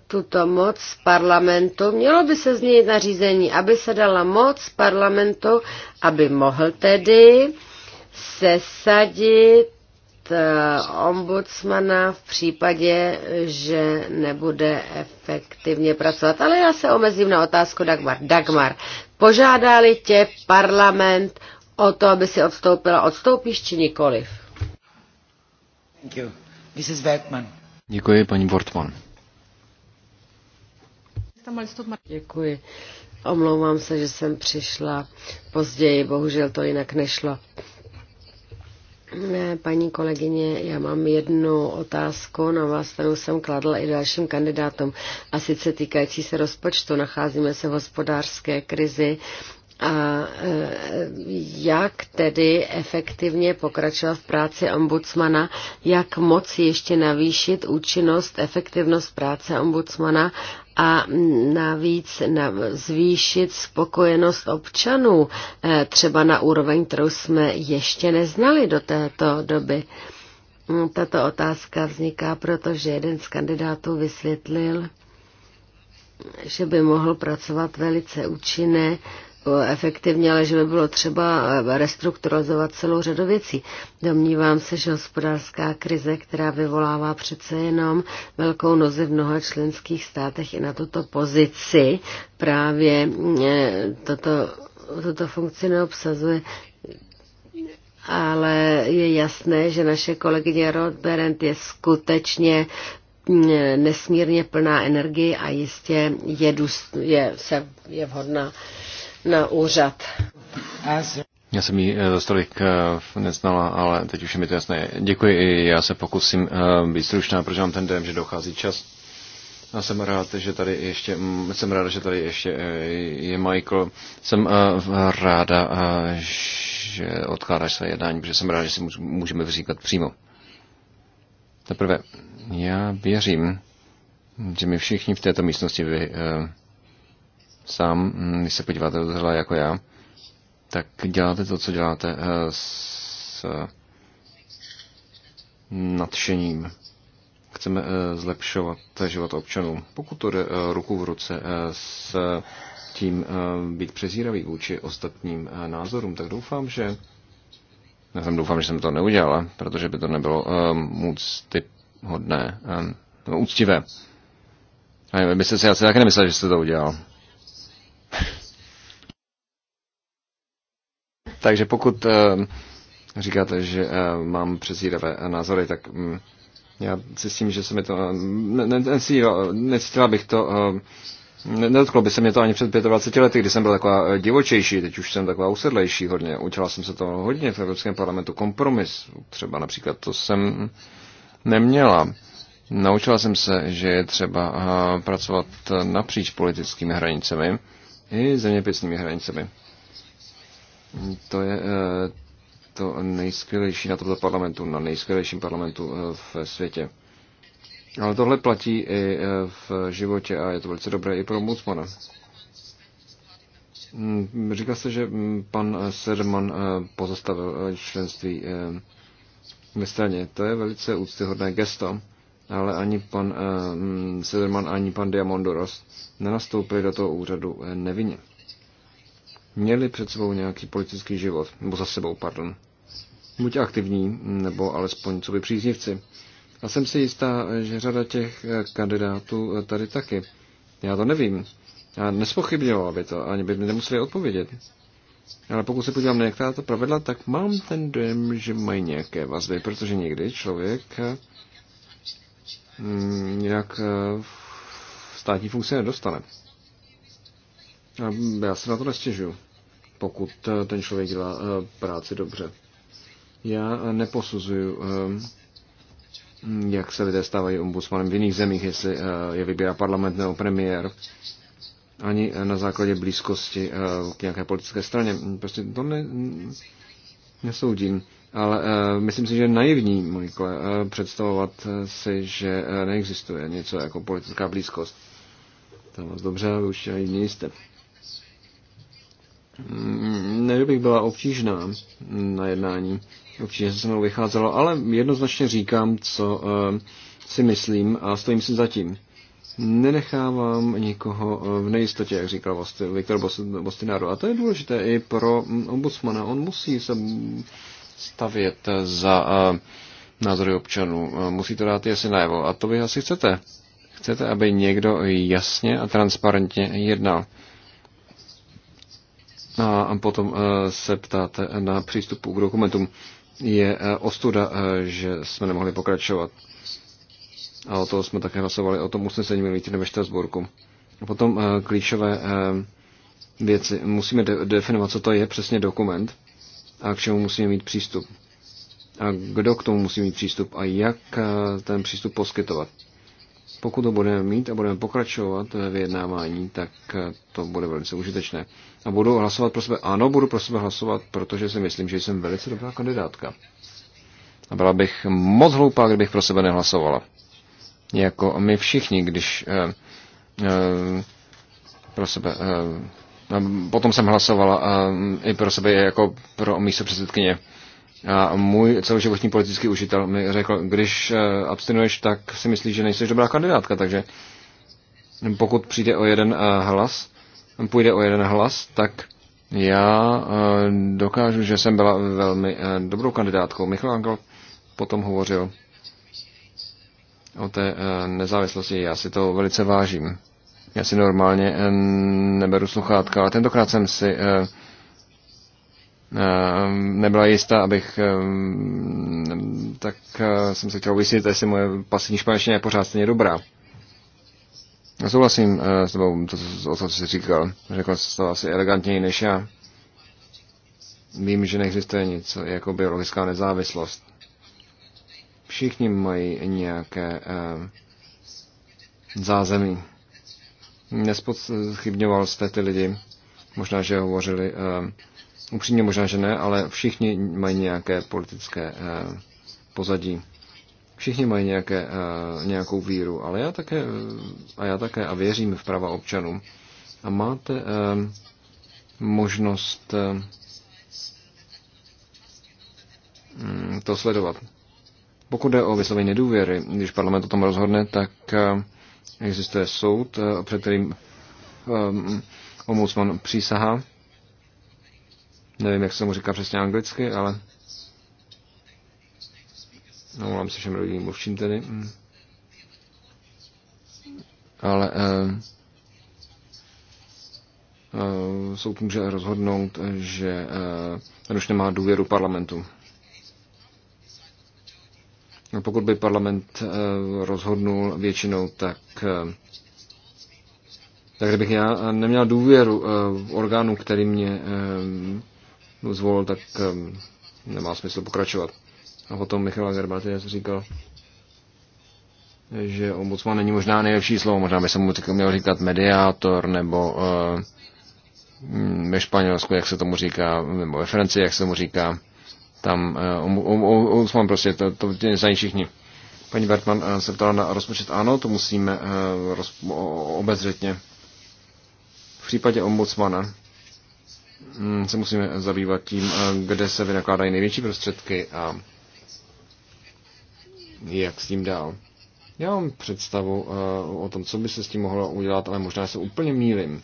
tuto moc parlamentu, mělo by se změnit nařízení, aby se dala moc parlamentu, aby mohl tedy sesadit eh, ombudsmana v případě, že nebude efektivně pracovat. Ale já se omezím na otázku Dagmar. Dagmar, požádali tě parlament o to, aby si odstoupila. Odstoupíš či nikoliv? Thank you. Mrs. Bergman. Děkuji, paní Wortman. Děkuji. Omlouvám se, že jsem přišla později, bohužel to jinak nešlo. Ne, paní kolegyně, já mám jednu otázku na vás, kterou jsem kladla i dalším kandidátům, a sice týkající se rozpočtu. Nacházíme se v hospodářské krizi a e, jak tedy efektivně pokračovat v práci ombudsmana, jak moc ještě navýšit účinnost, efektivnost práce ombudsmana a navíc zvýšit spokojenost občanů, e, třeba na úroveň, kterou jsme ještě neznali do této doby. No, tato otázka vzniká, protože jeden z kandidátů vysvětlil, že by mohl pracovat velice účinné efektivně, ale že by bylo třeba restrukturalizovat celou řadu věcí. Domnívám se, že hospodářská krize, která vyvolává přece jenom velkou nozi v mnoha členských státech i na tuto pozici, právě eh, toto, toto funkci neobsazuje ale je jasné, že naše kolegyně Rod Berend je skutečně eh, nesmírně plná energie a jistě je, je, se, je vhodná na úřad. Já jsem ji eh, za stolik eh, neznala, ale teď už je mi to jasné. Děkuji, já se pokusím eh, být stručná, protože mám ten dojem, že dochází čas. Já jsem rád, že tady ještě, jsem ráda, že tady ještě je Michael. Jsem ráda, že odkládáš své jednání, protože jsem ráda, že si můžeme vyříkat přímo. Teprve, já věřím, že my všichni v této místnosti vy, sám, mm, když se podíváte do zhla jako já, tak děláte to, co děláte eh, s eh, nadšením. Chceme eh, zlepšovat život občanů. Pokud to jde ruku v ruce s tím být přezíravý vůči ostatním názorům, tak doufám, že já jsem doufám, že jsem to neudělal, protože by to nebylo um, úcty hodné, no, um, úctivé. A vy jste si asi taky nemyslel, že jste to udělal. Takže pokud ehm, říkáte, že ehm, mám přezíravé eh, názory, tak mm, já cítím, že se mi to... Ehm, necítila bych to... Nedotklo by se mě to ani před 25 lety, kdy jsem byl taková eh, divočejší, teď už jsem taková usedlejší hodně. Učila jsem se to hodně v Evropském parlamentu. Kompromis třeba například, to jsem neměla. Naučila jsem se, že je třeba eh, pracovat napříč politickými hranicemi i zeměpisnými hranicemi. To je eh, to nejskvělejší na tomto parlamentu, na nejskvělejším parlamentu eh, v světě. Ale tohle platí i eh, v životě a je to velice dobré i pro Mucmana. Mm, říká se, že mm, pan Sedman pozastavil členství ve straně. To je velice úctyhodné gesto, ale ani pan mm, Sederman, ani pan Diamondoros nenastoupili do toho úřadu nevinně měli před sebou nějaký politický život, nebo za sebou, pardon. Buď aktivní, nebo alespoň co by příznivci. A jsem si jistá, že řada těch eh, kandidátů eh, tady taky. Já to nevím. Já nespochybňoval by to, ani by mi nemuseli odpovědět. Ale pokud se podívám na některá to pravidla, tak mám ten dojem, že mají nějaké vazby, protože někdy člověk eh, mm, nějak státní funkci nedostane. Já se na to nestěžuju pokud eh, ten člověk dělá eh, práci dobře. Já eh, neposuzuju, jak se lidé stávají ombudsmanem v jiných zemích, jestli je vybírá parlament nebo premiér, ani na základě blízkosti k nějaké politické straně. Prostě to ne, nesoudím. Ale uh, myslím si, že je naivní, Michael, uh, představovat si, že uh, neexistuje něco jako politická blízkost. To vás dobře, ale už nejste. jste. Mm, ne, bych byla obtížná na jednání. Obtížně se mnou vycházelo, ale jednoznačně říkám, co eh, si myslím a stojím si zatím. Nenechávám nikoho eh, v nejistotě, jak říkal Viktor Bostinaro. A to je důležité i pro mm, ombudsmana. On musí se stavět za eh, názory občanů. Musí to dát jasně najevo. A to vy asi chcete. Chcete, aby někdo jasně a transparentně jednal. A potom eh, se ptáte na přístupu k dokumentům. Je eh, ostuda, eh, že jsme nemohli pokračovat. A o toho jsme také hlasovali, o tom usnesení minulý týden ve Štrasburku. A potom klíčové věci. Musíme de- definovat, co to je přesně dokument a k čemu musíme mít přístup. A kdo k tomu musí mít přístup a jak ten přístup poskytovat pokud to budeme mít a budeme pokračovat ve vyjednávání, tak to bude velice užitečné. A budu hlasovat pro sebe. Ano, budu pro sebe hlasovat, protože si myslím, že jsem velice dobrá kandidátka. A byla bych moc hloupá, kdybych pro sebe nehlasovala. Jako my všichni, když eh, eh, pro sebe. Eh, potom jsem hlasovala eh, i pro sebe jako pro místo předsedkyně. A můj celoživotní politický učitel mi řekl, když eh, abstinuješ, tak si myslíš, že nejsi dobrá kandidátka, takže pokud přijde o jeden eh, hlas, půjde o jeden hlas, tak já eh, dokážu, že jsem byla velmi dobrou kandidátkou. Michal Angel potom hovořil o té nezávislosti. Já si to velice vážím. Já si normálně neberu sluchátka, ale tentokrát jsem si Ehm, nebyla jistá, abych, ehm, tak eh, jsem se chtěl ujistit, jestli moje pasivní španělština je pořád stejně dobrá. Já souhlasím eh, s tebou, to, o co jsi říkal. Řekl jsi to asi elegantněji než já. Vím, že neexistuje nic jako biologická nezávislost. Všichni mají nějaké ehm, eh, zázemí. Nespochybňoval jste ty lidi, možná, že hovořili eh, Upřímně možná, že ne, ale všichni mají nějaké politické eh, pozadí. Všichni mají nějaké, eh, nějakou víru, ale já také, eh, a já také, a věřím v práva občanů. A máte možnost mm, to sledovat. Pokud jde o vyslovení nedůvěry, když parlament o tom rozhodne, tak existuje soud, před kterým ombudsman přísahá Nevím, jak se mu říká přesně anglicky, ale... No, mám se všem lidem mluvčím tedy. Mm. Ale... Eh, eh, soud může rozhodnout, že eh, ten už nemá důvěru parlamentu. Pokud by parlament eh, rozhodnul většinou, tak, tak kdybych já neměl důvěru orgánu, který mě zvolil, tak ehm, nemá smysl pokračovat. A potom Michal Gerbaty říkal, že ombudsman není možná nejlepší slovo, možná by se mu měl říkat mediátor nebo uh, ve Španělsku, jak se tomu říká, nebo ve Francii, jak se tomu říká, tam uh, ombudsman prostě, to, to znají všichni. Paní Bertman uh, se ptala na rozpočet, ano, to musíme uh, roz, obezřetně. V případě ombudsmana Hmm, se musíme zabývat tím, eh, kde se vynakládají největší prostředky a jak s tím dál. Já mám představu eh, o tom, co by se s tím mohlo udělat, ale možná se úplně mílim.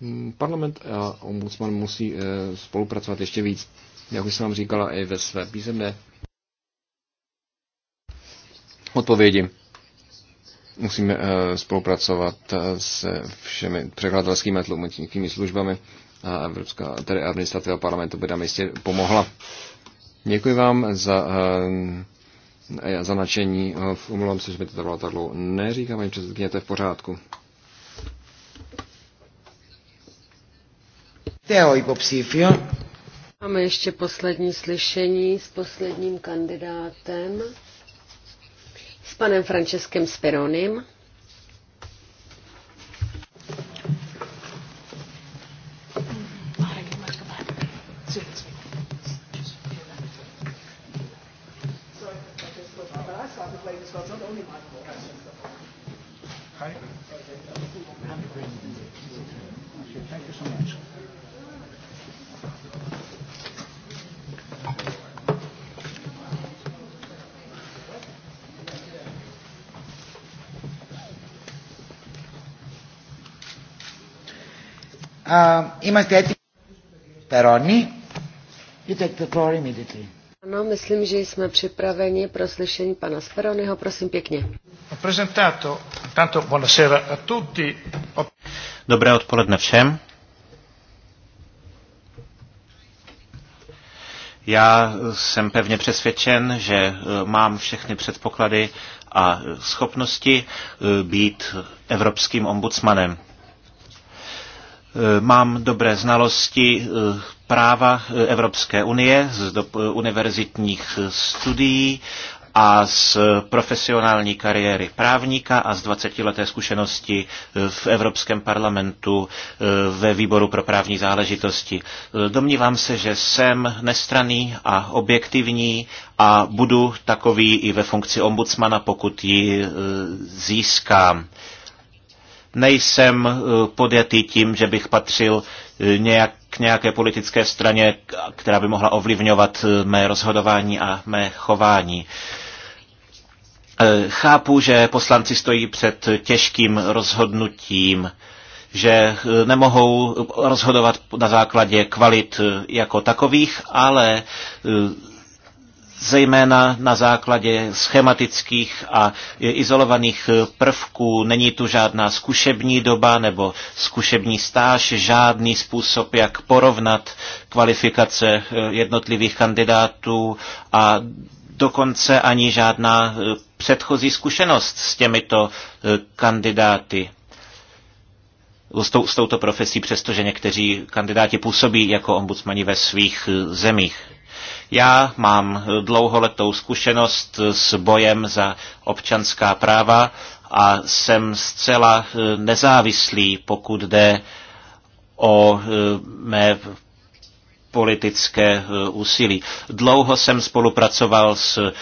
Hmm, parlament a ombudsman musí eh, spolupracovat ještě víc, jak už jsem vám říkala i ve své písemné odpovědi. Musíme eh, spolupracovat eh, se všemi překladatelskými a tlumočníkými službami a Evropská, tedy administrativa parlamentu by nám jistě pomohla. Děkuji vám za, eh, za nadšení. Umluvám se, že mi to trvalo tak dlouho. Neříkám, že předsedkyně, to je v pořádku. Teo Ipopsifio. Máme ještě poslední slyšení s posledním kandidátem s panem Franceskem Speronim. Είμαστε έτοιμοι. Περώνει. You take the floor Ano, myslím, že jsme připraveni pro slyšení pana Speroniho. Prosím pěkně. Presentato. Tanto buonasera a tutti. Dobré odpoledne všem. Já jsem pevně přesvědčen, že e, mám všechny předpoklady a e, schopnosti e, být evropským ombudsmanem. Eh, mám dobré znalosti eh, práva eh, Evropské unie z univerzitních studií a z profesionální kariéry právníka a z 20 leté zkušenosti v Evropském parlamentu ve výboru pro právní záležitosti. Domnívám se, že jsem nestraný a objektivní a budu takový i ve funkci ombudsmana, pokud ji získám nejsem eh, podjatý tím, že bych patřil eh, nějak, k nějaké politické straně, která by mohla ovlivňovat eh, mé rozhodování a mé chování. Chápu, že poslanci stojí před těžkým rozhodnutím, že nemohou rozhodovat na základě kvalit jako takových, ale zejména na základě schematických a izolovaných prvků. Není tu žádná zkušební doba nebo zkušební stáž, žádný způsob, jak porovnat kvalifikace eh, jednotlivých kandidátů a dokonce ani žádná eh, předchozí zkušenost s těmito eh, kandidáty s, tou, s touto profesí, přestože někteří kandidáti působí jako ombudsmani ve svých zemích. Já mám dlouholetou zkušenost s bojem za občanská práva a jsem zcela eh, nezávislý, pokud jde o eh, mé politické eh, úsilí. Dlouho jsem spolupracoval s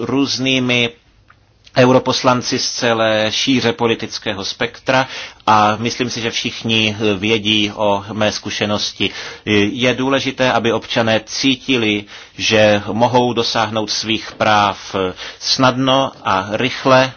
různými europoslanci z celé šíře politického spektra a myslím si, že všichni vědí o mé zkušenosti. Je důležité, aby občané cítili, že mohou dosáhnout svých práv snadno a rychle.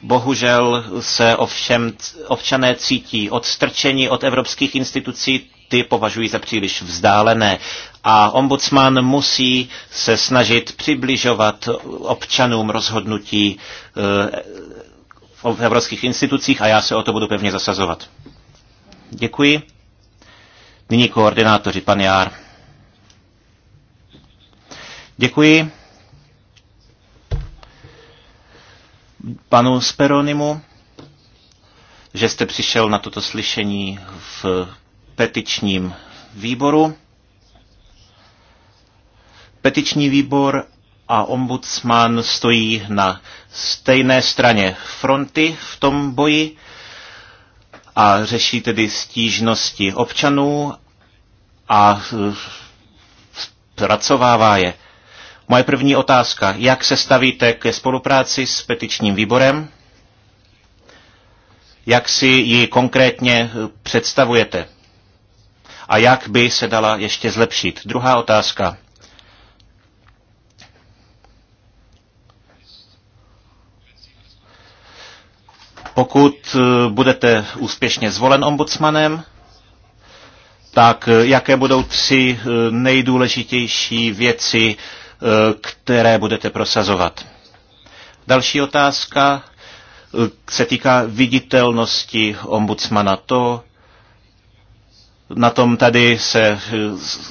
Bohužel se ovšem občané cítí odstrčení od evropských institucí, ty považují za příliš vzdálené a ombudsman musí se snažit přibližovat občanům rozhodnutí eh, v evropských institucích a já se o to budu pevně zasazovat. Děkuji. Nyní koordinátoři, pan Jár. Děkuji panu Speronimu, že jste přišel na toto slyšení v petičním výboru. Petiční výbor a ombudsman stojí na stejné straně fronty v tom boji a řeší tedy stížnosti občanů a zpracovává je. Moje první otázka, jak se stavíte ke spolupráci s petičním výborem? Jak si ji konkrétně představujete? a jak by se dala ještě zlepšit. Druhá otázka. Pokud eh, budete úspěšně zvolen ombudsmanem, tak eh, jaké budou tři eh, nejdůležitější věci, které budete prosazovat? Další otázka se týká viditelnosti ombudsmana. To na tom tady se eh,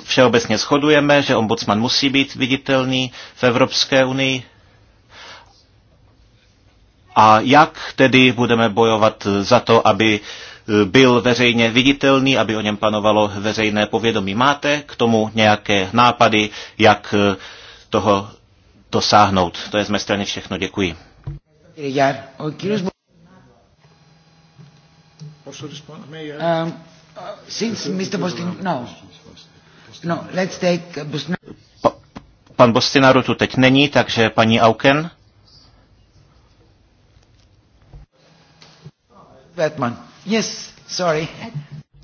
všeobecně shodujeme, že ombudsman musí být viditelný v Evropské unii. A jak tedy budeme bojovat za to, aby eh, byl veřejně viditelný, aby o něm panovalo veřejné povědomí? Máte k tomu nějaké nápady, jak eh, toho dosáhnout? To je z mé strany všechno. Děkuji. Um, Since Mr. Bostin, no. No, let's take uh, pan Bostinaru tu teď není, takže paní Auken. Vertman, Yes, sorry.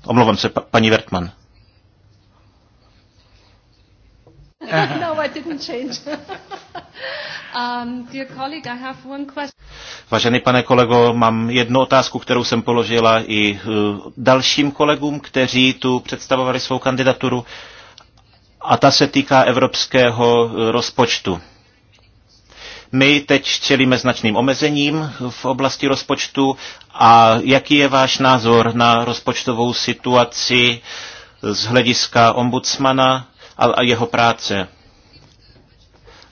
Omlouvám se, pa, paní Vertman. no, I didn't change. (laughs) (laughs) Um, Vážený pane kolego, mám jednu otázku, kterou jsem položila i eh, dalším kolegům, kteří tu představovali svou kandidaturu, a ta se týká evropského eh, rozpočtu. My teď čelíme značným omezením v oblasti rozpočtu a jaký je váš názor na rozpočtovou situaci z hlediska ombudsmana a jeho práce?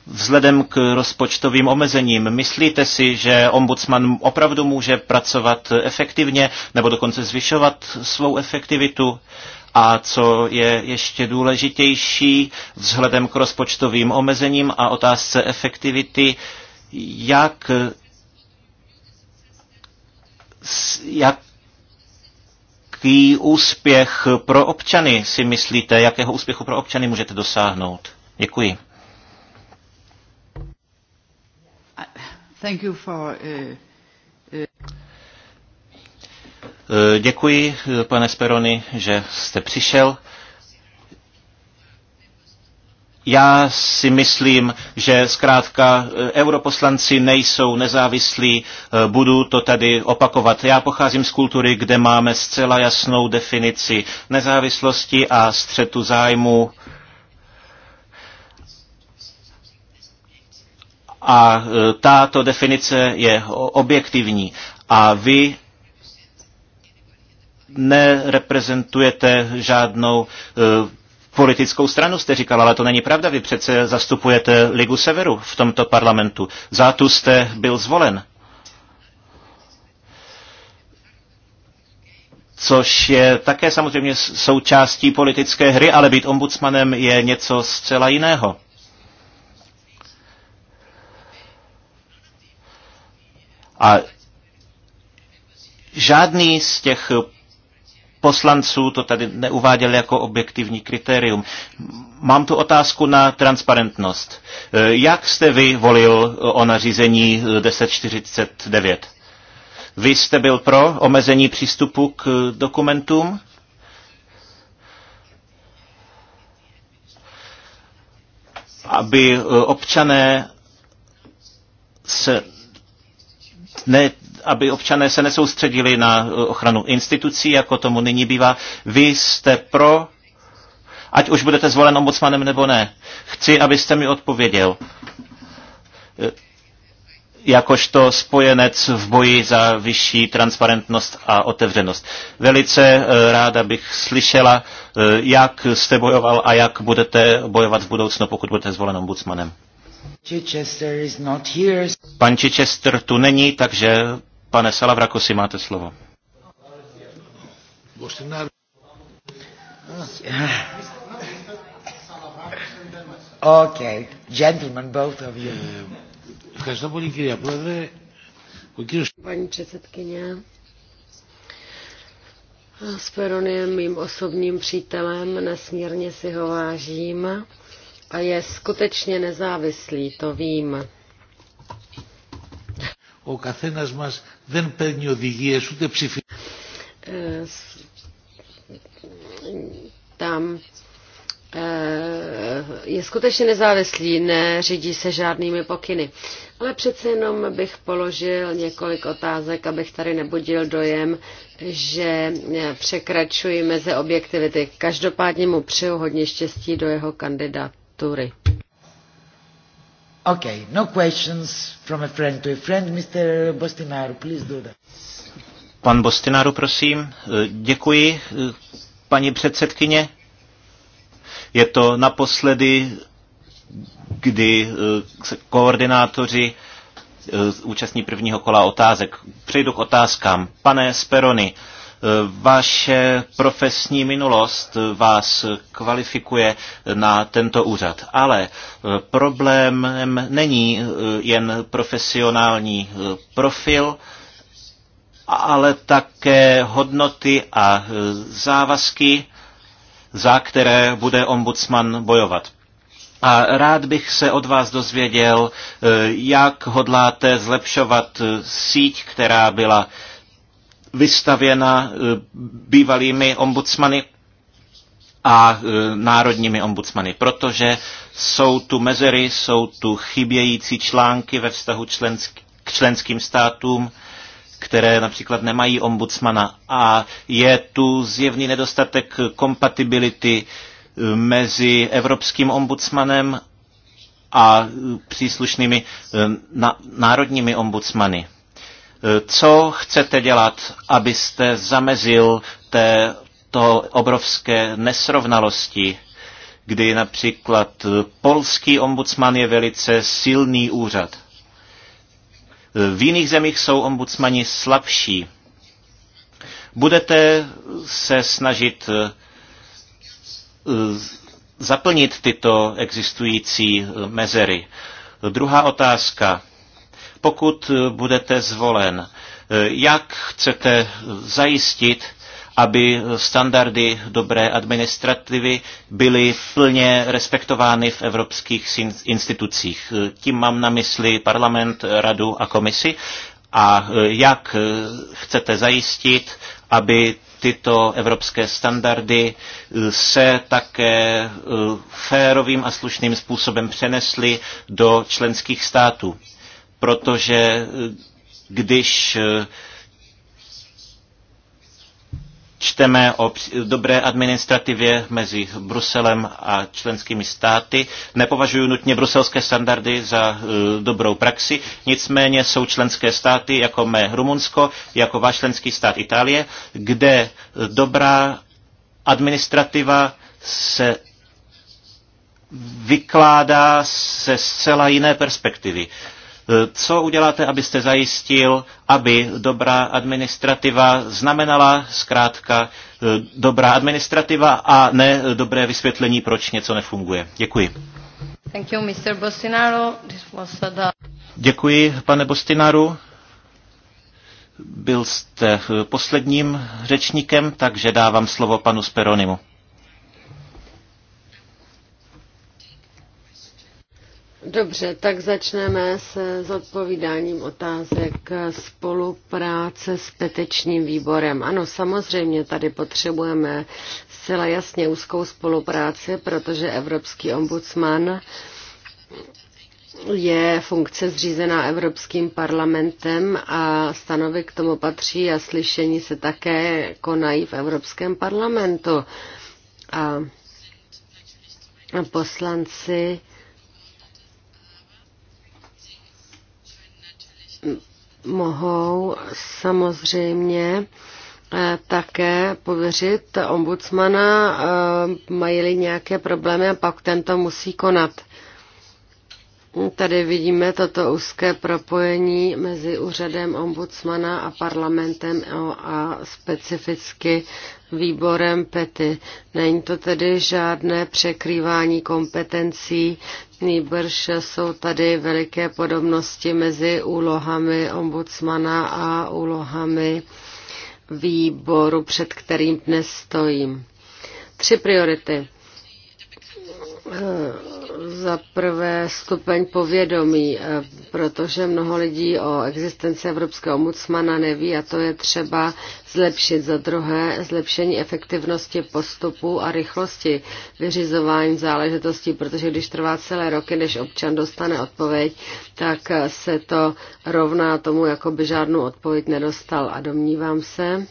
Vzhledem k rozpočtovým omezením, myslíte si, že ombudsman opravdu může pracovat efektivně nebo dokonce zvyšovat svou efektivitu? A co je ještě důležitější vzhledem k rozpočtovým omezením a otázce efektivity, jak, jak jaký úspěch pro občany si myslíte, jakého úspěchu pro občany můžete dosáhnout? Děkuji. Uh, uh, eh, děkuji, pane Speroni, že jste přišel. Já si myslím, že zkrátka eh, europoslanci nejsou nezávislí, eh, budu to tady opakovat. Já pocházím z kultury, kde máme zcela jasnou definici nezávislosti a střetu zájmu A e, tato definice je objektivní. A vy nereprezentujete žádnou e, politickou stranu, jste říkal, ale to není pravda. Vy přece zastupujete Ligu Severu v tomto parlamentu. Za tu jste byl zvolen. což je také samozřejmě součástí politické hry, ale být ombudsmanem je něco zcela jiného. A žádný z těch poslanců to tady neuváděl jako objektivní kritérium. Mám tu otázku na transparentnost. Jak jste vy volil o nařízení 1049? Vy jste byl pro omezení přístupu k dokumentům? Aby občané se ne, aby občané se nesoustředili na eh, ochranu institucí, jako tomu nyní bývá. Vy jste pro, ať už budete zvolen ombudsmanem nebo ne. Chci, abyste mi odpověděl eh, jakožto spojenec v boji za vyšší transparentnost a otevřenost. Velice eh, ráda bych slyšela, jak jste bojoval a jak budete bojovat v budoucnu, pokud budete zvolen ombudsmanem. Pan Chichester tu není, takže pane Salavrako, si máte slovo. Okay, gentlemen, both of you. Ευχαριστώ πολύ κυρία Πρόεδρε. Ο κύριος... Paní předsedkyně, S je mým osobním přítelem, nesmírně si ho vážím. A je skutečně nezávislý, to vím. O kathenas mas den perni odigies ούτε psifi... Tam je skutečně nezávislý, neřídí se žádnými pokyny. Ale přece jenom bych položil několik otázek, abych tady nebudil dojem, že e, překračuji meze objektivity. Každopádně mu přeju hodně štěstí do jeho kandidat kultury. Okay, no questions from a friend to a friend. Mr. Bostinaru, please do that. Pan Bostinaru, prosím. E, děkuji, e, paní předsedkyně. Je to naposledy, kdy e, koordinátoři účastní prvního kola otázek. Přejdu k otázkám. Pane Speroni, vaše profesní minulost vás kvalifikuje na tento úřad, ale e, problémem není e, jen profesionální e, profil, ale také hodnoty a závazky, za které bude ombudsman bojovat. A rád bych se od vás dozvěděl, jak hodláte zlepšovat síť, která byla vystavěna e, bývalými ombudsmany a e, národními ombudsmany, protože jsou tu mezery, jsou tu chybějící články ve vztahu členský, k členským státům, které například nemají ombudsmana a je tu zjevný nedostatek kompatibility e, mezi evropským ombudsmanem a příslušnými národními ombudsmany. Co chcete dělat, abyste zamezil té, to obrovské nesrovnalosti, kdy například polský ombudsman je velice silný úřad? V jiných zemích jsou ombudsmani slabší. Budete se snažit eh, zaplnit tyto existující eh, mezery. Druhá otázka pokud budete zvolen, jak chcete zajistit, aby standardy dobré administrativy byly plně respektovány v evropských institucích. Tím mám na mysli parlament, radu a komisi. A jak chcete zajistit, aby tyto evropské standardy se také eh, férovým a slušným způsobem přenesly do členských států protože eh, když eh, čteme o dobré administrativě mezi Bruselem a členskými státy. Nepovažuji nutně bruselské standardy za eh, dobrou praxi, nicméně jsou členské státy jako mé Rumunsko, jako váš členský stát Itálie, kde dobrá administrativa se vykládá se zcela jiné perspektivy. Uh, E, co uděláte, abyste zajistil, aby dobrá administrativa znamenala zkrátka e, dobrá administrativa a ne dobré vysvětlení, proč něco nefunguje? Děkuji. Thank you, Mr. Bostinaro. This was the... Děkuji, pane Bostinaru. Byl jste e, posledním řečníkem, takže dávám slovo panu Speronimu. Dobře, tak začneme se zodpovídáním otázek spolupráce s petečním výborem. Ano, samozřejmě tady potřebujeme zcela jasně úzkou spolupráci, protože Evropský ombudsman je funkce zřízená Evropským parlamentem a stanovy k tomu patří a slyšení se také konají v Evropském parlamentu. A poslanci mohou samozřejmě eh, také pověřit ombudsmana, eh, mají-li nějaké problémy a pak tento musí konat. Tady vidíme toto úzké propojení mezi úřadem ombudsmana a parlamentem a specificky výborem PETY. Není to tedy žádné překrývání kompetencí, nýbrž jsou tady veliké podobnosti mezi úlohami ombudsmana a úlohami výboru, před kterým dnes stojím. Tři priority za prvé stupeň povědomí, eh, protože mnoho lidí o existenci Evropského ombudsmana neví a to je třeba zlepšit. Za druhé zlepšení efektivnosti postupu a rychlosti vyřizování záležitostí, protože když trvá celé roky, než občan dostane odpověď, tak eh, se to rovná tomu, jako by žádnou odpověď nedostal. A domnívám se,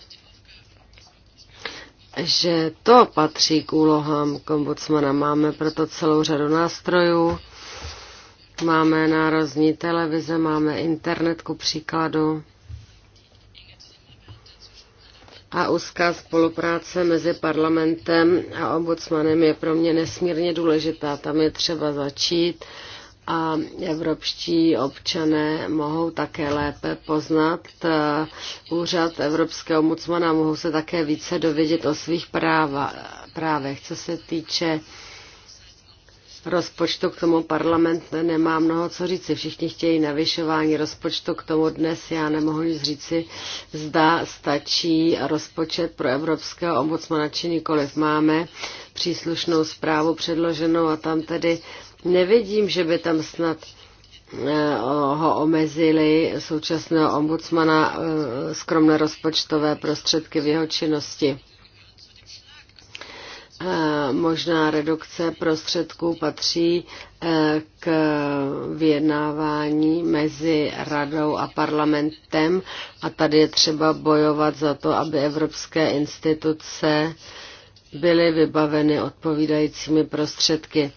že to patří k úlohám kombudsmana. Máme proto celou řadu nástrojů, máme nározní televize, máme internet ku příkladu a úzká spolupráce mezi parlamentem a ombudsmanem je pro mě nesmírně důležitá. Tam je třeba začít a evropští občané mohou také lépe poznat eh, úřad Evropského mocmana, mohou se také více dovědět o svých práva, právech. Co se týče rozpočtu, k tomu parlament nemá mnoho co říci. Všichni chtějí navyšování rozpočtu, k tomu dnes já nemohu nic říci. Zda stačí rozpočet pro Evropského ombudsmana, či nikoliv máme příslušnou zprávu předloženou a tam tedy Nevidím, že by tam snad eh, ho omezili současného ombudsmana eh, skromné rozpočtové prostředky v jeho činnosti. Eh, možná redukce prostředků patří k vyjednávání mezi radou a parlamentem a tady je třeba bojovat za to, aby evropské instituce byly vybaveny odpovídajícími prostředky.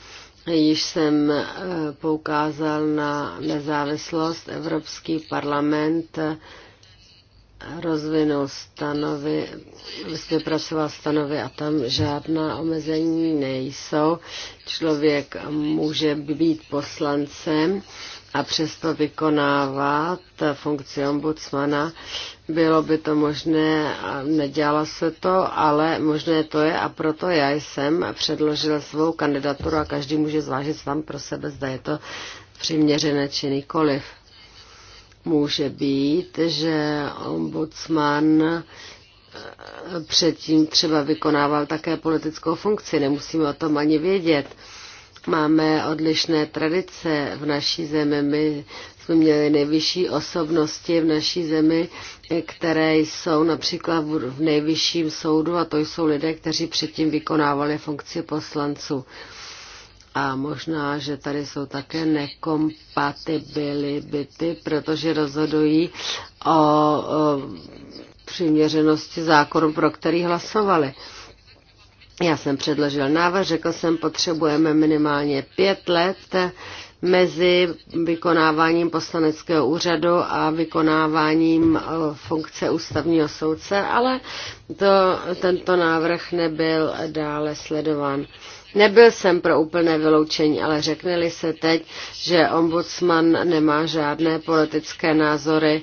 Již jsem eh, poukázal na nezávislost. Evropský parlament eh, rozvinul stanovy, vypracoval stanovy a tam žádná omezení nejsou. Člověk může být poslancem a přesto vykonávat funkci ombudsmana. Bylo by to možné, nedělalo se to, ale možné to je a proto já jsem předložila svou kandidaturu a každý může zvážit sám pro sebe, zda je to přiměřené či nikoliv. Může být, že ombudsman eh, předtím třeba vykonával také politickou funkci, nemusíme o tom ani vědět Máme odlišné tradice v naší zemi. My jsme měli nejvyšší osobnosti v naší zemi, které jsou například v nejvyšším soudu a to jsou lidé, kteří předtím vykonávali funkci poslanců. A možná, že tady jsou také nekompatibility, protože rozhodují o, o přiměřenosti zákonu, pro který hlasovali. Já jsem předložil návrh, řekl jsem, potřebujeme minimálně pět let mezi vykonáváním poslaneckého úřadu a vykonáváním eh, funkce ústavního soudce, ale to, tento návrh nebyl dále sledován. Nebyl jsem pro úplné vyloučení, ale řekne-li se teď, že ombudsman nemá žádné politické názory,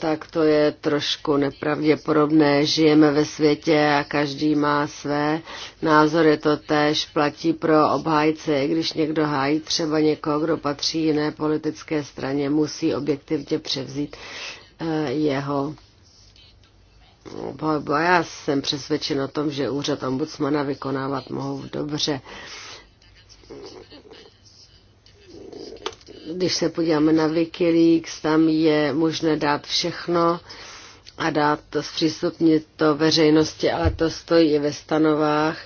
tak to je trošku nepravděpodobné. Žijeme ve světě a každý má své názory. To též platí pro obhájce. I když někdo hájí třeba někoho, kdo patří jiné politické straně, musí objektivně převzít e, jeho A Já jsem přesvědčen o tom, že úřad ombudsmana vykonávat mohou dobře když se podíváme na Wikileaks, tam je možné dát všechno a dát to, zpřístupnit to veřejnosti, ale to stojí i ve stanovách.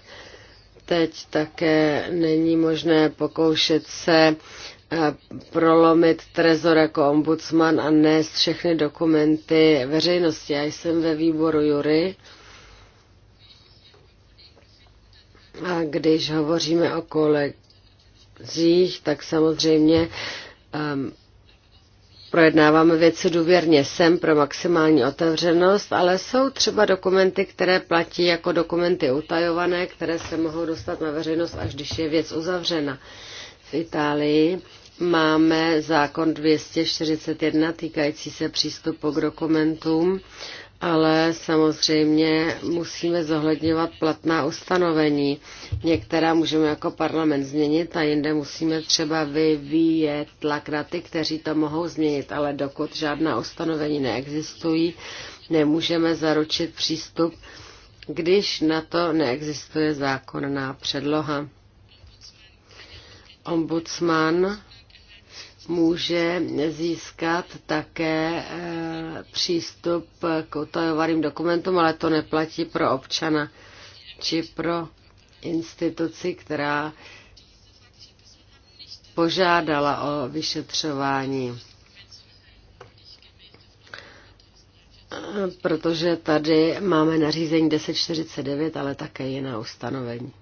Teď také není možné pokoušet se eh, prolomit trezor jako ombudsman a nést všechny dokumenty veřejnosti. Já jsem ve výboru jury a když hovoříme o kolegích, tak samozřejmě um, projednáváme věci důvěrně sem pro maximální otevřenost, ale jsou třeba dokumenty, které platí jako dokumenty utajované, které se mohou dostat na veřejnost, až když je věc uzavřena. V Itálii máme zákon 241 týkající se přístupu k dokumentům ale samozřejmě musíme zohledňovat platná ustanovení. Některá můžeme jako parlament změnit a jinde musíme třeba vyvíjet tlak na ty, kteří to mohou změnit, ale dokud žádná ustanovení neexistují, nemůžeme zaručit přístup, když na to neexistuje zákonná předloha. Ombudsman může získat také eh, přístup k utajovaným dokumentům, ale to neplatí pro občana či pro instituci, která požádala o vyšetřování. Protože tady máme nařízení 1049, ale také jiná ustanovení.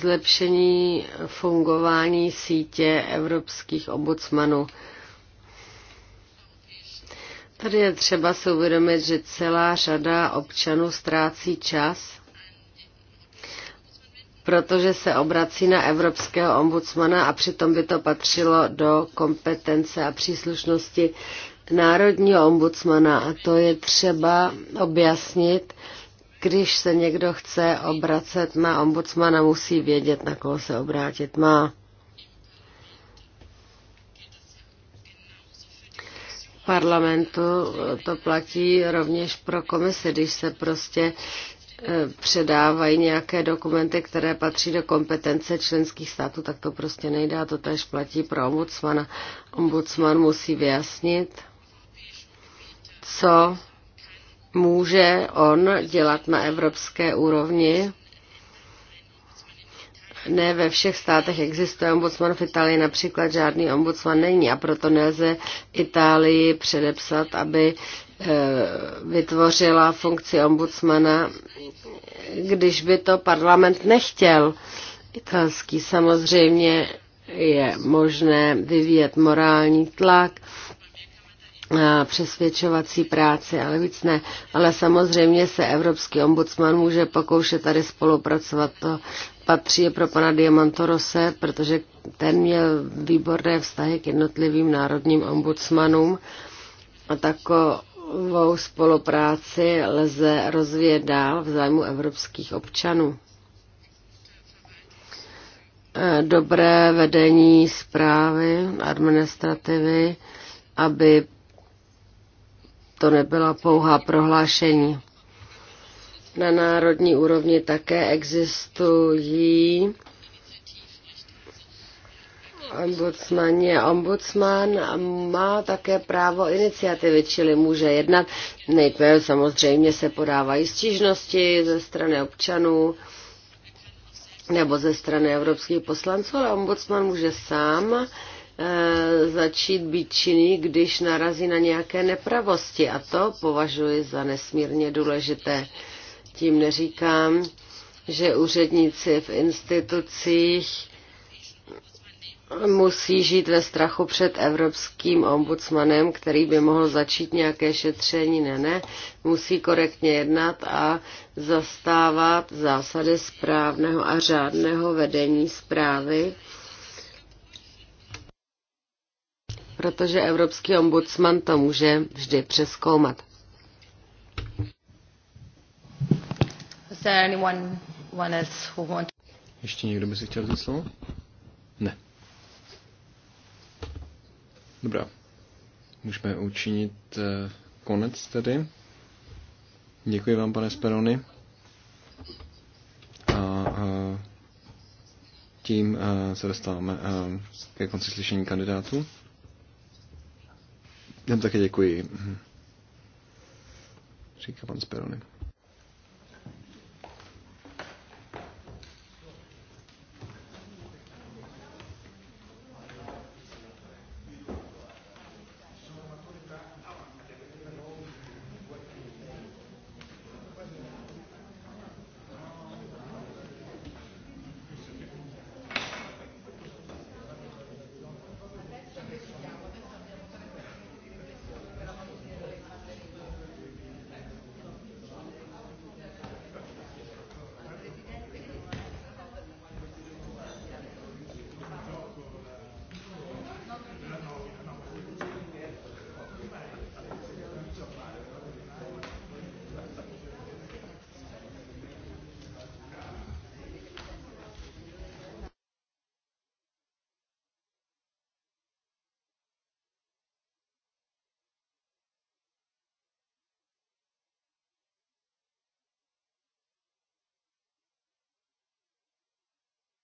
zlepšení fungování sítě evropských obocmanů. Tady je třeba si uvědomit, že celá řada občanů ztrácí čas, protože se obrací na evropského ombudsmana a přitom by to patřilo do kompetence a příslušnosti národního ombudsmana. A to je třeba objasnit, když se někdo chce obracet na ombudsmana, musí vědět, na koho se obrátit má. parlamentu to platí rovněž pro komisi, když se prostě e, předávají nějaké dokumenty, které patří do kompetence členských států, tak to prostě nejde a to tež platí pro ombudsmana. Ombudsman musí vyjasnit, co může on dělat na evropské úrovni. Ne ve všech státech existuje ombudsman, v Itálii například žádný ombudsman není a proto nelze Itálii předepsat, aby eh, vytvořila funkci ombudsmana, když by to parlament nechtěl. Italský samozřejmě je možné vyvíjet morální tlak Eh, přesvědčovací práci, ale víc ne. Ale samozřejmě se Evropský ombudsman může pokoušet tady spolupracovat. To patří je pro pana Diamantorose, protože ten měl výborné vztahy k jednotlivým národním ombudsmanům a takovou spolupráci lze rozvíjet dál v zájmu evropských občanů. Eh, dobré vedení zprávy, administrativy, aby to nebyla pouhá prohlášení. Na národní úrovni také existují Ombudsman je ombudsman a má také právo iniciativy, čili může jednat. Nejprve samozřejmě se podávají stížnosti ze strany občanů nebo ze strany evropských poslanců, ale ombudsman může sám Eh, začít být činný, když narazí na nějaké nepravosti. A to považuji za nesmírně důležité. Tím neříkám, že úředníci v institucích musí žít ve strachu před evropským ombudsmanem, který by mohl začít nějaké šetření. Ne, ne, musí korektně jednat a zastávat zásady správného a řádného vedení zprávy protože evropský ombudsman to může vždy přeskoumat. Ještě někdo by si chtěl říct slovo? Ne. Dobrá. Můžeme učinit eh, konec tedy. Děkuji vám, pane Sperony. A, a tím eh, se dostáváme eh, ke konci slyšení kandidátů. Jen také děkuji. Mhm. Říká pan Speroni.